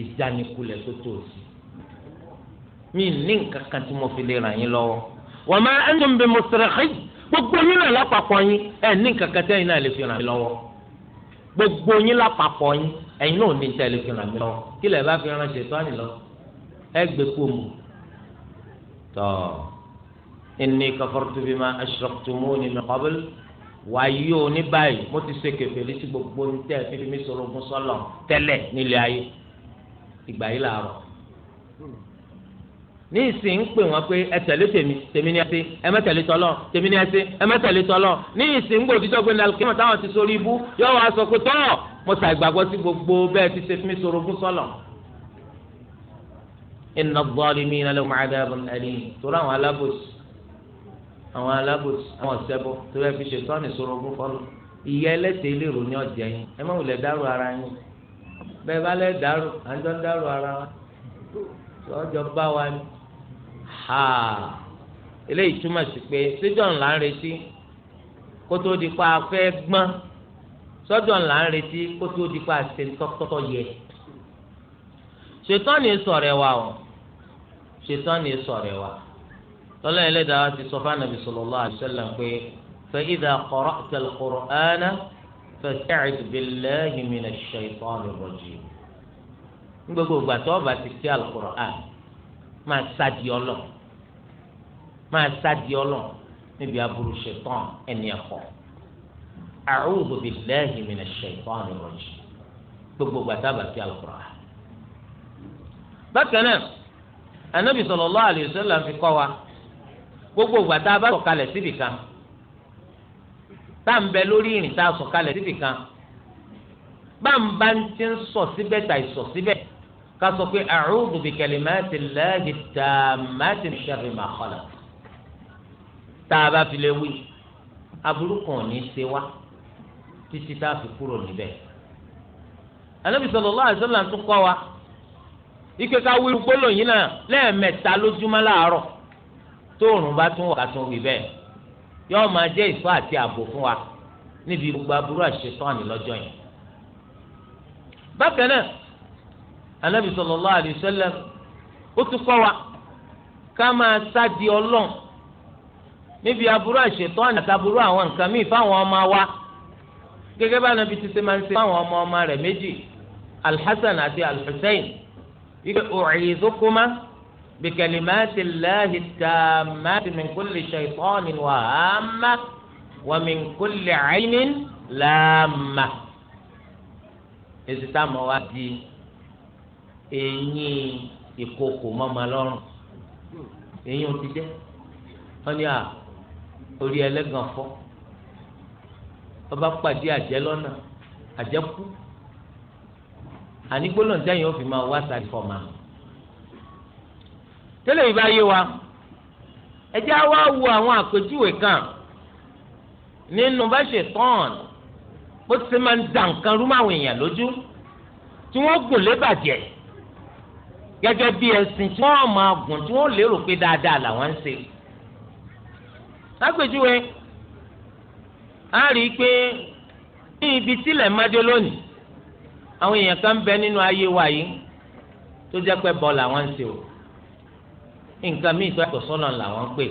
ìjánikulẹ̀ tó tó sí mi ní nǹkan kan tí mo fi lè ràn yín lọ́wọ́ wa ma antum bi musrikhi gbogbo yín náà lápapọ̀ yín ẹ̀ ní nǹkan kan tí ẹ̀yin náà lè fi ràn mí lọ́wọ́ gbogbo yín lápapọ̀ yín ẹ̀yin náà ò ní tẹ́ lè fi ràn mí lọ́wọ́ kí lè bá fi ràn ṣètò ànilọ́ ẹ gbé kó mu tọ́ọ̀ inni kafartu bima ashraktumuni min qabl wàyí o ní báyìí mo ti ṣe kèfèrí sí gbogbo ní tẹ́ fi mi sọ̀rọ̀ ogun sọ́lọ̀ tẹ́lẹ̀ nílé ayé ìgbà yìí làárọ̀ ní ìsìn ń pè wọn pé ẹ tẹ̀lé tèmi tèmi ní ẹ sí ẹ mẹ́tẹ̀lé tọ́lọ̀ tèmi ní ẹ sí ẹ mẹ́tẹ̀lé tọ́lọ̀ ní ìsìn ń gbòdì sọ́gbìn náà kí wọ́n táwọn ti sórí ibú yóò wá sọ pé tọ́ mo ta ìgbàgbọ́ sí gbogbo bẹ́ẹ̀ ti ṣe fi mi sọ̀rọ̀ ogun sọ́lọ̀ inna adh-dhalimina lahum adhabun alim tó ráwọn alábòsí àwọn alábòsí àwọn ọ̀sẹ́bọ tó fẹ́ fi ṣètọ́ni sọ̀rọ̀ ogún fọlọ́ ìyá ẹlẹ́sẹ̀ ìlérò ní ọ̀jẹ̀ yín ẹ má wulẹ̀ dárò ara yín bẹ́ẹ̀ bá lẹ́ dárò àjọ dárò ara wa ọjọ́ bá wa ni ha eléyìí túmọ̀ sí pé síjọ́n là ń retí kó tó di pa afẹ́ gbọ́n sọ́jọ́n là ń retí kó tó di pa àṣẹ tọ́tọ́ yẹ ṣètọ́ni sọ̀rẹ̀ wa o ṣètọ́ni sọ̀rẹ̀ wa lọ́lá ẹlẹ́dàá ti sọ fún anabi sallallahu alaihi wasallam pé fa idha qara'ta al-Qur'ana fasta'id billahi minash shaytanir rajim ní gbogbo ìgbà tó o bá ti kí al-Qur'an máa sádi ọlọ máa sádi ọlọ níbi aburú ṣetán ẹni ẹkọ a'udhu billahi minash shaytanir rajim gbogbo ìgbà tó o bá kí al bákan náà anabi sallallahu alaihi fi kọ́ wa gbogbo ìgbà tá a bá sọ̀kalẹ̀ síbì kan tá à ń bẹ lórí ìrìn tá a sọ̀kalẹ̀ síbì kan bá ń bá ń ti ń sọ síbẹ̀ tà ìsọ̀ síbẹ̀ ká sọ pé a'udhu bi kalimati llahi tammati min sharri ma khalaq tá a bá fi lè wí aburú ò ní ṣe wá títí tá a fi kúrò níbẹ̀. Ànábì sallallahu alaihi kọ́ wa ike ká wí gbólóyìn náà lẹ́ẹ̀mẹ́ta lójúmọ́ láàárọ̀ tóòrùn bá tún wọ̀ ká tún wí bẹ́ẹ̀ yóò máa jẹ́ ìfọ́ àti ààbò fún wa níbi gbogbo aburú àṣetọ́ni lọ́jọ́ yẹn. bákan náà anabi sallallahu alaihi wasallam ó tún kọ́ wa ká máa sádi ọlọ́n níbi aburú àṣetọ́ni àti aburú àwọn nǹkan míì fáwọn ọmọ wa gẹ́gẹ́ bá anabi ti ṣe máa ń ṣe fáwọn ọmọ ọmọ rẹ̀ méjì alhassan àti alhussein wípé òòrè بكلمات الله التامات من كل شيطان وهامة ومن كل عين لامة èsì tá a mọ̀ wá di eyín ìkòkò mọ́mọ́ lọ́rùn eyín ò ti jẹ́ wọ́n ní à orí ẹlẹ́gàn fọ́ ọba pàdé àjẹ́ lọ́nà àjẹ́ kú àní gbólóǹtẹ́yìn ó fi máa wá sáré fọ́ máa tẹ́lẹ̀ yìí bá yé wa ẹ jẹ́ wá wo àwọn àpèjúwe kan nínú bá ṣe tán bó ti máa ń da nǹkan rú máwọn èèyàn lójú tí wọ́n gùn lébàjẹ́ gẹ́gẹ́ bí ẹ̀sìn tí wọ́n máa gùn tí wọ́n lérò pé dáadáa làwọn ń ṣe. lápèjúwe a rí i pé ní ibi tílẹ̀ mádé lónìí àwọn èèyàn kan bẹ nínú ayé wa yìí tó jẹ́ pé bọ́ làwọn ń ṣe o nǹkan míì tó yàtọ̀ sọ́nà làwọn ń pè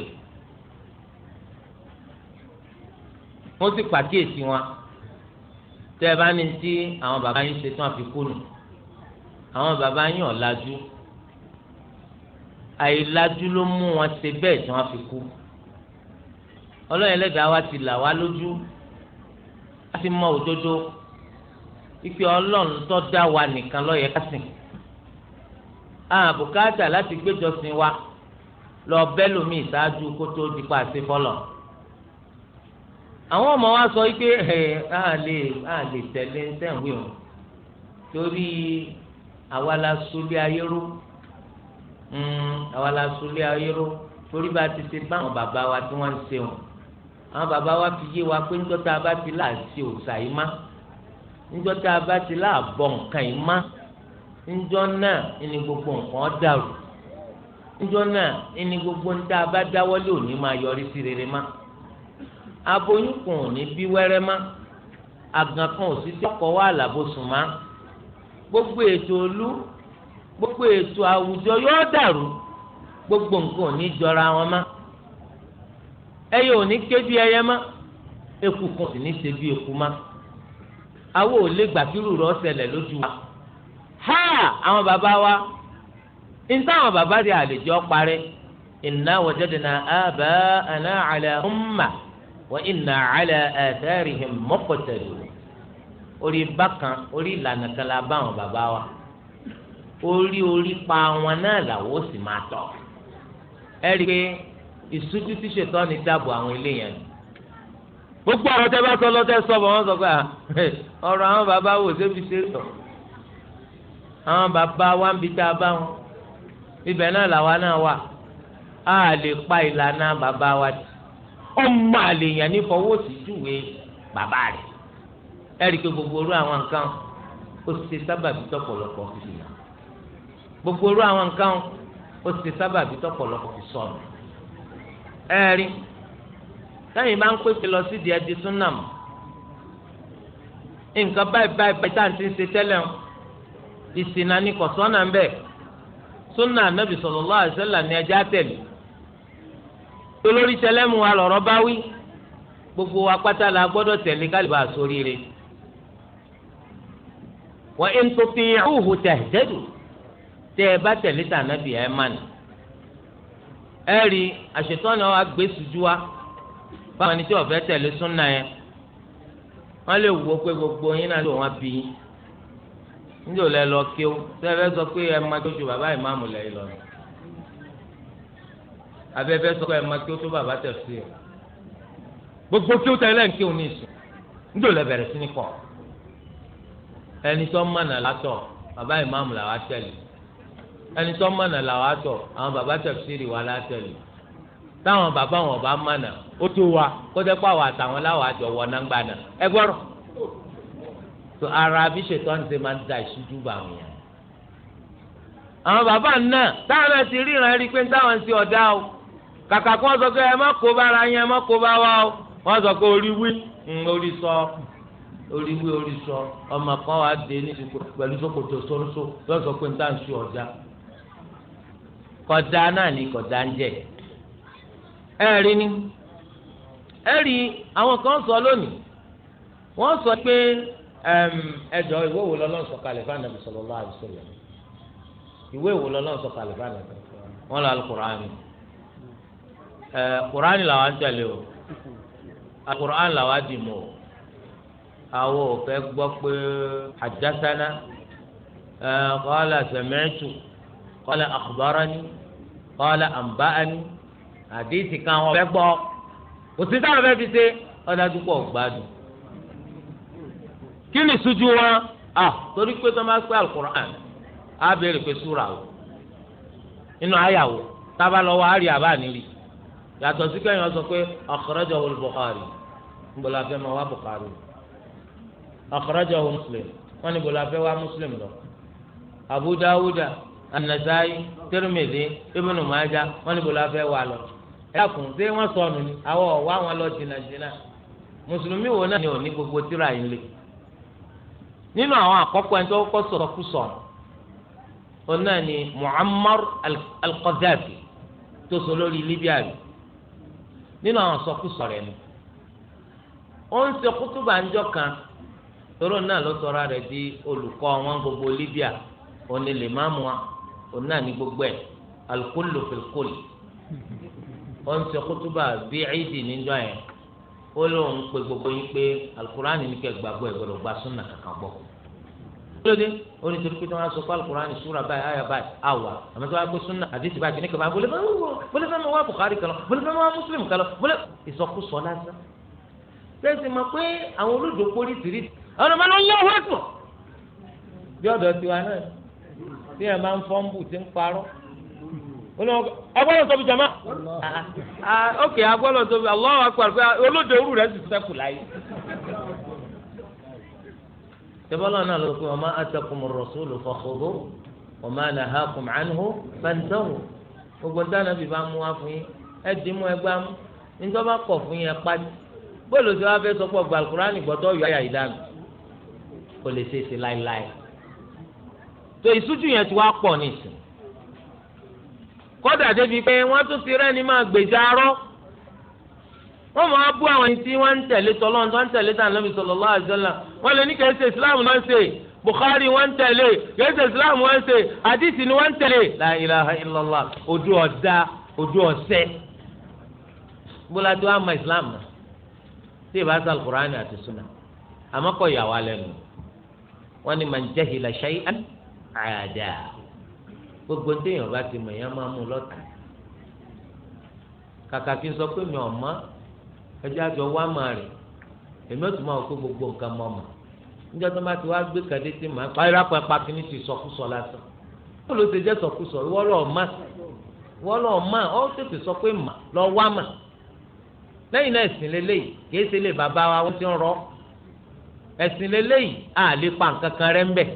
wọ́n sì pàkíyèsí wọn tẹ́ ẹ bá ní tí àwọn bàbá yín ṣe tán àfi kúnnù àwọn bàbá yín ò lajú àìlajú ló mú wọn ṣe bẹ́ẹ̀ tí wọ́n fi kú ọlọ́run ẹlẹ́dàá wa ti là wá lójú a ti mọ òdodo ipe ọlọ́run tó dá wa nìkan ló yẹ sìn àbùkátà láti gbéjọsìn wa lọ bẹ́lùmí ìṣáájú kó tó di pa àti fọlọ̀ àwọn ọmọ wa sọ pé ẹ á lè á lè tẹ̀lé sẹ́wìn o torí àwa la sulé ayéró hmm, àwa la sulé ayéró torí bá ti ṣe báwọn bàbá wa tí wọ́n ń ṣe wọn àwọn bàbá wa fi yé wa pé níjọ́ta bá ti là ṣe òòṣà yìí má níjọ́ta bá ti là bọ̀ nǹkan yìí má níjọ́ náà ni gbogbo nǹkan dàrú níjọ́ náà ẹni gbogbo ń dá a bá dáwọ́lé òní máa yọrí sí rere má aboyún kan ò ní bí wẹ́rẹ́ má àgàn kan ò sí tọkọ̀ wá àlàbòsùn má gbogbo ètò olú gbogbo ètò àwùjọ yóò dàrú gbogbo nǹkan ò jọra wọn má ẹyẹ ò ké bí ẹyẹ má eku kan sì ní ṣe bí eku má àwọn ò lè gbàkírù rọ ṣẹlẹ̀ lójú wa ha àwọn bàbá wa ìtàwọn bàbá rẹ̀ àlejò parẹ́ inna wajadna aba'ana ala umma wa inna ala atharihim muqtadun orí bákan orí ìlànà kan la bá àwọn bàbá wa orí orí pa wọn náà làwọn sì máa tọ̀ ẹ rí i pé ìṣújú tí ṣètọ́ ni dáàbò àwọn ilé yẹn gbogbo ọ̀rọ̀ tẹ́ bá sọ lọ́tẹ́ sọ bọ̀ wọ́n sọ pé ọ̀rọ̀ àwọn bàbá wò sébi ṣe tọ̀ àwọn bàbá wa ń bi tá a bá wọn ibẹ̀ náà làwa náà wà á lè pa ìlànà bàbá wa dì ọmọ àlèyàn ní fọwọ́sí júwe bàbá rẹ̀ ẹ̀rí pé gbogbo orú àwọn nǹkan ó ṣe sábàbí tọ̀pọ̀lọpọ̀ fi nà gbogbo orú àwọn nǹkan ó ṣe sábàbí tọ̀pọ̀lọpọ̀ fi sọnù ẹ̀rí táyìn bá ń pèsè lọ sí di súnà mọ́ nǹkan báyìí báyìí báyìí tá à ń ti ṣe tẹ́lẹ̀ ìsìn náà ni kò sọ́nà ń bẹ́ẹ̀. sunna anabi sallallahu alaihi wasallam ní ẹjẹ àtẹlẹ olórí wa bá wí gbogbo wa pátá la gbọ́dọ̀ tẹ̀lé e sóríire wa in tuti'uhu tahtadu tẹ ẹ bá tẹ̀lé tà anabi ẹ má ẹ rí àṣetọ́nà wa gbé sùjú wa báwọn ẹni tí wọ́n fẹ́ sunna yẹn wọ́n lè pé gbogbo yín náà wọ́n bí níjẹ́ ò lẹ lọ kí o sẹ́fẹ́ sọ pé ẹ máa tó ju bàbá ìmáàmù lẹ lọ ni abẹ́fẹ́ sọ pé ẹ máa kí o tó bàbá tẹ̀ sí o gbogbo kí o tẹ̀ lẹ́yìn kí o ní ìsìn níjẹ́ ò lẹ bẹ̀rẹ̀ sí ní kọ́ ẹni tó mọ̀nà látọ̀ bàbá ìmáàmù làwa tẹ̀lé ẹni tó mọ̀nà làwa tọ̀ àwọn bàbá tẹ̀ sí rí wa látẹ̀lé táwọn bàbá wọn bá mọ̀nà ó tó wa kó tẹ́ pàwọ́ àtàwọn tó ara bí ṣètọ́ni ṣe máa ń da ìṣújú bá àwọn èèyàn. àwọn bàbá náà táwọn náà ti ríran rí pé táwọn ń ṣe ọ̀dá o kàkà kí wọ́n sọ pé ẹ má kó bára yín ẹ má kó bá wa o wọ́n sọ pé orí wí orí sọ orí wí orí sọ ọmọ kan wàá dé ní pẹ̀lú ṣòkòtò sọ́rọ́sọ́ wọ́n sọ pé táwọn ń ṣe ọ̀dá kọ̀dá náà ní kọ̀dá ń jẹ ẹ rí ni ẹ rí àwọn kan sọ lónìí wọ́n sọ pé ẹjọ ìwé wo lọ́lọ́run sọ̀kalẹ̀ fún anabi sallallahu alaihi wasallam ìwé wo lọ́lọ́run sọ̀kalẹ̀ fún anabi wọn lọ alukur'ani ẹ kur'ani làwọn á tẹ̀lé o alukur'ani làwọn á dì mọ́ o àwọn ò gbọ́ pé àjásánà ẹ qala sami'tu qala akhbarani qala anba'ani àdéhìí kan wọn gbọ́ òsì sáà fẹ́ fi ṣe ọ̀dájú pọ̀ gbádùn. kí ni a wọn à torí pé tó máa pẹ́ alukur'an á béèrè pé o inú àyàwó tábà lọ́wọ́ àárí àbá nílì yàtọ̀ sí ọ pé akhrajahu al-Bukhari nbola fẹ́ máa wá Bukhari akhrajahu wá lọ Ibn Majah wọ́n lọ ṣé ni àwọn ọ̀wá wọn lọ jìnnà jìnnà mùsùlùmí wo náà ni ò gbogbo tíra yìí nínú àwọn àkọ́kọ́ ẹni tó kọ́ sọ̀rọ̀ kú sọ̀rọ̀ òun náà ni Muammar al-Qaddafi tó sọ lórí Libya rẹ̀ nínú àwọn sọkúsọ rẹ̀ ni ó ń ṣe kútùbà ńjọ kan tóró náà ló sọra rẹ̀ di olùkọ́ wọn gbogbo Libya òun ni lè má mu wa òun náà ní gbogbo ẹ̀ al ó ń ṣe kútùbà bíi ẹ̀ẹ́dì níjọ yẹn ó lóun pe gbogbo yín pé alukurani ní kẹ́ gbàgbọ́ ẹ̀ gbọ́dọ̀ gba súnà kankan gbọ́ lóde onítorí pé tí wọn sọ pé alukurani sura báyìí àyà báyìí àwà àmọ́ tí wọn gbé súnà àdìsí báyìí kìnìkan báyìí bọlẹfẹ wọn bọlẹfẹ wọn wá Bukhari kan lọ bọlẹfẹ wọn wá Muslim kan lọ bọlẹ ìsọkúsọ lásán tẹsí ma pé àwọn olódò kórì tìrì àwọn ọmọ náà ń yọ wọn pọ bí ọ̀dọ̀ tiwa náà tí yẹn máa ń fọ́nbù tí ń parọ́ agbọ́dọ̀ tóbi jama ah, ah, ok agbọ́dọ̀ tóbi Allahu akbar pé olóde orú rẹ̀ sì sẹ́kù láyé. tẹ́bọ́lá náà ló pé wa ma atakum ar-rasulu fakhudhu wa ma nahakum anhu fantahu gbogbo dáná bíi bá mú wá fún yín ẹ dì í mú ẹgbẹ́ mú nítorí bá kọ̀ fún yín ẹ pàdé bóòlù tí wọ́n fẹ́ sọ pé Al-Qur'ani gbọ́dọ̀ yọ àyà ìdáná kò lè ṣe é ṣe láéláé tó ìsújú yẹn ti wá pọ̀ nísìnyí kódà débi pé wọ́n tún ti rẹ́ni máa gbèjà arọ́ wọ́n máa bú àwọn ẹni tí wọ́n ń tẹ̀lé tọ́lọ́ tó ń tẹ̀lé tàn lọ́bi sallallahu alaihi wasallam wọ́n lè ní kẹ́ ṣe islam náà ṣe bukhari wọ́n ń tẹ̀lé kẹ́ ṣe islam wọ́n ṣe hadisi ni wọ́n ń tẹ̀lé la ilaha ojú ọ̀dà ojú ọ̀sẹ̀ bóla tó ama islam náà tí ìbá sá alukur'ani àti sunna àmọ́ kọ́ yà wá lẹ́nu wọ́n ní man jahila shay'an àdáa gbogbo téèyàn bá ti mọ̀ èèyàn máa mú lọ́tà kàkà kí n sọ pé mi ò mọ̀ ẹjọ́ àjọ wá máa rìn èmi ò tún máa kó gbogbo nǹkan mọ̀ mọ̀ níjọ́ tó bá ti wá gbé kàdé tí màá pa ìrápọ̀ ẹ̀pá kìíní ti sọkúsọ lásán ó ló ti jẹ́ sọkúsọ ìwọ́ lọ́ọ́ mà ìwọ́ lọ́ọ́ mà ó tètè sọ pé mà lọ́ wá mà lẹ́yìn náà ẹ̀sìn lélẹ́yìí kìí ṣe lè bàbá wa wọ́n ti ń rọ ẹ̀sìn lélẹ́yìí à pa nǹkan kan rẹ́ ń bẹ̀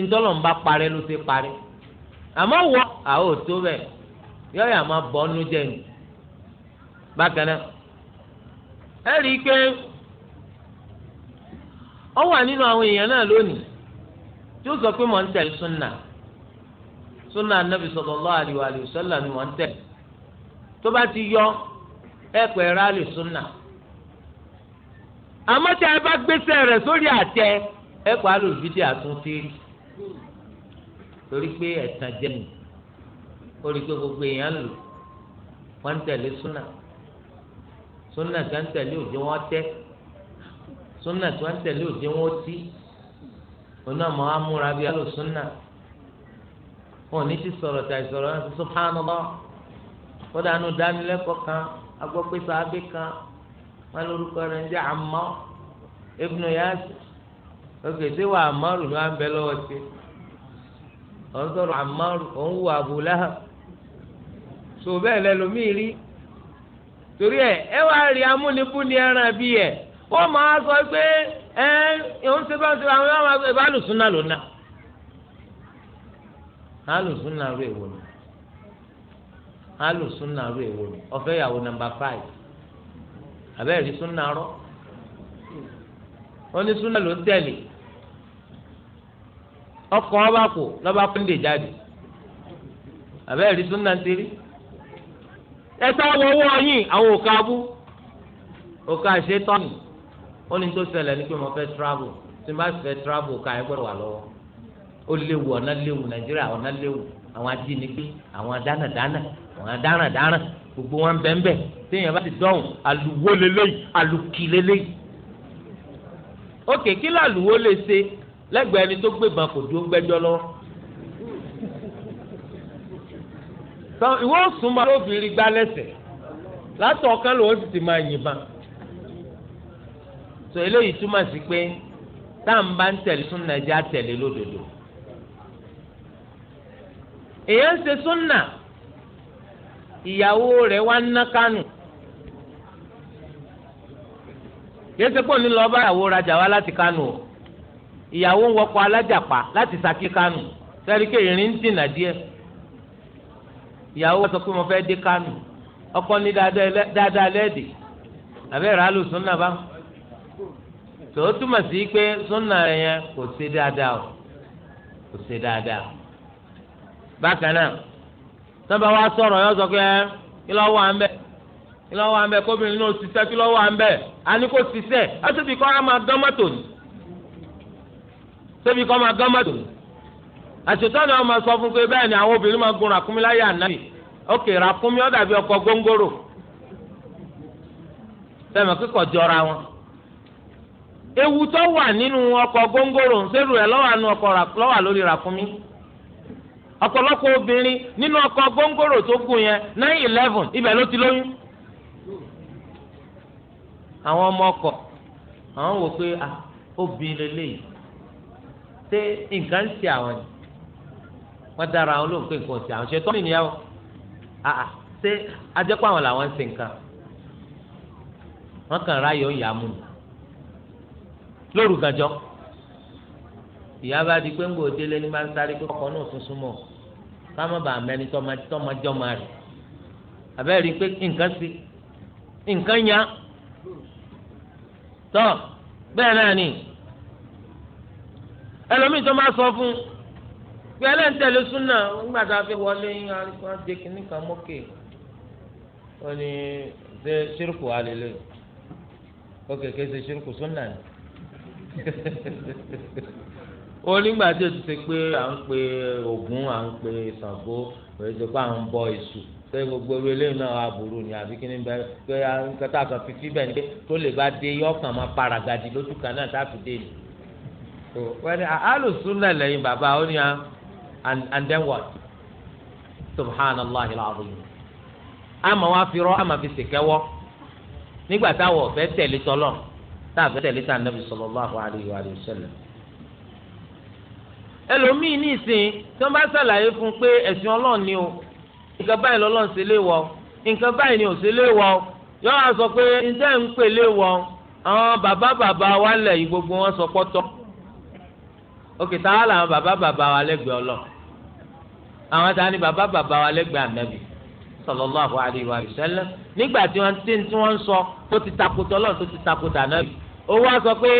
ntọ́lọ̀ ń bá parẹ́ ló ti parẹ́ àmọ́ wọ àwọn ò tó bẹ́ẹ̀ ya máa bọ́ ọ́nú jẹ́ ni bákan náà ẹ rí i pé ọ wà nínú àwọn èèyàn náà lónìí tí ó sọ pé mò ń tẹ̀lé súnà súnà anábì ni mò ń tó bá ti yọ ẹ pẹ̀ rálì súnà àmọ́ tí a bá gbéṣẹ́ rẹ̀ sórí àtẹ ẹ a rí torí pé ẹ̀tàn jẹ́ mi ó rí i pé gbogbo èèyàn lò wọ́n ń tẹ̀lé súnà súnà tí wọ́n ń tẹ̀lé òjò wọn tẹ́ súnà tí wọ́n ń tẹ̀lé òjò wọn tí oná mọ́ amúra bíi alò súnà wọn ní ti sọ̀rọ̀ tàì sọ̀rọ̀ náà subhanallah kódà nù dánilẹ́kọ̀ọ́ kan agbọ́pẹ́ sàábì kan wọn lórúkọ rẹ̀ ń jẹ́ Ammar ibnu Yasir òkè tí wàá Ammaru ló ń bẹ lọ́wọ́ sí i òun sọ̀rọ̀ àmárù òun wù Abu Lahab so bẹ́ẹ̀ lẹ́lòmíì rí torí ẹ ẹ wá rí amúnibúni ẹran bí ẹ wọ́n máa sọ pé ẹ òun ṣe bá ń ṣe àwọn ọmọ ìbálòsùn náà lónà alùsùn náà rú èwo ni alùsùn náà rú èwo ni ọ̀fẹ́ ìyàwó nàmbà fáìlì àbẹ́ẹ̀rí sùn náà rọ́ ó ní sùn náà ló ń tẹ̀lé ọkọ̀ ọba kò lọ́ba kúndé jáde àbẹ́rẹ́ rí súnà ti rí ẹ sáwọ owó yín àwọn òkà abú òkà ṣetọ́nù ó ní tó ṣẹlẹ̀ ní pé mo fẹ́ travel tí mo bá fẹ́ travel òkà yẹn gbọ́dọ̀ wà lọ́wọ́ ó léwu ọ̀nà léwu nàìjíríà ọ̀nà léwu àwọn ajínigbé àwọn adánàdánà àwọn adáràndárà gbogbo wọn bẹ́ẹ̀nbẹ́ẹ̀ téèyàn bá ti dọ́hùn àlùwó lélẹ́yìí àlùkì lélẹ́yìí. ókè kí làlùwó lè ṣe lẹ́gbẹ̀ẹ́ n'i tó gbébọn kò dúró gbẹ́jọ́ lọ. sọ ìwọ súnmọ́ lóbìnrin gbá látọ̀ ọ̀kan lòun ti ti máa yìnbọn. sọ eléyìí túmọ̀ sí pé tá bá ń tẹ̀lé àtẹ̀lé lódodo. ń ṣe ìyàwó rẹ̀ wá ń ná kánù. yẹ́sẹ̀ pọ̀ bá ìyàwó rajà wá ìyàwó ń wọkọ̀ alájàpá láti Ṣakí Kánò sẹ́rí pé ìrìn ń dìnnà díẹ̀ ìyàwó wa sọ pé mo fẹ́ dé Kánò ọkọ ní dáadáa lẹ́ẹ̀dì àbẹ́rẹ́ alùsùn náà bá tòó túmọ̀ sí pé súnà yẹn kò ṣe dáadáa kò ṣe dáadáa bákan náà sọ pé kí lọ́wọ́ à ń bẹ̀ kí lọ́wọ́ à ń bẹ̀ kóbìnrin náà kí lọ́wọ́ à ń bẹ̀ kọ́ Sebi kọ́ máa gán mọ́tò ni àṣetán náà sọ fún pé bẹ́ẹ̀ ni àwọn obìnrin ma gun ràkúnmí láyé ànábì ọ ràkúnmí ó dàbí ọkọ̀ góńgóró sẹ́mi jọra wọn ewu tó wà nínú ọkọ̀ góńgóró ẹ̀ lọ́wọ́ àánú ọkọ̀ lọ́wọ́ lórí ràkúnmí ọ̀pọ̀lọpọ̀ obìnrin nínú ọkọ̀ góńgóró tó gùn yẹn nine eleven ibẹ̀ ló ti lóyún àwọn ah, ṣé nǹkan ń ṣe àwọn ni wọ́n dára àwọn olóhùn pé nǹkan ń ṣe àwọn ṣe tọ́ nìyẹn o àà ṣé ajẹ́pọ̀ àwọn làwọn ń ṣe nǹkan wọ́n kàn ráyọ̀ ìyá mu ni lóru gànjọ́ ìyá bá di pé ń gbòó délé ní máa ń sáré pé ọkọ̀ náà tuntun mọ̀ ká má bàa mẹ́ni tọ́mọjọ́ máa rẹ̀ àbẹ́rẹ́ rí i pé nǹkan sí nǹkan yá tọ́ bẹ́ẹ̀ náà ni ẹlòmíì tó máa sọ fún pé ẹlẹ́ntẹ̀lé súnà nígbà tá a fi wọlé arísọ́ dé kínní kan mókè ó ní ṣe ṣírùkù alẹ́lẹ́ ó kéke ṣe ṣírùkù súnà ni ó nígbà tí o ti ṣe pé à ń pe Ògún à ń pe Ṣàngó òye ti pa à ń bọ Èṣù pé gbogbo orí eléyìí náà aburú ni àbí kí ni bẹ pé nǹkan tá a kan fi fi bẹ́ẹ̀ ni pé tó lè bá dé yọ̀ọ̀kan máa para lójú kan náà tá a fi dé ni wọ́n ní alùsùnà lẹ́yìn bàbá ó ní and then what subhanallah alazim àmọ́ wa fi rọ́ àmọ́ fi sèkẹ́wọ́ nígbà táwọn ọ̀fẹ́ tẹ̀lé tọ́lọ̀ táàfẹ́ tẹ̀lé tà nàbì sallallahu alayhi wa sallam ẹlòmíì ní ìsìn tí wọ́n bá ṣàlàyé fún un pé ẹ̀sìn ọlọ́run ni o nǹkan báyìí lọ́lọ́run ṣe lé wọ nǹkan báyìí ni ò ṣe lé wọ yọ́n á sọ pé ǹjẹ́ ń pè lé wọ àwọn bàbá bàbá wa lẹ̀ yìí gbogbo wọn sọ pọ́tọ́ òkè táwa làwọn bàbá bàbá wa lẹ́gbẹ̀ẹ́ ọlọ́ àwọn táwa ni bàbá bàbá wa lẹ́gbẹ̀ẹ́ ànábì sallallahu alayhi wa sallam nígbà tí wọ́n ti tí wọ́n sọ tó ti takùtà ọlọ́run tó ti takùtà ànábì owó wa sọ pé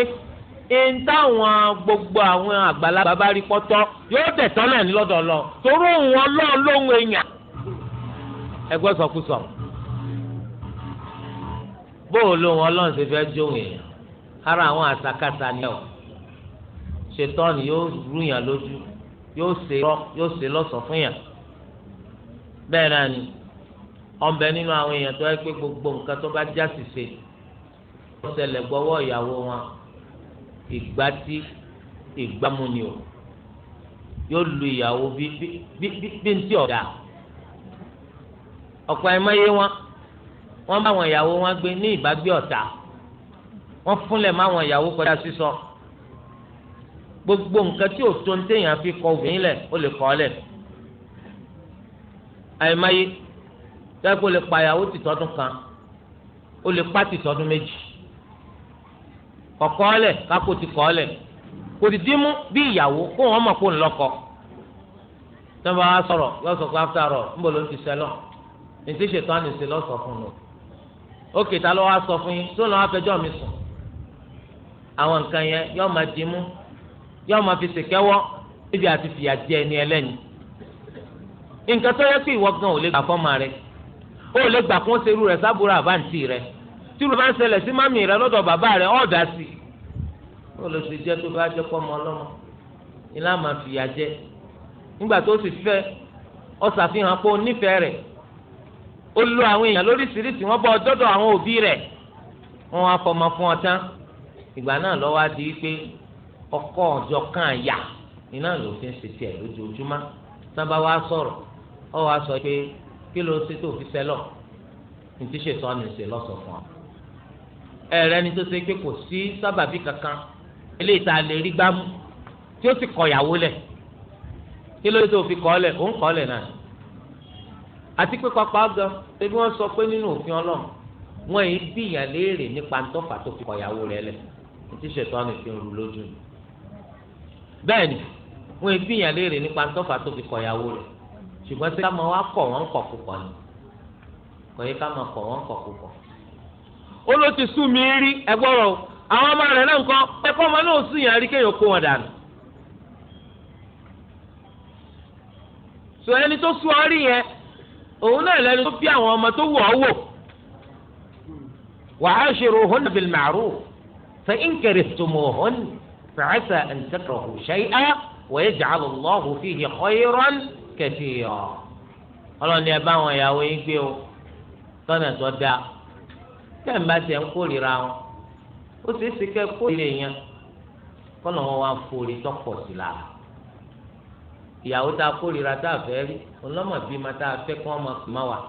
ń táwọn gbogbo àwọn àgbàlagbà bá rí pọ́tọ́ yóò tẹ̀tọ́ náà ní lọ́dọ̀ lọ torí òun ọlọ́run lóhun èèyàn ẹgbẹ́ sọkúsọ bóòlù òun ọlọ́run ṣe fẹ́ jóhun èèyàn ara àwọn àṣàkáṣà ni ọ̀ ṣetán yóò rúyàn lójú yóò ṣe rọ yóò ṣe lọ́sọ̀ fún yàn bẹ́ẹ̀ náà ni ọ̀nbẹ nínú àwọn èèyàn tó yẹ pé gbogbo nǹkan tó bá já sí ṣe ó ṣẹlẹ̀ gbọ́wọ́ ìyàwó wọn ìgbà tí ìgbàmú ni o yóò lu ìyàwó bí bí bí ntí ọ̀dà ọ̀pọ̀ ẹ̀mọ́yé wọn wọ́n bá àwọn ìyàwó wọn gbé ní ìbágbé ọ̀tá wọ́n fúnlẹ̀ mọ́ àwọn ìyàwó kọjá sísọ. So gbogbo nǹkan tí òtó ń téèyàn fi kọ obìnrin lẹ̀ ó lè kọ́ lẹ̀ àìmáyé tẹ́gbó lè payàwó tìtọ́dún kan ó lè pa tìtọ́dún méjì kọ̀kọ́ lẹ̀ kákó ti kọ́ lẹ̀ kò sì dín mú bí ìyàwó kó wọn mọ̀ kó ń lọ́kọ tẹ́wọ́n á sọ̀rọ̀ yóò sọ pé after all ń bọ̀ ló ń ti sẹ́lọ̀ ní ti ṣètò àníṣe lọ́sọ̀ fún un ó kèta lọ́wọ́ á sọ fún yín tó lọ́wọ́ afẹjọ́ mi sùn àwọn nǹkan yẹn yóò máa yóò máa fi ṣèkẹ́wọ́ níbi àti fìyà jẹ ẹni ẹlẹ́ni nǹkan tó yẹ kó ìwọ gan ò lè gbà fọ́mà rẹ ó lè gbà kó serú rẹ sábúrò àbáǹtì rẹ tí ló bá ń ṣẹlẹ̀ sí mami rẹ lọ́dọ̀ bàbá rẹ ọ̀ dà sí i ó lè ṣe jẹ́ tó bá jẹ́ pọ́ ọmọ ọlọ́mọ ni láà máa fìyà jẹ nígbà tó sì fẹ́ ọ ṣàfihàn pé ó nífẹ̀ẹ́ rẹ̀ ó lo àwọn èèyàn lóríṣiríṣi wọ́n bọ́ ọdọ́dọ̀ àwọn òbí rẹ̀ wọ́n á fọmọ fún ọ ìgbà náà lọ́wọ́ á di pé ọkọ ọjọ́ kan àyà iná ló fi ń ṣe tiẹ̀ lójoojúmọ́ sábà wá sọ̀rọ̀ ọ wá sọ pé kí ló ṣe tó fi sẹ́lọ̀ ní ti ṣètò ọ̀nà ìṣe lọ́sọ̀ fún ọ. ẹ̀rẹ́ ni tó ṣe pé kò sí sábàbí kankan eléyìí tá a lè rí gbámú tí ó sì kọ ìyàwó lẹ̀ kí ló ṣe tó fi kọ́ lẹ̀ òun kọ́ lẹ̀ náà àti pé pàápàá gan ebi wọn sọ pé nínú òfin Ọlọ́run wọn èyí bíyàn léèrè nípa ntọ́fà tó fi kọ ìyàwó rẹ̀ lẹ̀ ní ti ṣètò ọ̀nà ìṣe ń ru lójú ni bẹ́ẹ̀ni wọn ebi yàn léèrè nípa ntọ́fà tó fi kọ̀yàwó rẹ̀ ṣùgbọ́n tí ká wá kọ̀ wọ́n kọ̀ púpọ̀ ni kọ̀yé ká máa kọ̀ wọ́n kọ̀ púpọ̀. ó ló ti mi rí ẹgbọ́rọ̀ o àwọn ọmọ rẹ̀ náà nǹkan ẹ̀kọ́ ọmọ náà sùn yàn rí kéèyàn kó wọn dànù. sọ ẹni tó sú ọ rí yẹn òun náà tó bí àwọn ọmọ tó wa فعسى أن تكرهوا شيئا ويجعل الله فيه خيرا كثيرا ọlọ́ni ẹ bá wọn ìyàwó yín gbé o tọ́nà tó dáa tẹ́ ń bá tiẹ̀ ń kórìíra wọn ó sì sì kẹ́ kórìíra yẹn kọ́nà wọn wá forí tọ́pọ̀ sí la ìyàwó tá a kórìíra tá a fẹ́ rí ọlọ́mọ bíi ma tá a fẹ́ kí wọ́n máa pè má wa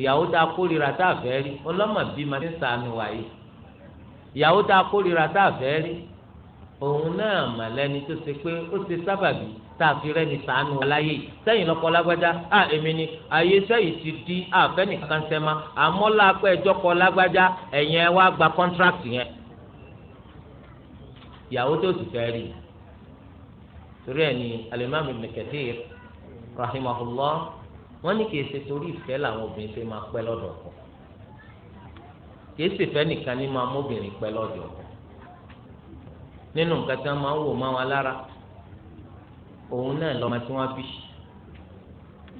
ìyàwó tá a kórìíra tá a fẹ́ rí ọlọ́mọ bíi ma ti ń sànù wa yìí ìyàwó tá a kórìíra tá a fẹ́ rí òun náà mà lẹni tó ṣe pé ó ṣe sábàbí tá a fi rẹni sànù ọláyé sẹ́yìn lọkọ lágbájá à èmi ni àyè ti di àfẹnìkan sẹma àmọlá apẹ ìjọkọ lágbájá ẹ̀yìn ẹ wá gba contract yẹn ìyàwó tó sì fẹ́ rí torí ní alimami mẹkẹtìr rahimahullah wọn ní kì í ṣe torí ìfẹ́ làwọn obìnrin ṣe máa pẹ́ lọ́dọ̀ kì í fẹ́ nìkan ní máa nínú nǹkan tí wọ́n máa ń wò máa wọn lára òun náà lọ́mọ tí wọ́n bí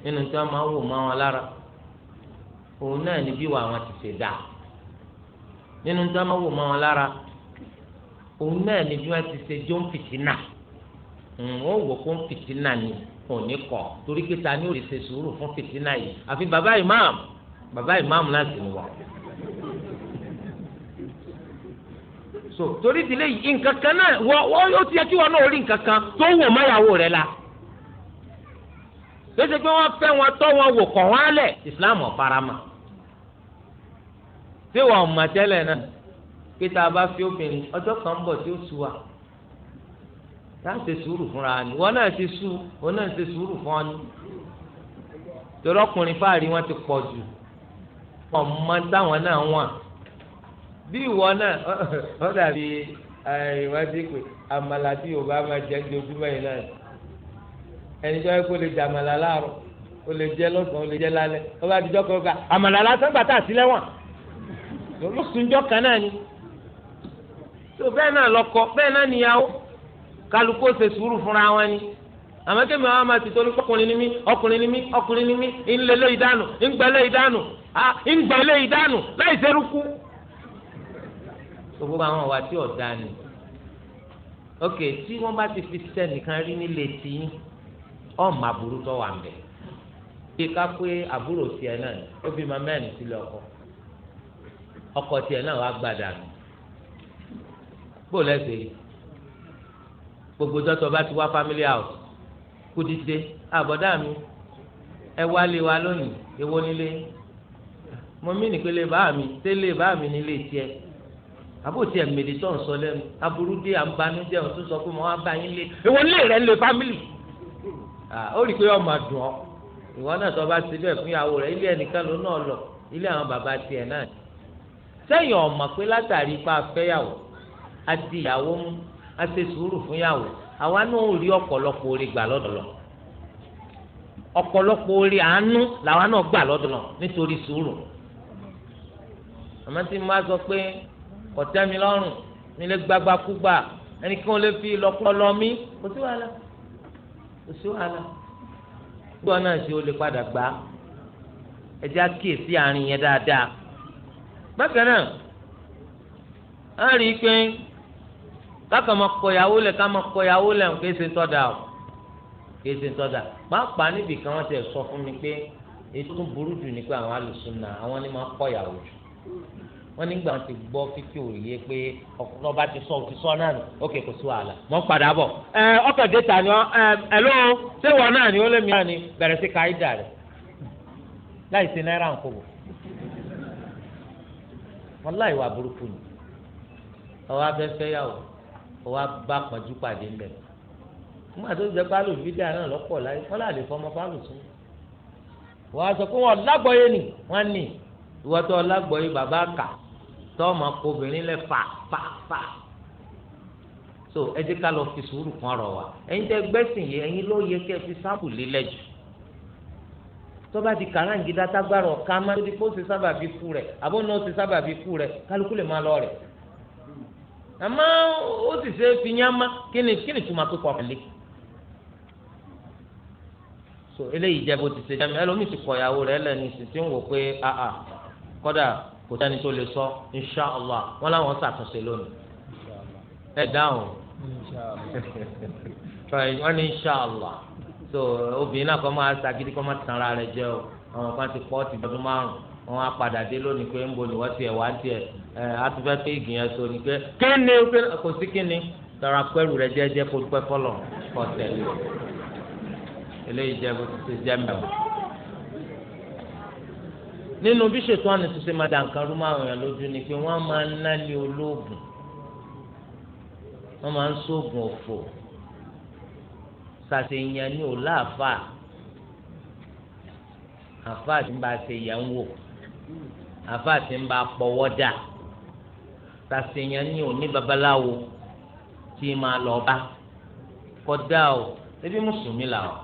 nínú tí wọ́n máa ń wò máa wọn lára òun náà ní bí wà wọn ti ṣe dà nínú tí wọ́n máa ń wò máa wọn lára òun náà ní bí wọ́n ti ṣe jó ń fìtínà wọ́n wò kó ń fìtínà ni òní kọ̀ torí pé ta ni ó lè ṣe sùúrù fún fìtínà yìí àfi bàbá ìmáàmù bàbá ìmáàmù láti wà. so torí ìdílé yìí nǹkan kan náà wọ́n ó ti yẹ kí wọn náà rí nǹkan kan tó wọ̀ mọ́yàwó rẹ̀ la lóṣù pé wọ́n fẹ́ wọn tọ́ wọn wò kọ̀ wọ́n á lẹ̀ ìsìláàmù ọ̀farama tí wọn ò mọ̀ tẹ́lẹ̀ náà pé tá a bá fi obìnrin ọjọ́ kan ń bọ̀ tí ó sú wa tá a ṣe sùúrù fúnra ni wọn náà ṣe sú wọn náà ṣe sùúrù fún ọ ni torí ọkùnrin fáàrí wọn ti pọ̀ jù wọn mọ táwọn náà wọn bí ìwọ náà ó dàbí eh, ìwádìí pé àmàlà tí yorùbá máa jẹ ní ojúmọ́ yìí náà ẹnìjọ́ yẹ kó lè jẹ àmàlà láàárọ̀ ó lè jẹ lọ́sàn-án ó lè jẹ lálẹ́ ó bá dijọ́ kan ká àmàlà lásán gbàtà sílẹ̀wọ̀n lọ́sùnjọ́ kan náà ni tó bẹ́ẹ̀ náà lọ́kọ bẹ́ẹ̀ náà níyàwó kálukú ó ṣe sùúrù fúnra wọn ni àmọ́ kí mi àwọn máa ti torí ọkùnrin ni mí ọkùnrin ni mí ọkùnrin ni mí ńlẹ́lẹ́ ìdánù ńgbẹ́lẹ́ ìdánù ńgbẹ́lẹ́ ìdánù láì ṣerúkú gbogbo àwọn ọ̀wà tí ọ̀dà ni ok tí wọ́n bá ti fi sẹ́nìkan rí nílé tí ọ̀mà àbúrú tó wà mbẹ̀ bí ká pé àbúrò tiẹ̀ náà ó fi máa mẹ́rin sílé ọkọ ọkọ tiẹ̀ náà wàá gbàdà nù bó lẹ́sẹ̀ gbogbo dọ́tọ̀ bá ti wá family house kú dídé àbọ̀dá mi ẹ wálé wa lónìí èwo nílé mo mí nìpele bá mi tẹ́lẹ̀ bá mi nílé tiẹ̀ àbòtí ẹ̀mẹ̀lì tó ń sọ lẹ́nu aburú dé àǹbanújẹ́ ọ̀tún sọ pé mo wá bá yín lé ìwọ lé rẹ lé fámìlì ó rí i pé ọmọ àdùn ọ ìwọ náà tó bá ti bẹ́ẹ̀ fún ìyàwó rẹ ilé ẹnìkan ló náà lọ ilé àwọn bàbá tiẹ̀ náà sẹ́yìn ọ̀mà pé látàrí ipa afẹ́yàwó àti ìyàwó mú a ṣe sùúrù fún ìyàwó àwa náà ò rí ọ̀pọ̀lọpọ̀ orí gbà lọ́dọ̀lọ́ ọ̀pọ̀lọpọ̀ orí àánú làwa náà gbà lọ́dọ̀lọ́ nítorí sùúrù àmọ́ tí mo bá sọ pé ọ̀tẹ́ mi lọ́rùn mi lè gbagba kúgbà ẹni kí wọ́n lè fi lọ́kọ́ lọ mí kò sí wàhálà kò sí wàhálà bí wọn náà ṣe o lè padà gbà á ẹjẹ àkíyèsí àárín yẹn dáadáa bákan náà a rí i pé káka máa kọyàwó lẹ ká máa kọyàwó lẹ kò ése tọ́da o kò ése tọ́da pàápàá níbi kan wọ́n ti sọ fún mi pé ètò burú jù pé àwọn alùsùn náà àwọn ni máa kọyàwó jù. wọn nígbà ti gbọ́ fífi òye pé ọkùnrin ọba ti sọ ti sọ náà nù ókè kò sí wàhálà mọ padà bọ ẹ ọkọ déta ni ọ ẹ ṣé wọn náà ni ó lé mi náà ni bẹ̀rẹ̀ sí ka ìdá rẹ láì sí náírà ń kóbò wọn láì wà burúkú ni ọwọ yà wò ọwọ abá pọnjú pàdé ńbẹ tó fídíà náà láyé tọ́ọ̀mù akóbìnrin lẹ fà fà fà so ẹ jẹ́ ká lọ fi sùúrù kan rọ̀ wá ẹ̀yin tẹ́ gbẹ́sìn yìí ẹ̀yin ló yẹ kẹ́ fi sáàpù lílẹ̀ jù tọ́ba ti kàràǹgídá tágbára ọ̀ká máa ń di kó ṣe sábà bí kú rẹ̀ àbó náà ṣe sábà bí kú rẹ̀ kálukú lè máa lọ rẹ̀ àmọ́ ó sì ṣe fi yán má kí ni kí ni túmọ̀ tó so eléyìí jẹ́ bó ti ṣe jẹ́ mi ẹlòmíì ti kọ̀ ìyàwó rẹ̀ lẹ́nu ìsìn tí ń wò pé kọ́dà kò sẹ́ni tó lè sọ insha allah wọ́n láwọn ṣàtúnṣe lónìí ẹ dáhùn wọ́n ní insha allah so obìnrin náà kọ́ máa ṣàgídí kọ́ máa tanra rẹ̀ jẹ́ o àwọn kan ti pọ́ ti dọdún márùn wọn á padà dé lónìí pé ń bo ni wọ́n tiẹ̀ wá tiẹ̀ ẹ á tún fẹ́ pé ìgbìyàn so ni pé kí ni kò sí kí ni tara pẹ́rù rẹ̀ jẹ́jẹ́ kó pẹ́ fọlọ́ kọ́ tẹ̀lé eléyìí jẹ́ bó ti ṣe jẹ́ mẹ́wàá nínú bí ṣètò àná ti ṣe máa dà nǹkan rúmọ àwọn èèyàn lójú ni pé wọ́n máa ń nálé olóògùn wọ́n máa ń sóògùn òfò ṣàṣeyàn ní òlà àfà àfà tí ń bá ṣe yẹn ń wò àfà tí ń bá pọwọ́ dà ṣàṣeyàn ní òní babaláwo tí máa lọ bá kódà o ebi mùsùlùmí làwọn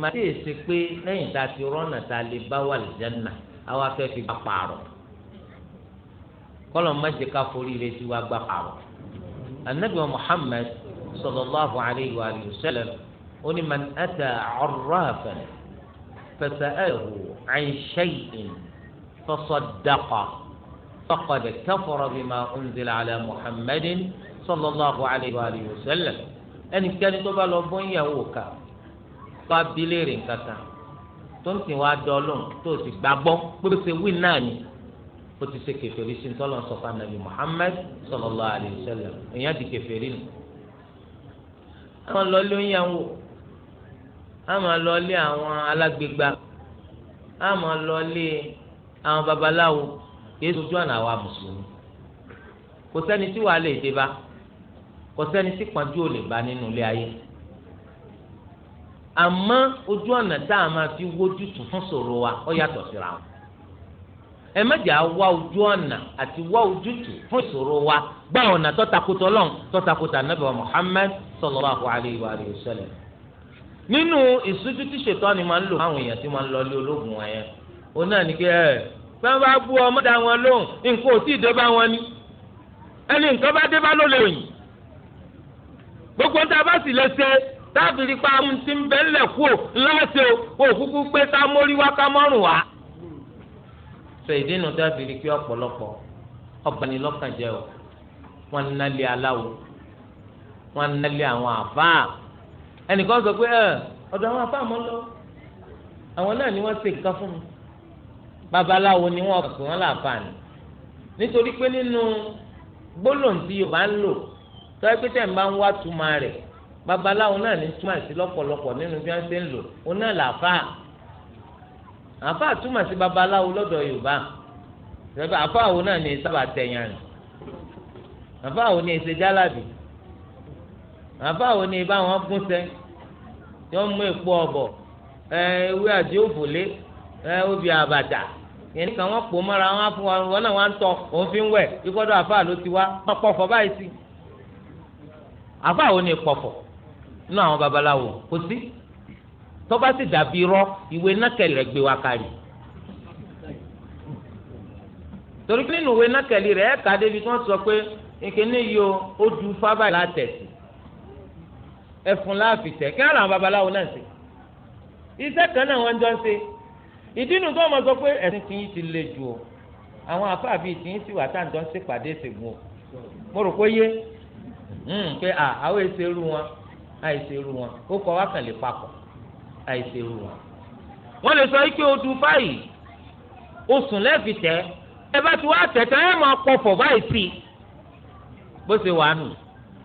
màá sì ṣe pé lẹ́yìn tá a ti rọ́nà tá a lè bá wà lìjẹ́ náà àwa fẹ́ fi gba pààrọ̀ kọ́lọ̀ má jẹ́ ká forí rẹ̀ sí wa gba pààrọ̀ anabi muhammed sallallahu alayhi wa sallam ó ní man ata arrafan fasa'ahu an shay'in fasaddaqa faqad kafara bima unzila ala muhammadin sallallahu alayhi wa sallam ẹnikẹ́ni tó bá lọ bọ́ ìyàwó ká bá bilé tó ń sìn wá dọ́ lóhùn tó sì gbàgbọ́ pé ó ṣe wí náà ni ó ti ṣe kèfèrí sí tọ́lọ̀ sọ̀fà nàbì Muhammad sallallahu alaihi wasallam èèyàn di kèfèrí nù. àwọn lọ́lé oníyàwó àmọ́ lọ́lé àwọn alágbègbà àmọ́ lọ́lé àwọn babaláwo kìí sojú àná àwa mùsùlùmí kò sẹ́ni tí wàá lè dé bá kò sẹ́ni tí pọ́njú ò lè bá nínú ilé ayé. àmọ́ ojú ọ̀nà tá a máa fi wójú tún fún ṣòro wa ó yàtọ̀ síra wọn ẹ má jà wá ojú ọ̀nà àti wá fún wa gbọ́ ọ̀nà tọ́takùtà ọlọ́run tọ́takùtà nàbẹ̀ wa Muhammad sallallahu alayhi wa sallam. nínú ìṣújú tí ni máa ń lò fáwọn èèyàn tí máa ń lọ lé ológun wọn yẹn ó náà ní kí ẹ bá bá bú lóhùn nǹkan ò tábìlì parun ti ń bẹ́ ńlẹ̀ kú ò láti ò òkúkú gbé ká mórí wá ká mọ́rùn wá. sọ ìdínà tábìlì pé ọ̀pọ̀lọpọ̀ ọ̀bánilọ́kànjẹ́ o wọ́n ń aláwo wọ́n ń àwọn àfáà ẹnìkan sọ pé ẹ ọ̀dọ̀ àwọn àfáà mọ́ lọ àwọn náà ni wọ́n ṣe nǹkan fún mi babaláwo ni wọ́n pè wọ́n láǹfààní nítorí pé nínú gbólóǹtì Yorùbá ń lò tọ́ ẹ pé tẹ̀ ń bá ń wá túmọ̀ rẹ̀ babaláwo náà ní túmọ̀ sí lọ́pọ̀lọpọ̀ nínú bí wọ́n ṣe ń lò ó náà làáfà àfà túmọ̀ sí babaláwo lọ́dọ̀ yorùbá àfà wo náà ní sábà tẹ̀yàn rìn àfà wo ní èsè jálàbì àfà wo ní ibà wọn gúnṣẹ́ tí wọ́n mú èpo ọ̀bọ̀ ewé àti òfòlé obì àbàtà yẹn kan wọ́n pò mọ́ra wọn fún wọn náà wọ́n tọ́ òun fi ń wẹ̀ ikọ́dọ̀ àfà ló ti wá pọ̀fọ̀ báyìí sí àfà wo ní pọ̀fọ̀ nínú àwọn babaláwo kò sí tọ́ba sì dàbí irọ́ ìwé nákẹ́lì rẹ̀ gbé wa kárì torí pé nínú ìwé nákẹ́lì rẹ̀ ẹ̀ka débi tí wọ́n sọ pé ìkíní yìí ó du fábà látẹ̀sí ẹ̀fun láàfin tẹ̀ kí àwọn babaláwo náà ṣe iṣẹ́ kan náà wọ́n jọ ń ṣe ìdí nu tó ọmọ sọ pé ẹ̀sìn kìí ti le jù o àwọn àfáàbí kìí ti wà tá à ń ń ṣèpàdé ṣègùn o mo rò pé yé hmm, pé àwọn èsè rú wọn àìsè irú wọn ó kọ wákàn lè papọ̀ àìsè irú wọn. wọ́n lè sọ ike odù báyìí oṣù lẹ́ẹ̀fì tẹ́ ẹ bá ti wá tẹ̀tẹ̀ ẹ máa pọ̀fọ̀ báyìí sí i bó ṣe wà nù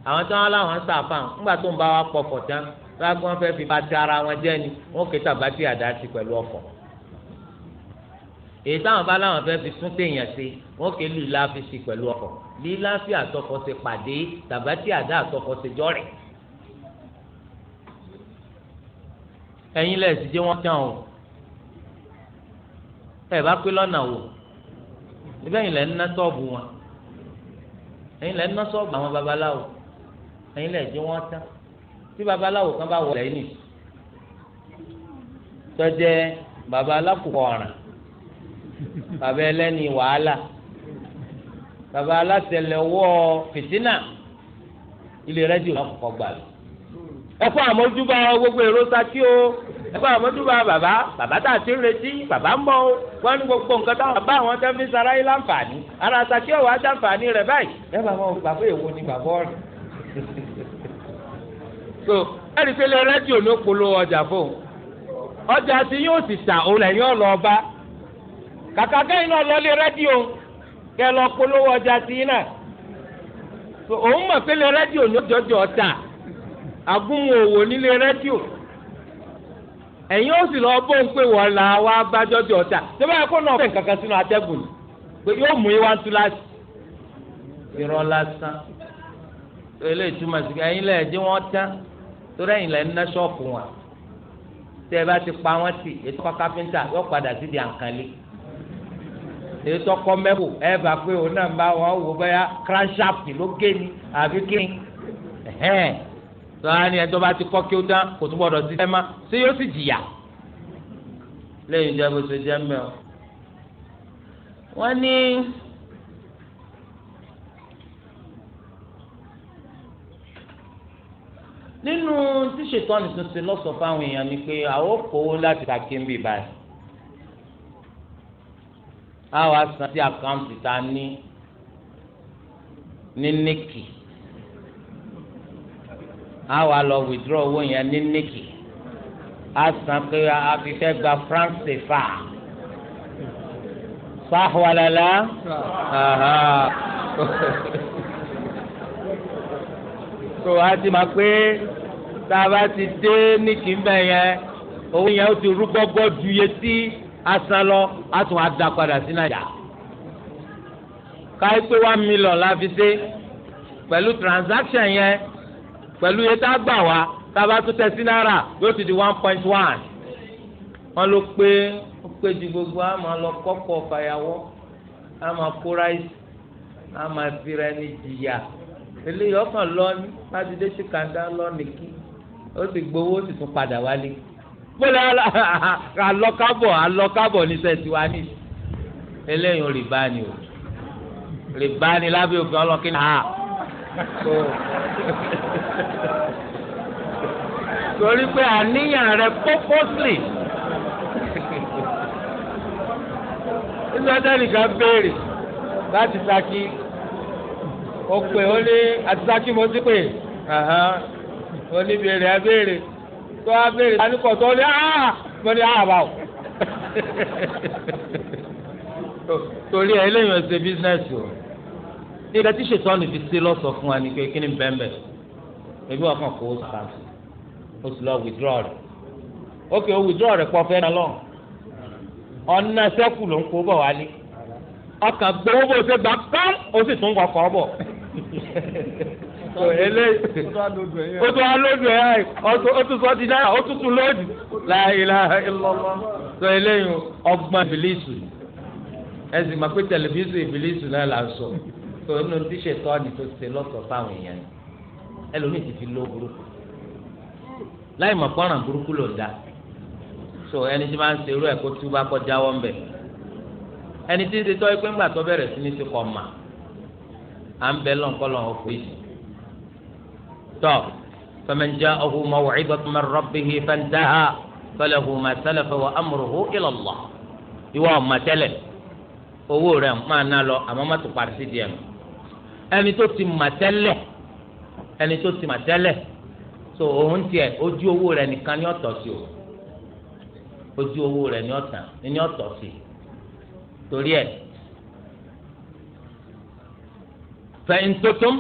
àwọn tí wọn láwọn ń sàfàn ńgbà tó ń bá wa pọ̀fọ̀ tán lágbọn wọn fẹ́ẹ́ fi bá ti ara wọn jẹ ni wọn kì í tàbá tí àdá ti pẹ̀lú ọkọ̀ èyí táwọn bá láwọn fẹ́ẹ́ fi tún téèyàn sí wọn kì í lù láàfin sí pẹ̀lú ọkọ̀ líláàfin àtọkọ ṣe pàdé tàbá tí àdá àtọkọ ṣe jọrẹ ẹ̀yin lẹ́sìn jẹ́ wọ́n tán o ẹ bá pé lọ́nà wò ibẹ̀ ẹ̀yin lẹ́ ń ná sọ́ọ̀bù wọn ẹ̀yin lẹ́ ń ná sọ́ọ̀bù àwọn babaláwo ẹ̀yin lẹ́ jẹ́ wọ́n tán tí babaláwo kan bá wọ̀ lẹ́yìn tọ́jẹ́ baba alákòókò ọ̀ràn baba ẹlẹ́ni wàhálà baba alátẹlẹwọ́ fìtínà ilé rẹ́díò náà kọ́kọ́ gbà lọ ẹfọ àmójúbà gbogbo èrò saki o ẹfọ àmójúbà bàbá bàbá tá a ti ń retí bàbá ń bọ̀ o wọn ní gbogbo nǹkan táwọn bá àwọn tẹ́ fi sara yìí láǹfààní ara saki ọ̀wọ́ á dáǹfààní rẹ̀ báyìí ẹ bàbá wọn bàbá èwo ni bàbá ọ̀rẹ́ so ẹni pé lé rédíò ló polówó ọjà fóun ọjà tí yóò sì tà òun lẹ́yìn ọlọ́ọ̀ba kàkà kẹ́yìn náà lọ lé rédíò kẹ́ lọ polówó ọjà tí náà so òun mọ̀ pé lé rédíò ló jọjọ ọ̀tà agúnmu òwò nílé rédíò ẹ̀yin ó sì lọ bó ń pè wọ́n la wá gbájọ́ bí ọ̀tá tó báyìí kó náà fẹ́ kankan sínú atẹ́gùn ni pé yóò mú iwá tú láti irọ́ lásán eléyìí túmọ̀ sí ká ẹ̀yin lẹ́yìn tí wọ́n tán torí ẹ̀yin lẹ́yìn ná ṣọ́ọ̀pù wọn tẹ́ ẹ bá ti pa wọ́n tì ètò káfíńtà yóò padà sí di àǹkálí ètò ọkọ mẹ́kù ẹ bá pé òun náà bá wọn wò bóyá kranṣáàpì ló gé ni àbí kí ni sọ́ra ni ẹjọ́ bá ti kọ́ kí ó dán kò tún gbọ́dọ̀ sí ẹ̀ma ṣé yóò sì jìyà lẹ́yìn ìjọba oṣù jẹ́ mbẹ́ o. wọ́n ní nínú tíṣetọ́ ni tuntun lọ́sọ̀ fáwọn èèyàn ni pé àwọn kówó láti ta kí n bì báyìí àwọn asan sí àkáǹtì ta ní ní níkì á wà lọ withdraw owó yẹn ní níkì á san pé a fi fẹ́ gba franc CFA sáhùwàlálà so a ti máa pé tá a bá ti dé níkì ń bẹ̀ yẹn owó yẹn ó ti rú gbọ́gbọ́ ju iye tí a san lọ a tún á da padà sí nàìjà káyipé one million la fi ṣe pẹ̀lú transaction yẹn pẹ̀lú iye tá a gbà wá tá a bá tún tẹ sí náírà yóò ti di one point one wọ́n ló pé ó pé ju gbogbo a máa lọ kọ́kọ́ fàyàwọ́ a máa kó ráìsì a máa fira ẹni jìyà eléyìí ọkàn lọ ní pàdédé sí kàńdá lọ nìkí ó sì gbowó ó sì tún padà wálé bọ́lá alọ́kábọ̀ alọ́kábọ̀ ní sẹ́ẹ̀tì wa ní eléyìí rìbá ni o rìbá ni lábẹ́ òfin ọlọ́kí ni a torí pé àníyàn rẹ purposely nígbàdá nìkan béèrè láti saki ó pè ó ní àti saki mo ti pè ó ní béèrè á béèrè tó á béèrè tani kò tó ní áà mo ní áà bá o torí ẹ lẹ́yìn ọ̀sẹ̀ bísíǹnẹ̀sì o. nígbà tí ṣètọ́nù fi ṣe lọ́sọ̀ fún wa ni pé kí ni bẹ́ẹ̀nbẹ́ ebi wà kàn kó o sàn o sì lọ withdraw rẹ̀ ok o withdraw rẹ̀ pọ̀ fẹ́ náà lọ ọ̀nà sẹ́kù ló ń kó bọ̀ wálé ọkàn gbowó bó ṣe gbà kán o sì tún ọ bọ̀ o tún alódù o tún sọ di náírà o tún tún sọ eléyìí ọgbọ́n máa pé náà là ń sọ tó inú tí ṣètò ọ̀nì tó ṣe lọ́sọ̀ fáwọn èèyàn ni ẹlòmíì ti fi ló burúkú láì mọ̀ kọ́ràn burúkú ló da so ẹni tí máa ń ṣerú ẹ̀ kó tú bá kọ́ jáwọ́ bẹ̀ ẹni tí ń ṣe ẹ pé ńgbà tó bẹ̀rẹ̀ sí ní ṣe kọ́ mà à ń bẹ lọ́nkọ́lọ́ ọ̀fọ̀ yìí tọ́ فمن جاءه موعظة من ربه فانتهى فله ما سلف وأمره إلى الله ìwọ ọmọ tẹ́lẹ̀ owó rẹ̀ máa ná lọ àmọ́ má parí sí díẹ̀ nù ẹni tó ti mà tẹ́lẹ̀ ẹni tó ti mà tẹ́lẹ̀ so òun tiẹ̀ ojú owó rẹ̀ nìkan ni ọ̀tọ̀ sí o ojú owó rẹ̀ ni ọ̀tàn ni ọ̀tọ̀ sí torí ẹ̀ fẹ̀yìn tuntun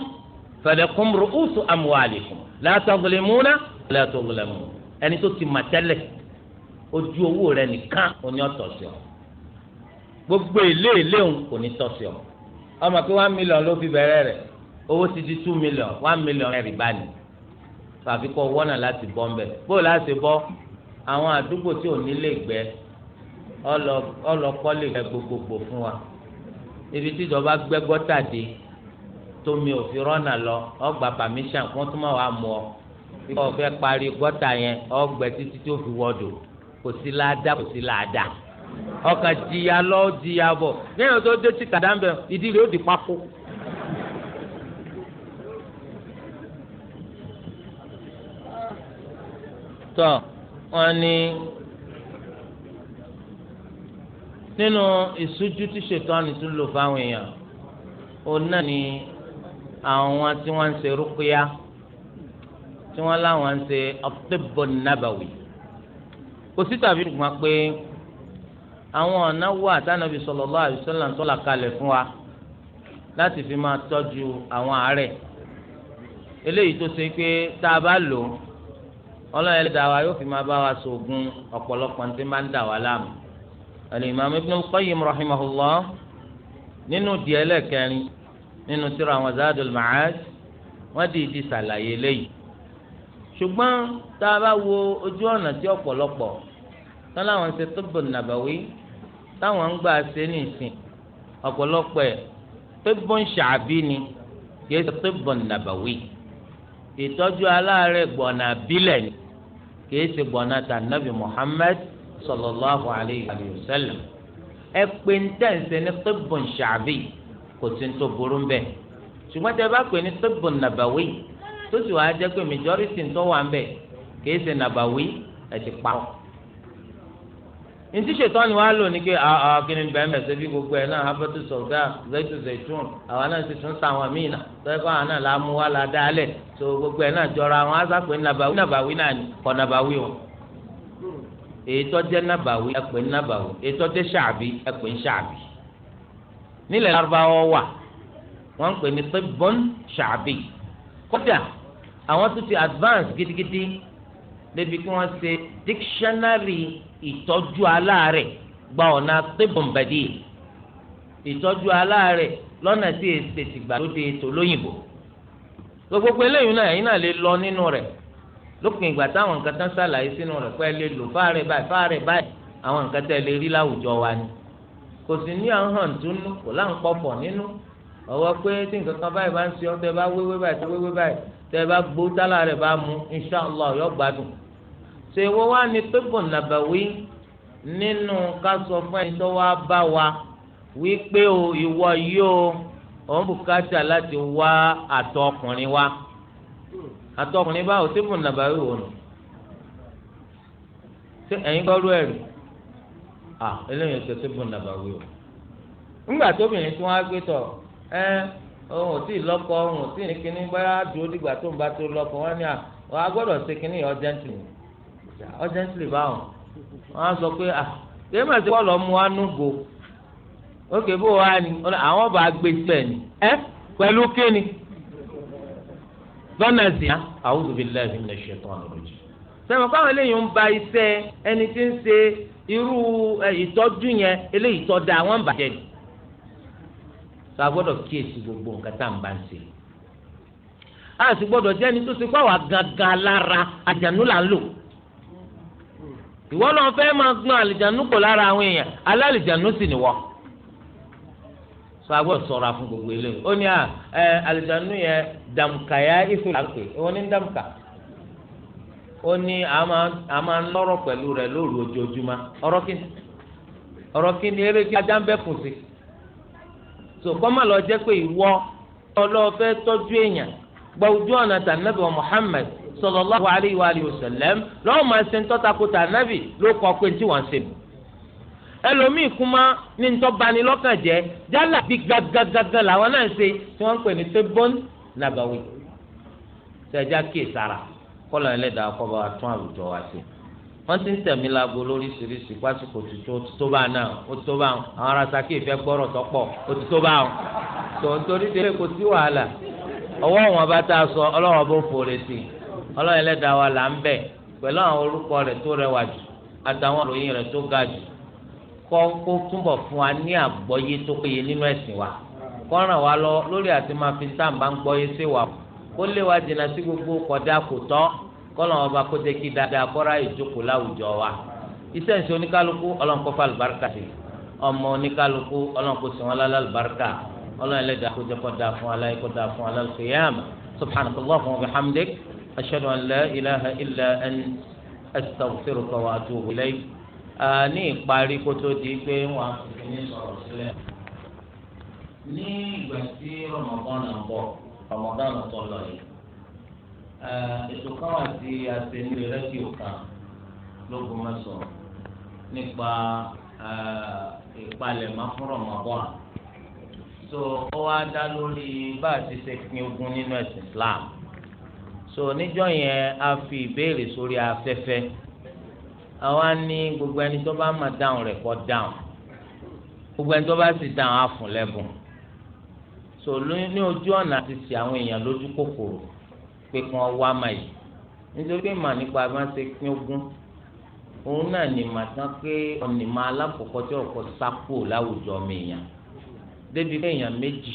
fẹ̀lẹ̀kùn rúùsù amúhàlìkùn látọ̀gbìlẹ̀múnà látọ̀gbìlẹ̀múnà ẹni tó ti mà tẹ́lẹ̀ ojú owó rẹ̀ nìkan ni ọ̀tọ̀ sí o gbogbo èlé èlé òun kò ní tọ́ sí o ọmọ pé one million ló fi bẹ̀rẹ̀ rẹ̀ owó ti di two million one million rẹ̀ bá ní fàfi kọ́ wọ́nà láti bọ́ mbẹ́ bó láti bọ́ àwọn àdúgbò tí ò nílé gbẹ́ ọlọ́kọ́lé gbẹ́ gbogbogbò fún wa ibi tí ìjọba gbẹ́ gọ́tà dé tómi òfin rọ́nà lọ ọgbà pàmíṣàn wọ́n tún máa wà mú ọ bí wọ́n fẹ́ parí gọ́tà yẹn ọgbẹ́ títí tó fi wọ́dọ̀ kò sí láàdá kò sí láàdá ọkàn jìyà lọ jìyà bọ̀ lẹ́yìn tó dé tí kàdá ń bẹ̀ ìdí ó di pákó. tọ́ wọn ni nínú ìṣújú tí ṣètọ́ni tún lò fáwọn èèyàn òun náà ni àwọn tí wọ́n ń ṣe rúkúyà tí wọ́n láwọn ń ṣe ọ̀pẹ́bọ̀n kò sí tàbí dùgbọ́n pé àwọn ọ̀nà wà tánàbí sallallahu alaihi wasallam ń tọ́lá kalẹ̀ fún wa láti fi máa tọ́jú àwọn àárẹ̀ eléyìí tó ṣe pé tá a bá lò ọlọ́run ẹlẹ́dàá wa yóò fi máa bá wa sògùn ọ̀pọ̀lọpọ̀ tí máa ń dà wá láàmú al-imam ibn al-qayyim rahimahullah nínú díẹ̀ lẹ́kẹrin nínú tírà àwọn zadul ma'ad wọ́n di ìdí sàlàyé léyìí ṣùgbọ́n tá a bá wo ojú ọ̀nà tí ọ̀pọ̀lọpọ̀ tán láwọn ṣe tibbun nabawi táwọn ń gbà ṣe ní ìsìn ọ̀pọ̀lọpọ̀ ẹ̀ tibun ṣàbí ni kì í ṣe tibun nàbàwí ìtọ́jú aláàárẹ̀ gbọ̀nà bílẹ̀ ni kì í ṣe gbọ̀nà tà nàbì Muhammad sallallahu alayhi wa sallam ẹ pé ń tẹ̀sẹ̀ ní tibun ṣàbí kò sí tó burú ń bẹ̀ ṣùgbọ́n tẹ bá pè ní tibun nàbàwí tó sì wàá jẹ́ pé majority ń tọ́ wà ń bẹ̀ kì í ṣe nàbàwí ẹ̀ ti pa ọ́ ntí ṣètọ́ni wa lò ní pé àà kìnnìún bẹ́ẹ̀ mẹ́ ṣe bí gbogbo ẹ̀ náà abẹ́tù sọ̀gá zaitu zaitun àwọn náà ti tún sàwọn míì náà tọ́jú àwọn náà la mú wa la dálẹ̀ tó gbogbo ẹ̀ náà jọra àwọn asápè nàbàwí nàbàwí náà ni kọ́ nàbàwí o ètò jẹ́ nàbàwí ẹ̀pẹ́ nàbàwí ètò jẹ́ sàbí ẹ̀pẹ́ sàbí nílẹ̀ Lárúbáwá wà wọ́n ń pè ní tibbun sàbí kódà àwọn tó ti advance gidigidi dictionary ìtọ́jú aláàárẹ̀ gba ọ̀nà tébùnbẹ̀dì ìtọ́jú aláàárẹ̀ lọ́nà tí èsì gbàlódé tòlóyìnbó gbogbo eléyìí náà yìí náà lè lọ nínú rẹ̀ lópin ìgbà táwọn nǹkan tán ṣàlàyé sínú rẹ̀ pé ẹ lè lò fáàrẹ̀ báyìí fáàrẹ̀ báyìí àwọn nǹkan tẹ́ lè rí láwùjọ wa ni kò sì ní ahọ́n túnú kò láǹ pọ̀pọ̀ nínú ọwọ́ pé tí nǹkan kan báyìí bá ń ṣe ọ́ tẹ́ bá wéwé báyìí tẹ́ bá gbó tálà rẹ̀ bá mu inṣàlá yọ gbádùn ṣe wọ́n wá ní pébùn nàbàwí nínú ká sọ fún ẹni tó wá bá wa wípé o ìwọ yìí o òun bùkátà láti wá àtọ ọkùnrin wa àtọ ọkùnrin báwo pébùn nàbàwí wò nù ṣé ẹ̀yin gbọ́rú ẹ̀rù à eléyìí ṣe pébùn nàbàwí o ńgbà tóbìnrin tí wọ́n á gbé tọ̀ ẹ́ òun ò tí ì lọ́kọ òun ò tí ì ní kíní bá dúró dìgbà tó ń bá tó lọ́kọ wọ́n ní à wọ́n á gbọ́dọ̀ ṣe kíní ọ̀jẹ̀ntì ni urgently báwọn wọn á sọ pé à kéé màsí kọ́ lọ́ọ́ mú wa núgo ókè bó wa ni àwọn bá gbé síbẹ̀ ni ẹ pẹ̀lú kéènì lọ́nà zìá a'udhu billahi minash shaitanir rajim. sẹ́wọ̀n káwọn eléyìí ń ba iṣẹ́ ẹni tí ń ṣe irú ìtọ́jú yẹn eléyìí tọ́ da wọ́n ń bàjẹ́ ni. sọ agbọ́dọ̀ kíyèsí gbogbo nǹkan tá à ń bá ń ṣe. a sì gbọ́dọ̀ jẹ́ ẹni tó ti pàwọ́ gangan lára àjànú là ń lò ìwọ lọ fẹ́ máa gbọ́n àlìjánu kò lára àwọn èèyàn alálìjánu sì ni wọ́ sọ agbọ́dọ̀ sọ̀rọ̀ fún gbogbo eléyìí ó ní à ẹ àlìjánu yẹn dàmùkà yá ìfò làǹkè ó ní dàmùkà ó ní a máa ń lọ́rọ̀ pẹ̀lú rẹ̀ lóru ojoojúmọ́ ọ̀rọ̀ kí ni ọ̀rọ̀ kí ni eré kí ajá ń bẹ́ kùn sí so kọ́mọ lọ jẹ́ pé ìwọ ọlọ́ọ̀fẹ́ tọ́jú èèyàn gbọ́ ojú ọ̀nà tànàbẹ̀ Muhammad sallallahu alayhi wa alihi wa sallam lọ́wọ́ máa ṣe ń tọ́ta kó ta nábì ló kọ́ pé tí wọ́n ń ṣe bù ẹlòmíì kuma ní ń tọ́bani lọ́kàn jẹ́ jálà bí gàgàgàgà làwọn náà ń ṣe tí wọ́n ń pè ní tébọ́n nàbàwí sẹ́jà kíyè sára kọ́lọ̀ ẹlẹ́dàá kọ́ bá wa tún àwùjọ wa sí wọ́n ti ń tẹ̀mí laago lóríṣiríṣi pásítọ̀ tuntun ó ti tó bá náà ó ti tó bá àwọn ará saki ìfẹ́ gbọ́rọ̀ tọ́pọ̀ ó ti tó bá wọn tó torí délé kò sí wàhálà ọwọ́ wọn bá tá a sọ ọlọ́wọ́n bó fòrè sí i ọlọ́run ẹlẹ́dàá wa là ń bẹ̀ pẹ̀lú àwọn orúkọ rẹ̀ tó rẹwà jù àtàwọn òròyìn rẹ̀ tó ga jù kọ́ kó túbọ̀ fún wa ní àgbọ́yé tó péye nínú ẹ̀sìn wa kọ́ ràn wá lọ lórí àti máa fi sáàmbá ń gbọ́yé sí wa kó lè wá jìnnà sí gbogbo kọ̀dá kò tọ́ kọ́lọ́n ọba kó jẹ́ kí dáadáa kọ́ra ìjókòó láwùjọ wa iṣẹ́ ìṣe oníkálukú ọlọ́run kó fa àlùbáríkà sí ọmọ oníkálukú ọlọ́run kó sìn wọn lálẹ́ àlùbáríkà ọlọ́run ẹlẹ́dàá kó jẹ́ kó dáa fún aláyé kó dáa fún aláyé kó yẹ́ àmà subhanahu wa ta'ala wa bihamdik. أشهد أن لا إله إلا أن أستغفرك وأتوب إليك ní ìparí kó tó di pé wọn àfòfin ní sọ̀rọ̀ sílẹ̀ ní ìgbà tí rọmọgán náà bọ̀ rọmọgán náà tó lọ yìí ètò kan wà tí a ṣe nílé rédíò kan lógun mẹ́sàn nípa ìpalẹ̀mọ́ fún rọmọgán so ó wá dá lórí bá a ti ṣe pín ogún nínú ẹ̀sìn Islam so níjọ́ yẹn a fi ìbéèrè sórí afẹ́fẹ́ àwa ní gbogbo ẹni tó bá máa dáhùn rẹ̀ kọ́ dáhùn gbogbo ẹni tó bá sì dáhùn á lẹ́bùn so ní ojú ọ̀nà àti ti àwọn èèyàn lójú kòkòrò pé kí wọ́n wá máa yìí nítorí pé màá nípa bí wọ́n ṣe pín ogún òun náà ní màá tán pé ọ̀nì máa alákọ̀ọ́kọ́ tí ọ̀kọ́ sápò láwùjọ mi èèyàn débi pé èèyàn méjì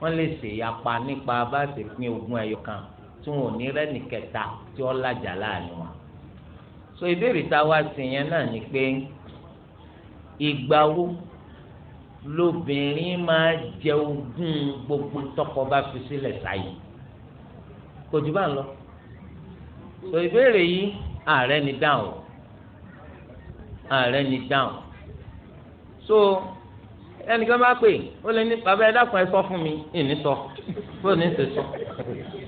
wọ́n lè ṣèyapa nípa bá pín ogún ẹyọ kan tí wọn ò ní rẹ́ni kẹta tí wọ́n lájà láàrin wọn. so ìbéèrè tá a wá sí yẹn náà ni pé ìgbà wo lobìnrin máa jẹ ogún gbogbo tọkọ bá fi sílẹ̀ sáyé kò jù bá ń lọ. so ìbéèrè yìí ààrẹ ni dáhùn ààrẹ ni dáhùn. so ẹnìkan bá pè ó lè ní bàbá ẹ dákun ẹ sọ fún mi ìní sọ bó ní ṣe sọ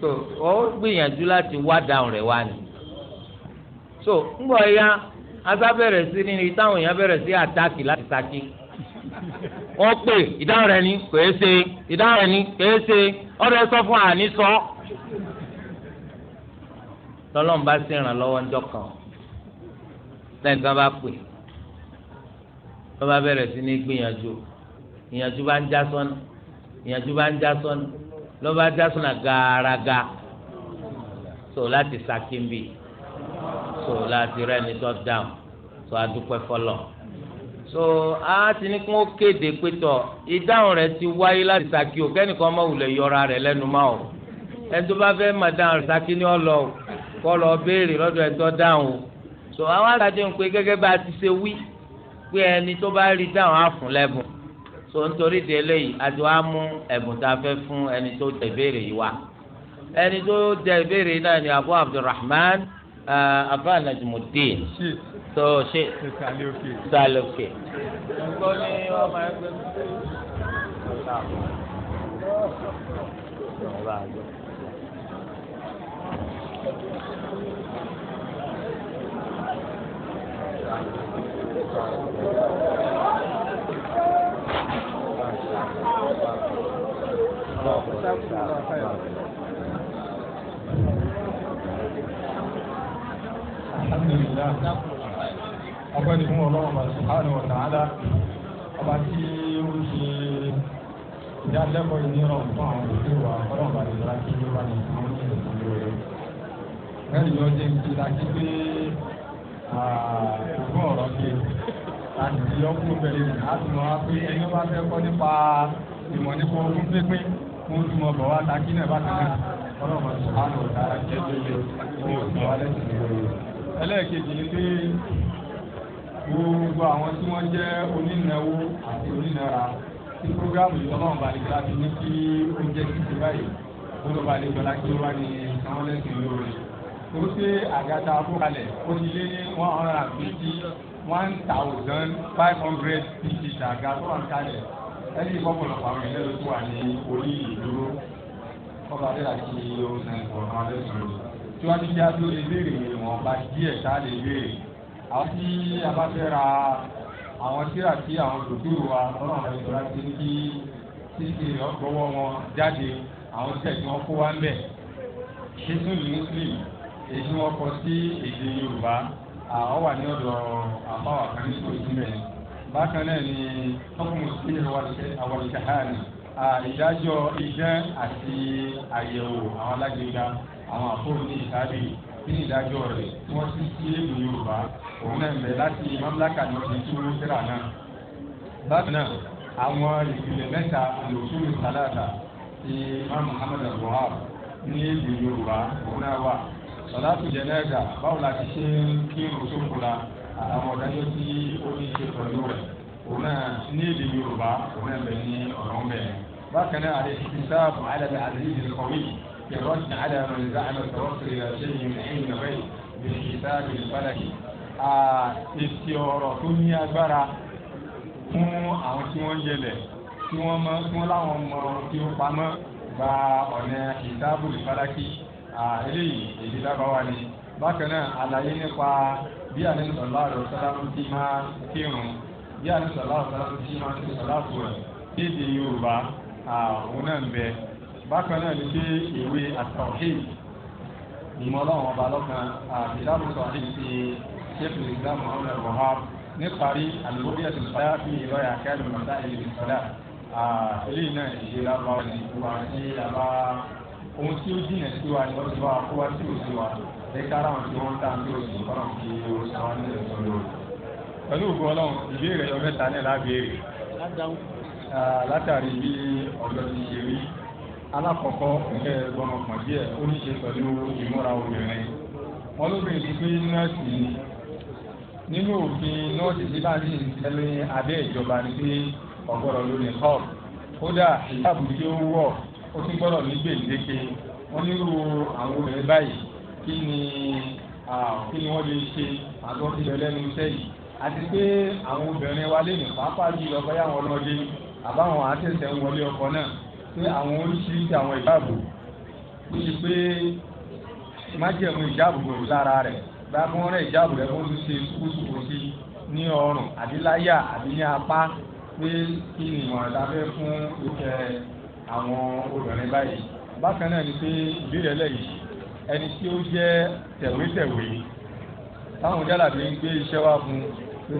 so ó gbìyànjú láti wá dáhùn rẹ̀ wá ni so ńgbọ ya asá bẹ̀rẹ̀ sí ní ìtàwọn èèyàn bẹ̀rẹ̀ sí àtàkì láti saki wọ́n pè ìdáhùn rẹ̀ ni kò é ṣe ìdáhùn rẹ̀ ni kò é ṣe ọ̀rọ̀ ẹ sọ fún àní sọ tọlọ́n bá sí ìrànlọ́wọ́ ńjọ kan lẹ́yìn tí wọ́n bá pè wọ́n bá bẹ̀rẹ̀ sí ní gbìyànjú ìyànjú bá ń já sọ́nà ìyànjú bá ń já sọ́nà lọ́ba já sọ́nà gàràgà so láti sàkínbì so láti rẹ́ni tó dáhùn so adúpẹ́ fọlọ́ so a ti ní kí wọ́n kéde pétọ́ ìdáhùn rẹ̀ ti wáyé láti sàkí o kẹ́nìkan máa wulẹ̀ yọra rẹ̀ lẹ́nu máa o ẹni tó bá fẹ́ máa dáhùn rẹ̀ sàkí ni ọ lọ o kọ́ lọ béèrè lọ́dọ̀ ẹ̀ tó dáhùn o so àwọn àtàjọ ń pe gẹ́gẹ́ bá a ti ṣe wí pé ẹni tó bá rí dáhùn á fún lẹ́bùn tó ń torí di eléyìí àti wàá mú ẹ̀bùn tá a fẹ́ fún ẹni tó jẹ ìbéèrè yìí wá ẹni tó jẹ ìbéèrè yìí náà ni abu abdulrahman uh, abu anajumudin tó ṣe saloke. Thank you. جزاكم الحمد لله ọpẹ́ ni fún ọlọ́run subhanahu wa ọba tí ó ṣe ìdálẹ́kọ̀ọ́ yìí nírọ̀rùn ní bẹ̀rẹ̀ ní àtúnwá pé ẹni bá fẹ́ kọ́ nípa fún tí mo bọ̀ wá ta kí náà bákan náà ọlọ́mọ sùpánù ọ̀tá jẹ́jẹ́ lé ní òkú alẹ́ sí i. ẹlẹ́ẹ̀kejì ni pé gbogbo àwọn tí wọ́n jẹ́ onínáwó àti onínára tí programu yìí ọlọ́run balẹ̀ gbọ́dọ̀ fi ní kí oúnjẹ títí báyìí gbọ́dọ̀ balẹ̀ gbọ́dọ̀ kí ó wá ní sanwó lẹ́sìn lórí. ó ṣe àgàtà fúkalẹ̀ ó ti lé ní one hundred and fifty one thousand five hundred pieces àgàtà fúkalẹ̀ ẹni fọ́pọ̀lọpọ̀ àwọn ìlẹ́lẹ́ tó wà ní orí ìdúró ọba adé láti ohun sàn ìfọ̀nà alẹ́ sọ̀rọ̀ tí wọ́n ti fi adúlọ ìbéèrè wọn bá díẹ̀ tá a lè béèrè àwọn tí a bá fẹ́ ra àwọn tíra tí àwọn dòdúró wa lọ́nà àwọn ìjọba ti ní kí títí ọgbọ́wọ́ wọn jáde àwọn tẹ̀ tí wọ́n kó wá ń bẹ̀ ṣéṣù ní muslim èyí tí wọ́n kọ sí èdè Yorùbá àwọn wà ní ọ̀dọ̀ àbáwà kan ní bákan náà ni ọkùnrin mùsùlùmí àwọn ìṣàhánì ìdájọ́ idán àti àyẹ̀wò àwọn alágbèéká àwọn àfóònù ní ìsáàbì ní ìdájọ́ rẹ̀ tí wọ́n ti sí èdè yorùbá òun náà ń bẹ láti mamlaka ní ọdún tí wọ́n tẹ̀ra náà. bákan náà àwọn ìpìlẹ̀ mẹ́ta lòsùn sálàdà ti imam muhammed al-buhar ní èdè yorùbá òun náà wà. sọ̀dá tó jẹ́ náà gà báwo la ti ṣe ń kí lòsùn kura àwọn ọ̀dájọ́ tí ó ní ṣe pẹ̀lú rẹ̀ òun náà ní èdè Yorùbá òun náà bẹ̀ ní ọ̀rọ̀ ń bẹ̀. bákan náà àlẹ́ ti sáàbù àdàbẹ̀ àdàbẹ̀ ìkọ̀wé ìrọ́sìn àdàbẹ̀ ìzáàmẹ̀ tọ́wọ́sì ìrẹsẹ̀ ìrìn gba ọ̀nà ìsáàbù ìfàdákì eléyìí èdè lábáwá ni bákan náà àlàyé nípa bí àlẹ́sọ̀lá rẹ̀ sálámù tí máa kírun bí àlẹ́sọ̀lá rẹ̀ sálámù tí máa ṣe sọ̀láàtù rẹ̀ dédé yorùbá àwọn náà ń bẹ bákan náà ni pé ìwé àtọ̀hìn ìmọ̀ ọlọ́run ọba lọ́kan àbíláàbù sọ̀hìn ti ṣẹ́fù ìsìlámù ọ̀hún ẹ̀rọ ha níparí àlùbọ́dí ẹ̀sìn sáyà fi ìlọ́yà kẹ́lù mọ̀tá ìlú ìsọ̀lá eléyìí náà ìṣe lábàá ọ̀sìn ìwà sí àbá ohun tí ó jìnà sí wa ni wọ́n ti wá kó wá sí òsì wa àtẹ́kára wọn tí wọ́n ń tà ní oṣù kọ́nà kí wọ́n ní ẹ̀sùn lórí. pẹ̀lú ògùn ọlọ́run ìbéèrè ẹ̀yọ mẹ́ta náà lábẹ́rẹ́ látàrí bí ọ̀dọ́ ti ṣe rí alákọ̀ọ́kọ́ ẹ̀ gbọmọkàn díẹ̀ ó ní ṣe pẹ̀lú ìmúra obìnrin wọn lóbìnrin ti pé nọ́ọ̀sì ni nínú òfin nọ́ọ̀sì tí bá ní ìtẹ́lẹ̀ abẹ́ ìjọba ni pé ọ̀gbọ́dọ̀ lórí kọ́ọ̀bù kódà ìyáàbù tí ó wọ̀ ó tún gbọ́dọ̀ ní gbèǹdéke wọn nírú àwọn obìnrin báyìí kí ni kí ni wọ́n lè ṣe àtọ́ ti bẹ̀rẹ̀ lẹ́nu iṣẹ́ yìí àti pé àwọn obìnrin wa lè ní pàápàá jùlọ bóyá àwọn ọlọ́dẹ àbáwọn àtẹ̀sẹ̀ ń wọlé ọkọ náà pé àwọn oríṣiríṣi àwọn ìdáàbò ó ṣe pé májẹ̀mú ìjáàbò gbòòrò lára rẹ̀ bá wọ́n rẹ̀ ìjáàbò rẹ̀ ó ti ṣe sùkúsùkú sí ní ọrùn àbí láyà àbí ní apá pé kí ni ìmọ̀ràn ta fún ìfẹ́ àwọn obìnrin báyìí bákan náà ni pé ìbéèrè ẹni tí ó jẹ́ tẹ̀wétẹ̀wé táwọn jálàbí ń gbé iṣẹ́ wá fún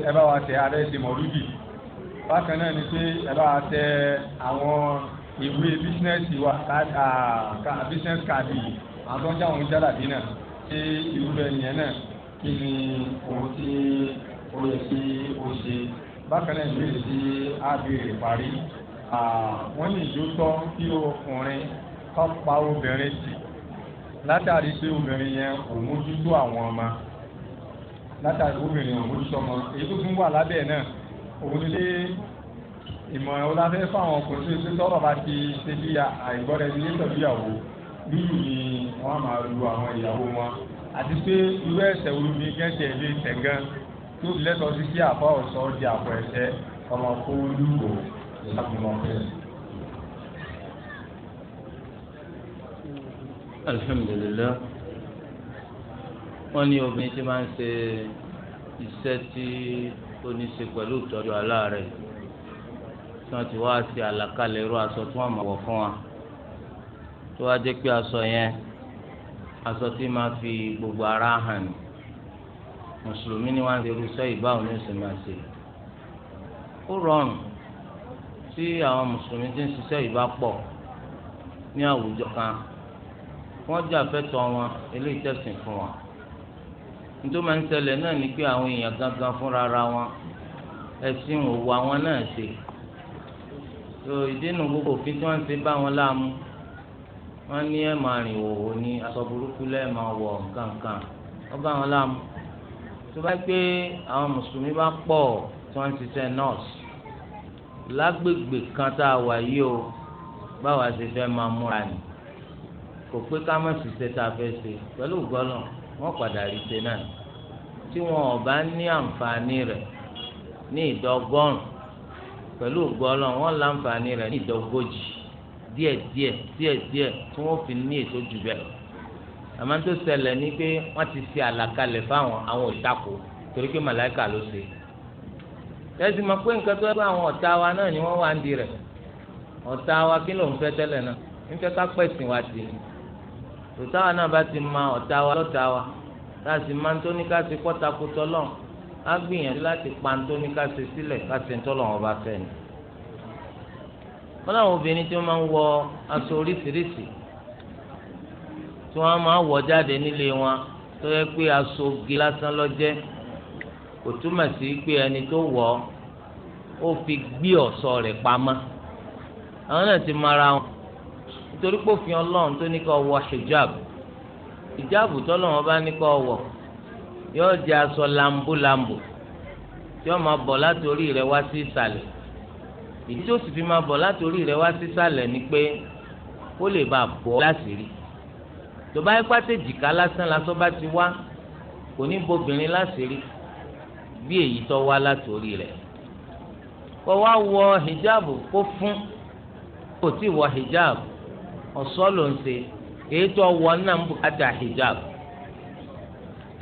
ẹ bá wa tẹ adé demorudi bákan náà ni pé ẹ bá wa tẹ àwọn ìwé bísínẹ́sì wa bísínẹ́sì káàdì àtọ́jú àwọn jálàbí náà ṣé irúfẹ́ nìyẹn náà kí ni ohun tí ó yẹ kí ó ṣe bákan náà ìbéèrè tí a béèrè parí wọ́n ní ìjó tọ́ kí ọkùnrin kọ́ pa obìnrin tì látàrí pé obìnrin yẹn kò mójútó àwọn ọmọ látàrí obìnrin òun mójútó ọmọ èyí tó tún wà lábẹ́ náà òun lé ìmọ̀ràn oláfẹ́ fáwọn ọkùnrin tó tọrọ bá ti ṣe bí àìgbọ́rẹ́ ilé tọ̀bí ìyàwó lúlù ni wọ́n á máa lu àwọn ìyàwó wọn àti pé irú ẹ̀ṣẹ̀ wo ni gẹ́gẹ́ ilé ìtẹ̀ gan tó fi lẹ́tọ̀ọ́ sí sí àbá ọ̀sọ́ di àpò ẹ̀ṣẹ̀ ọmọ kó lúgò lábùmọ̀ fẹ́ẹ́. alhamdulillah wọ́n ní obìnrin tí máa ń ṣe iṣẹ́ tí ó ní ṣe pẹ̀lú ìtọ́jú aláàárẹ̀ tí wọ́n ti wá sí àlàkalẹ̀ irú aṣọ tí wọ́n máa wọ̀ fún wa tó wá jẹ́ pé aṣọ yẹn aṣọ tí máa fi gbogbo ara hàn ní mùsùlùmí ni wọ́n ń ṣerú sọ ìbáwò ní oṣù máa ṣe ó rọrùn tí àwọn mùsùlùmí ti ń ṣiṣẹ́ ìbá ní àwùjọ kan wọ́n jà fẹ́tọ̀ wọn eléyìí tẹ̀sìn fún wọn nítorí máa ń ṣẹlẹ̀ náà ni pé àwọn èèyàn gangan fúnra ra wọn ẹ̀sìn òwò àwọn náà ṣe tó ìdínú gbogbo òfin tí wọ́n ń ṣe bá wọn láàmú wọ́n ní ẹ̀ máa rìn òwò ní aṣọ burúkú lẹ́ẹ̀ máa wọ̀ kankan wọ́n bá wọn láàmú tó bá pé àwọn mùsùlùmí bá pọ̀ tí wọ́n ń ṣiṣẹ́ nọ́ọ̀sì lágbègbè kan tá a wà yìí o báwa ṣe fẹ́ máa múra nìyí kò pé ká má ṣiṣẹ́ tá a fẹ́ ṣe pẹ̀lú gbọ́nà wọ́n padà rí ṣe náà tí wọn ò bá ní àǹfààní rẹ̀ ní ìdọ́gọ́rùn pẹ̀lú gbọ́nà wọ́n láǹfààní rẹ̀ ní ìdọ́gójì díẹ̀díẹ̀ díẹ̀díẹ̀ tí wọ́n fi ní ètò jù bẹ́ẹ̀ àmọ́ tó ṣẹlẹ̀ ni pé wọ́n ti ṣe àlàkalẹ̀ fáwọn àwọn ìtakò torí pé màláìka ló ṣe tẹ́sí ma pé nǹkan tó ẹ pé àwọn ọ̀tá wa náà ni wọ́n wá ń di rẹ̀ ọ̀tá wa kí ló ń fẹ́ tẹ́lẹ̀ náà ń fẹ́ ká pẹ̀sìn wa tì í tòtáwa náà bá ti ma ọ̀tá wa lọ́tá wa láti ma ń tóníká sí kọ́takùtọ̀ lọ́n á gbìyànjú láti pa ń tóníká sí sílẹ̀ láti ń tọ́lọ̀ wọn bá fẹ́ ni. wọ́n láwọn obìnrin tí wọ́n máa ń wọ aṣọ oríṣiríṣi tí wọ́n máa wọ̀ jáde nílé wọn tó yẹ pé aṣọ ge lásán lọ́jẹ́ kò túmọ̀ sí pé ẹni tó wọ̀ ọ́ ó fi gbé ọ̀ṣọ́ rẹ̀ pamọ́ àwọn náà ti mara wọn nítorí pé òfin ọlọ́run tó ní kó wọ hijab hijab tọ́lọ́run bá ní kó wọ yóò jẹ́ aṣọ lambolambo tí ó máa bọ̀ láti orí rẹ̀ wá sí ìsàlẹ̀ ìdí tó sì fi máa bọ̀ láti orí rẹ̀ wá sí ìsàlẹ̀ ni pé kó lè bá bọ́ láṣìírí tó bá yẹ pàtẹ jìká lásán lásán bá ti wá kò ní bobìnrin láṣìírí bí èyí tó wá láti orí rẹ̀ kó wá wọ hijab kó fún kò tí wọ hijab ọ̀ṣọ́ ló ń ṣe èyí tó nna mbụ ń hijab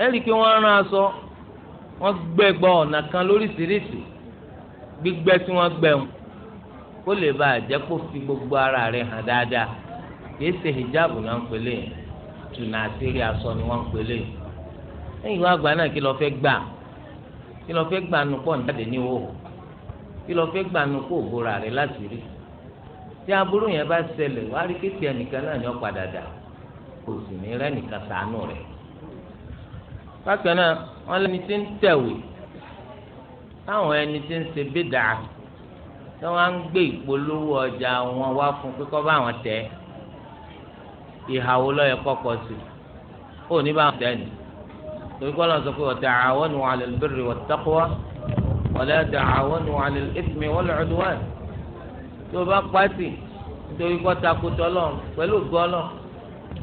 ẹ̀rí pé wọ́n rán aṣọ wọ́n gbẹ́ gbọ́ ọ̀nà kan lóríṣiríṣi gbígbẹ́ tí wọ́n gbẹ́ wọn kó lè bá kó fi gbogbo ara rẹ̀ hàn dáadáa kìí ṣe hijab náà ń pèlè tùnà àtìrí aṣọ ni pèlè àgbà náà kí gbà kí gbà nù pọ̀ níwò kí tí aburú yẹn bá ṣẹlẹ̀ wá rí kékeré nìkan náà ni ó padà dà kò sì ní rẹ́ nìkan sànù rẹ̀. bákan náà wọn lẹni tí ń tẹ̀wé táwọn ẹni tí ń ṣe bídà tí wọn á ń gbé ìpolówó ọjà wọn wá fún pé kọ́ bá wọn tẹ̀ ìhàwó lọ́yẹ̀ kọ́kọ́ sí ó ní bá wọn tẹ̀ ni torí lọ́n sọ pé wa ta'awanu 'ala al-birri wat-taqwa wa la ta'awanu 'ala al-ithmi wal-'udwan tó o bá pàṣẹ nítorí kọ́ takotọ ọlọ́run pẹ̀lú gbọ́lọ́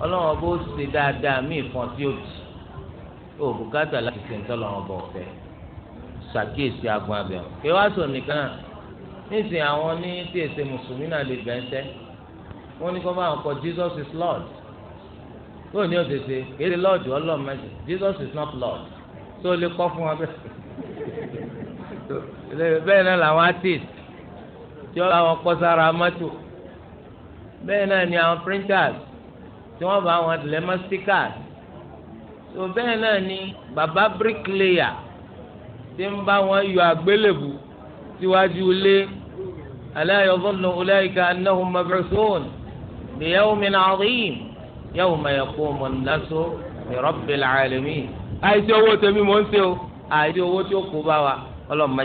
ọlọ́run ọba ó ṣe dáadáa míì fún ọ tí ó jì ó bùkátà láti ṣe ń tọ́lọ́run ọba ọ̀fẹ́ ṣàkíyèsí agbọn abẹ́ọ̀ kí wàá sọ nìkan náà nísìnyí àwọn ní tí èsè mùsùlùmí náà lè bẹ̀ ń ní kọ́ bá wọn kọ Jesus is Lord yóò ní òṣèṣe kì í ṣe Lord ọlọ́run mẹ́jọ Jesus is not Lord tó o lè kọ́ fún wọn bẹ́ẹ̀ bẹ́ẹ̀ náà làwọn artist tí wọ́n bá wọn kọ́ sára mọ́tò bẹ́ẹ̀ náà ni àwọn printers tí wọ́n bá wọn tilẹ̀ mọ́ stickers tó bẹ́ẹ̀ náà ni bàbá bricklayer tí ń bá wọn yọ àgbélébù síwájú ilé ala yazunnu ulaika annahum mab'uthun li yawmin 'azim yawma yaqumu an-nasu li rabbil 'alamin. àìsí owó tèmi mò ń ṣe o àìsí owó tí ó kú bá wa ọlọ́run má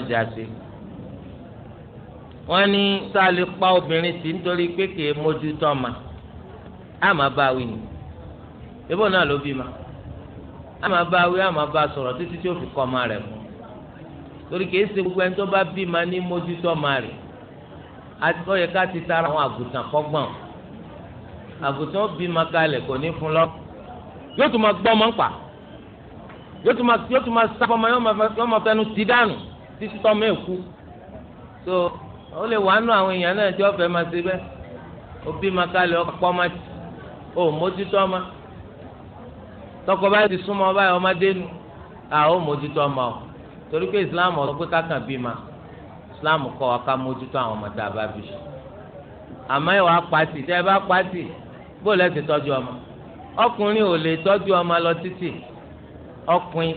wọ́n ní sáàlì pa obìnrin sí nítorí pé kì í mójútó ọmọ àmọ́ bá ni ebó náà ló bí ma àmọ́ bá wí àmọ́ bá sọ̀rọ̀ títí tí ó fi kọ́ ọmọ rẹ̀ mọ́ torí kì í ṣe gbogbo ẹni tó bá bí ma ní mójútó ọmọ rẹ̀ ó yẹ ká ti tara àwọn àgùntàn kọ́gbọ̀n àgùntàn ó bí ma kalẹ̀ kò ní fún lọ yóò tún ma gbọ́ ọmọ ń pa yóò tún ma yóò ọmọ yóò ma fẹnu sí dànù títí tọ́ mẹ́ẹ̀kú so. ó lè wà nù àwọn èèyàn náà tí wọ́n máa ṣe bẹ́ẹ̀ òbí máa kálẹ̀ ọ̀pọ̀ máa ti ò mójútó ọmọ tọkọ bá ti ọba ọmọ dénú à ó mójútó o torí pé Islam ọ pé kákan ma Islam kọ́ wa ká mójútó àwọn ọmọ tá a bá bí àmọ́ ìwà pàtì tẹ́ ẹ bá pàtì bó lẹ́sìn ọmọ ọkùnrin ò lè ọmọ lọ títì ọkùnrin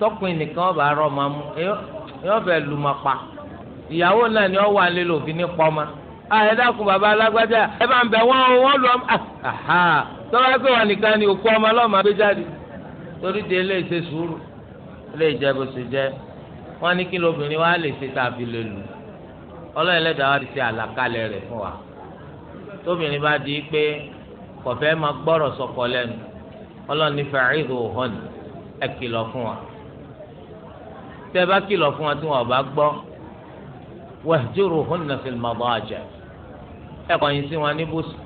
tọkùnrin nìkan ọba arọ máa mú yọ fẹ lù mà pa ìyàwó náà ni ọ wà lé lòfin ní pọmọ ẹ dákun bàbá alágbájá ẹ bá ń bẹ wọn wọn lù ọmọ tọ́wọ́ pé wọn nìkan ni òkú ọmọ ọlọ́mọ gbé jáde torí de ilé ìṣe sùúrù ilé ìjẹ bó ṣe jẹ wọn ní kí lóbìnrin wa lè ṣe tàbí lè lù ọlọ́run ẹlẹ́dàá wa ti ṣe àlàkalẹ̀ rẹ̀ fún wa tóbìnrin bá di pé kọ̀fẹ́ máa gbọ́rọ̀ sọkọ lẹ́nu ọlọ́run ní fẹ́ẹ́ rí ìhòòhàn ẹ̀ fún wa tẹ́ ẹ bá kìlọ̀ fún wọn tí wọn bá gbọ́ wahjuruhunna fil madaji' ẹ kọ̀yìn sí wọn ní bùsùn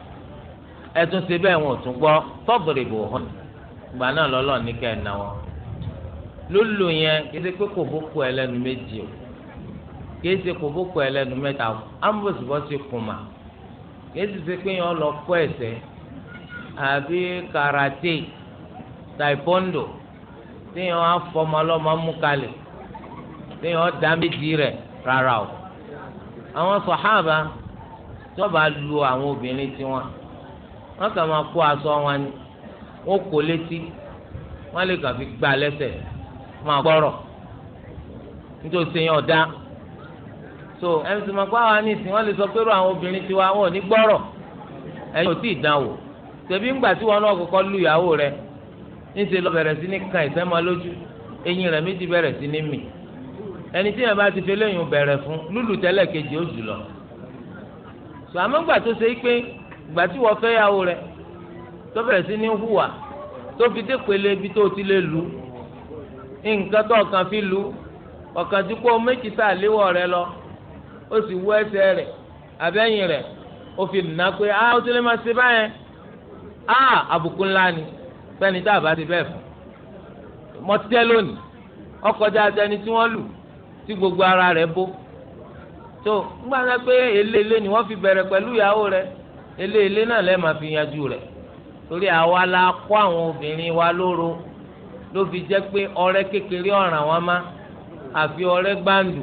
ẹ tún ṣe bẹ́ẹ̀ wọn ò tún gbọ́ fadribuhunna gbà náà lọ́lọ́ ní kẹ́ ẹ̀ nà wọn. lólu yẹn kì í ṣe pé kò bókù ẹlẹ́nu méjì o kì í ṣe kò bókù ẹlẹ́nu mẹ́ta o ambosibosi kùmà kì í ṣe ṣe pé yẹn lọ kọ́ ẹ̀sẹ̀ àbí karate taekwondo tí yẹn wọn afọmọlọmọ mú kalẹ̀ ní ọ̀dà méjì rẹ̀ rárá o àwọn sọ̀hábà tí lu àwọn obìnrin tiwọn wọn. kàn máa kó aṣọ wọn ni wọ́n kó létí lè kàn fi gbá lẹ́sẹ̀ máa gbọ́rọ̀ nítorí sèyàn ọ̀dà so ẹni tí màkà wà ní ìsìn wọn lè sọ pé irú àwọn obìnrin tiwa wọn ò ní gbọ́rọ̀ ò tí ì ńgbà tí lu ìyàwó rẹ̀ lọ sí ní kan lójú eyín méjì sí ẹni tí yẹn bá ti fi lẹ́yìn bẹ̀rẹ̀ fún lùlù tẹ́lẹ̀ kejì ó jù lọ sọ àmọ́ gbà tó ṣe é pé gbà tí wọ́n fẹ́ yàwó rẹ̀ tó bẹ̀rẹ̀ sí ní hùwà tó fi dé pele ibi tó ti lè lu nǹkan tó ọ̀kan fi lu ọ̀kan tí kò méjì tá àléwọ̀ rẹ̀ lọ ó sì wú ẹsẹ̀ rẹ̀ abẹ́yìn rẹ̀ ó fi nà pé a ó ti lè máa ṣe báyẹn a àbùkù ńlá ni fẹ́ni tá a bá ti bẹ́ẹ̀ fún mọ́tẹ́ lónìí ọkọjá àtẹni tí wọ́n lù tí gbogbo ara rẹ̀ bó tó nígbà náà pé eléèlé ni wọ́n fi bẹ̀rẹ̀ pẹ̀lú ìyàwó rẹ̀ eléèlé náà lẹ́ẹ̀ máa fi yanjú rẹ̀ torí àwa la kó àwọn obìnrin wa lóró ló fi jẹ́ pé ọ̀rẹ́ kékeré ọ̀ràn wọn má àfi ọ̀rẹ́ gbàǹdù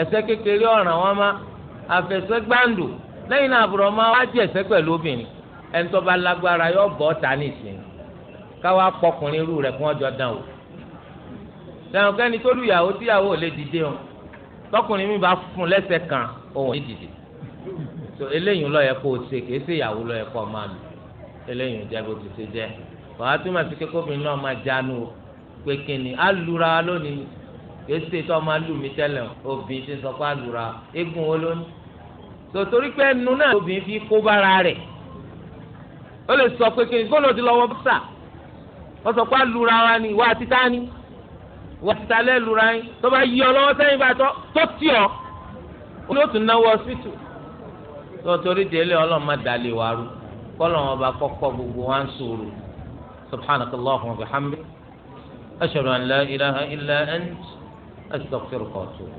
ẹ̀ṣẹ̀ kékeré ọ̀ràn wọn má àfẹ̀ṣẹ̀ gbàǹdù lẹ́yìn náà àbúrò máa wá jẹ ẹ̀ṣẹ̀ pẹ̀lú obìnrin ẹni tó bá lágbára yóò bọ́ ta pọkùnrin irú rẹ̀ kí wọ́n jọ dán o lẹ́yìn kẹ́ni tó lu ìyàwó tí ìyàwó ò lè dìde o tọkùnrin mi bá fún lẹ́sẹ̀ kan òun ìdìde so eléyìí ló yẹ kó o ṣe kìí ṣe ìyàwó ló yẹ kó o máa lò eléyìí jẹ́ bó ti ṣe jẹ́ wàá túmọ̀ sí kékòbìnrin náà máa jánu o pé kíni á lura lónìí kìí ṣe tó máa lù mí tẹ́lẹ̀ obìnrin ti sọ pé á lura eégún wo lónìí so torí pé nu náà obìnrin fi kó bára rẹ̀ ó lè sọ pé kíni kó ló ti lọ́wọ́ bísà ó sọ pé á lura wa ni ìwà àti táni wọ́n ti talẹ́ lura yín tó bá yí ọ lọ́wọ́ sẹ́yìn bá tọ́ tó tì ọ́ ó ní ó tún náwó ọsibítù tó torí délé ọlọ́run má dalẹ̀ wá rú kọ́lọ́run ọba kọ́kọ́ gbogbo wa ń sòrò subhanaka allahumma wa bihamdika ashhadu an la ilaha illa ant astaghfiruka wa atubu.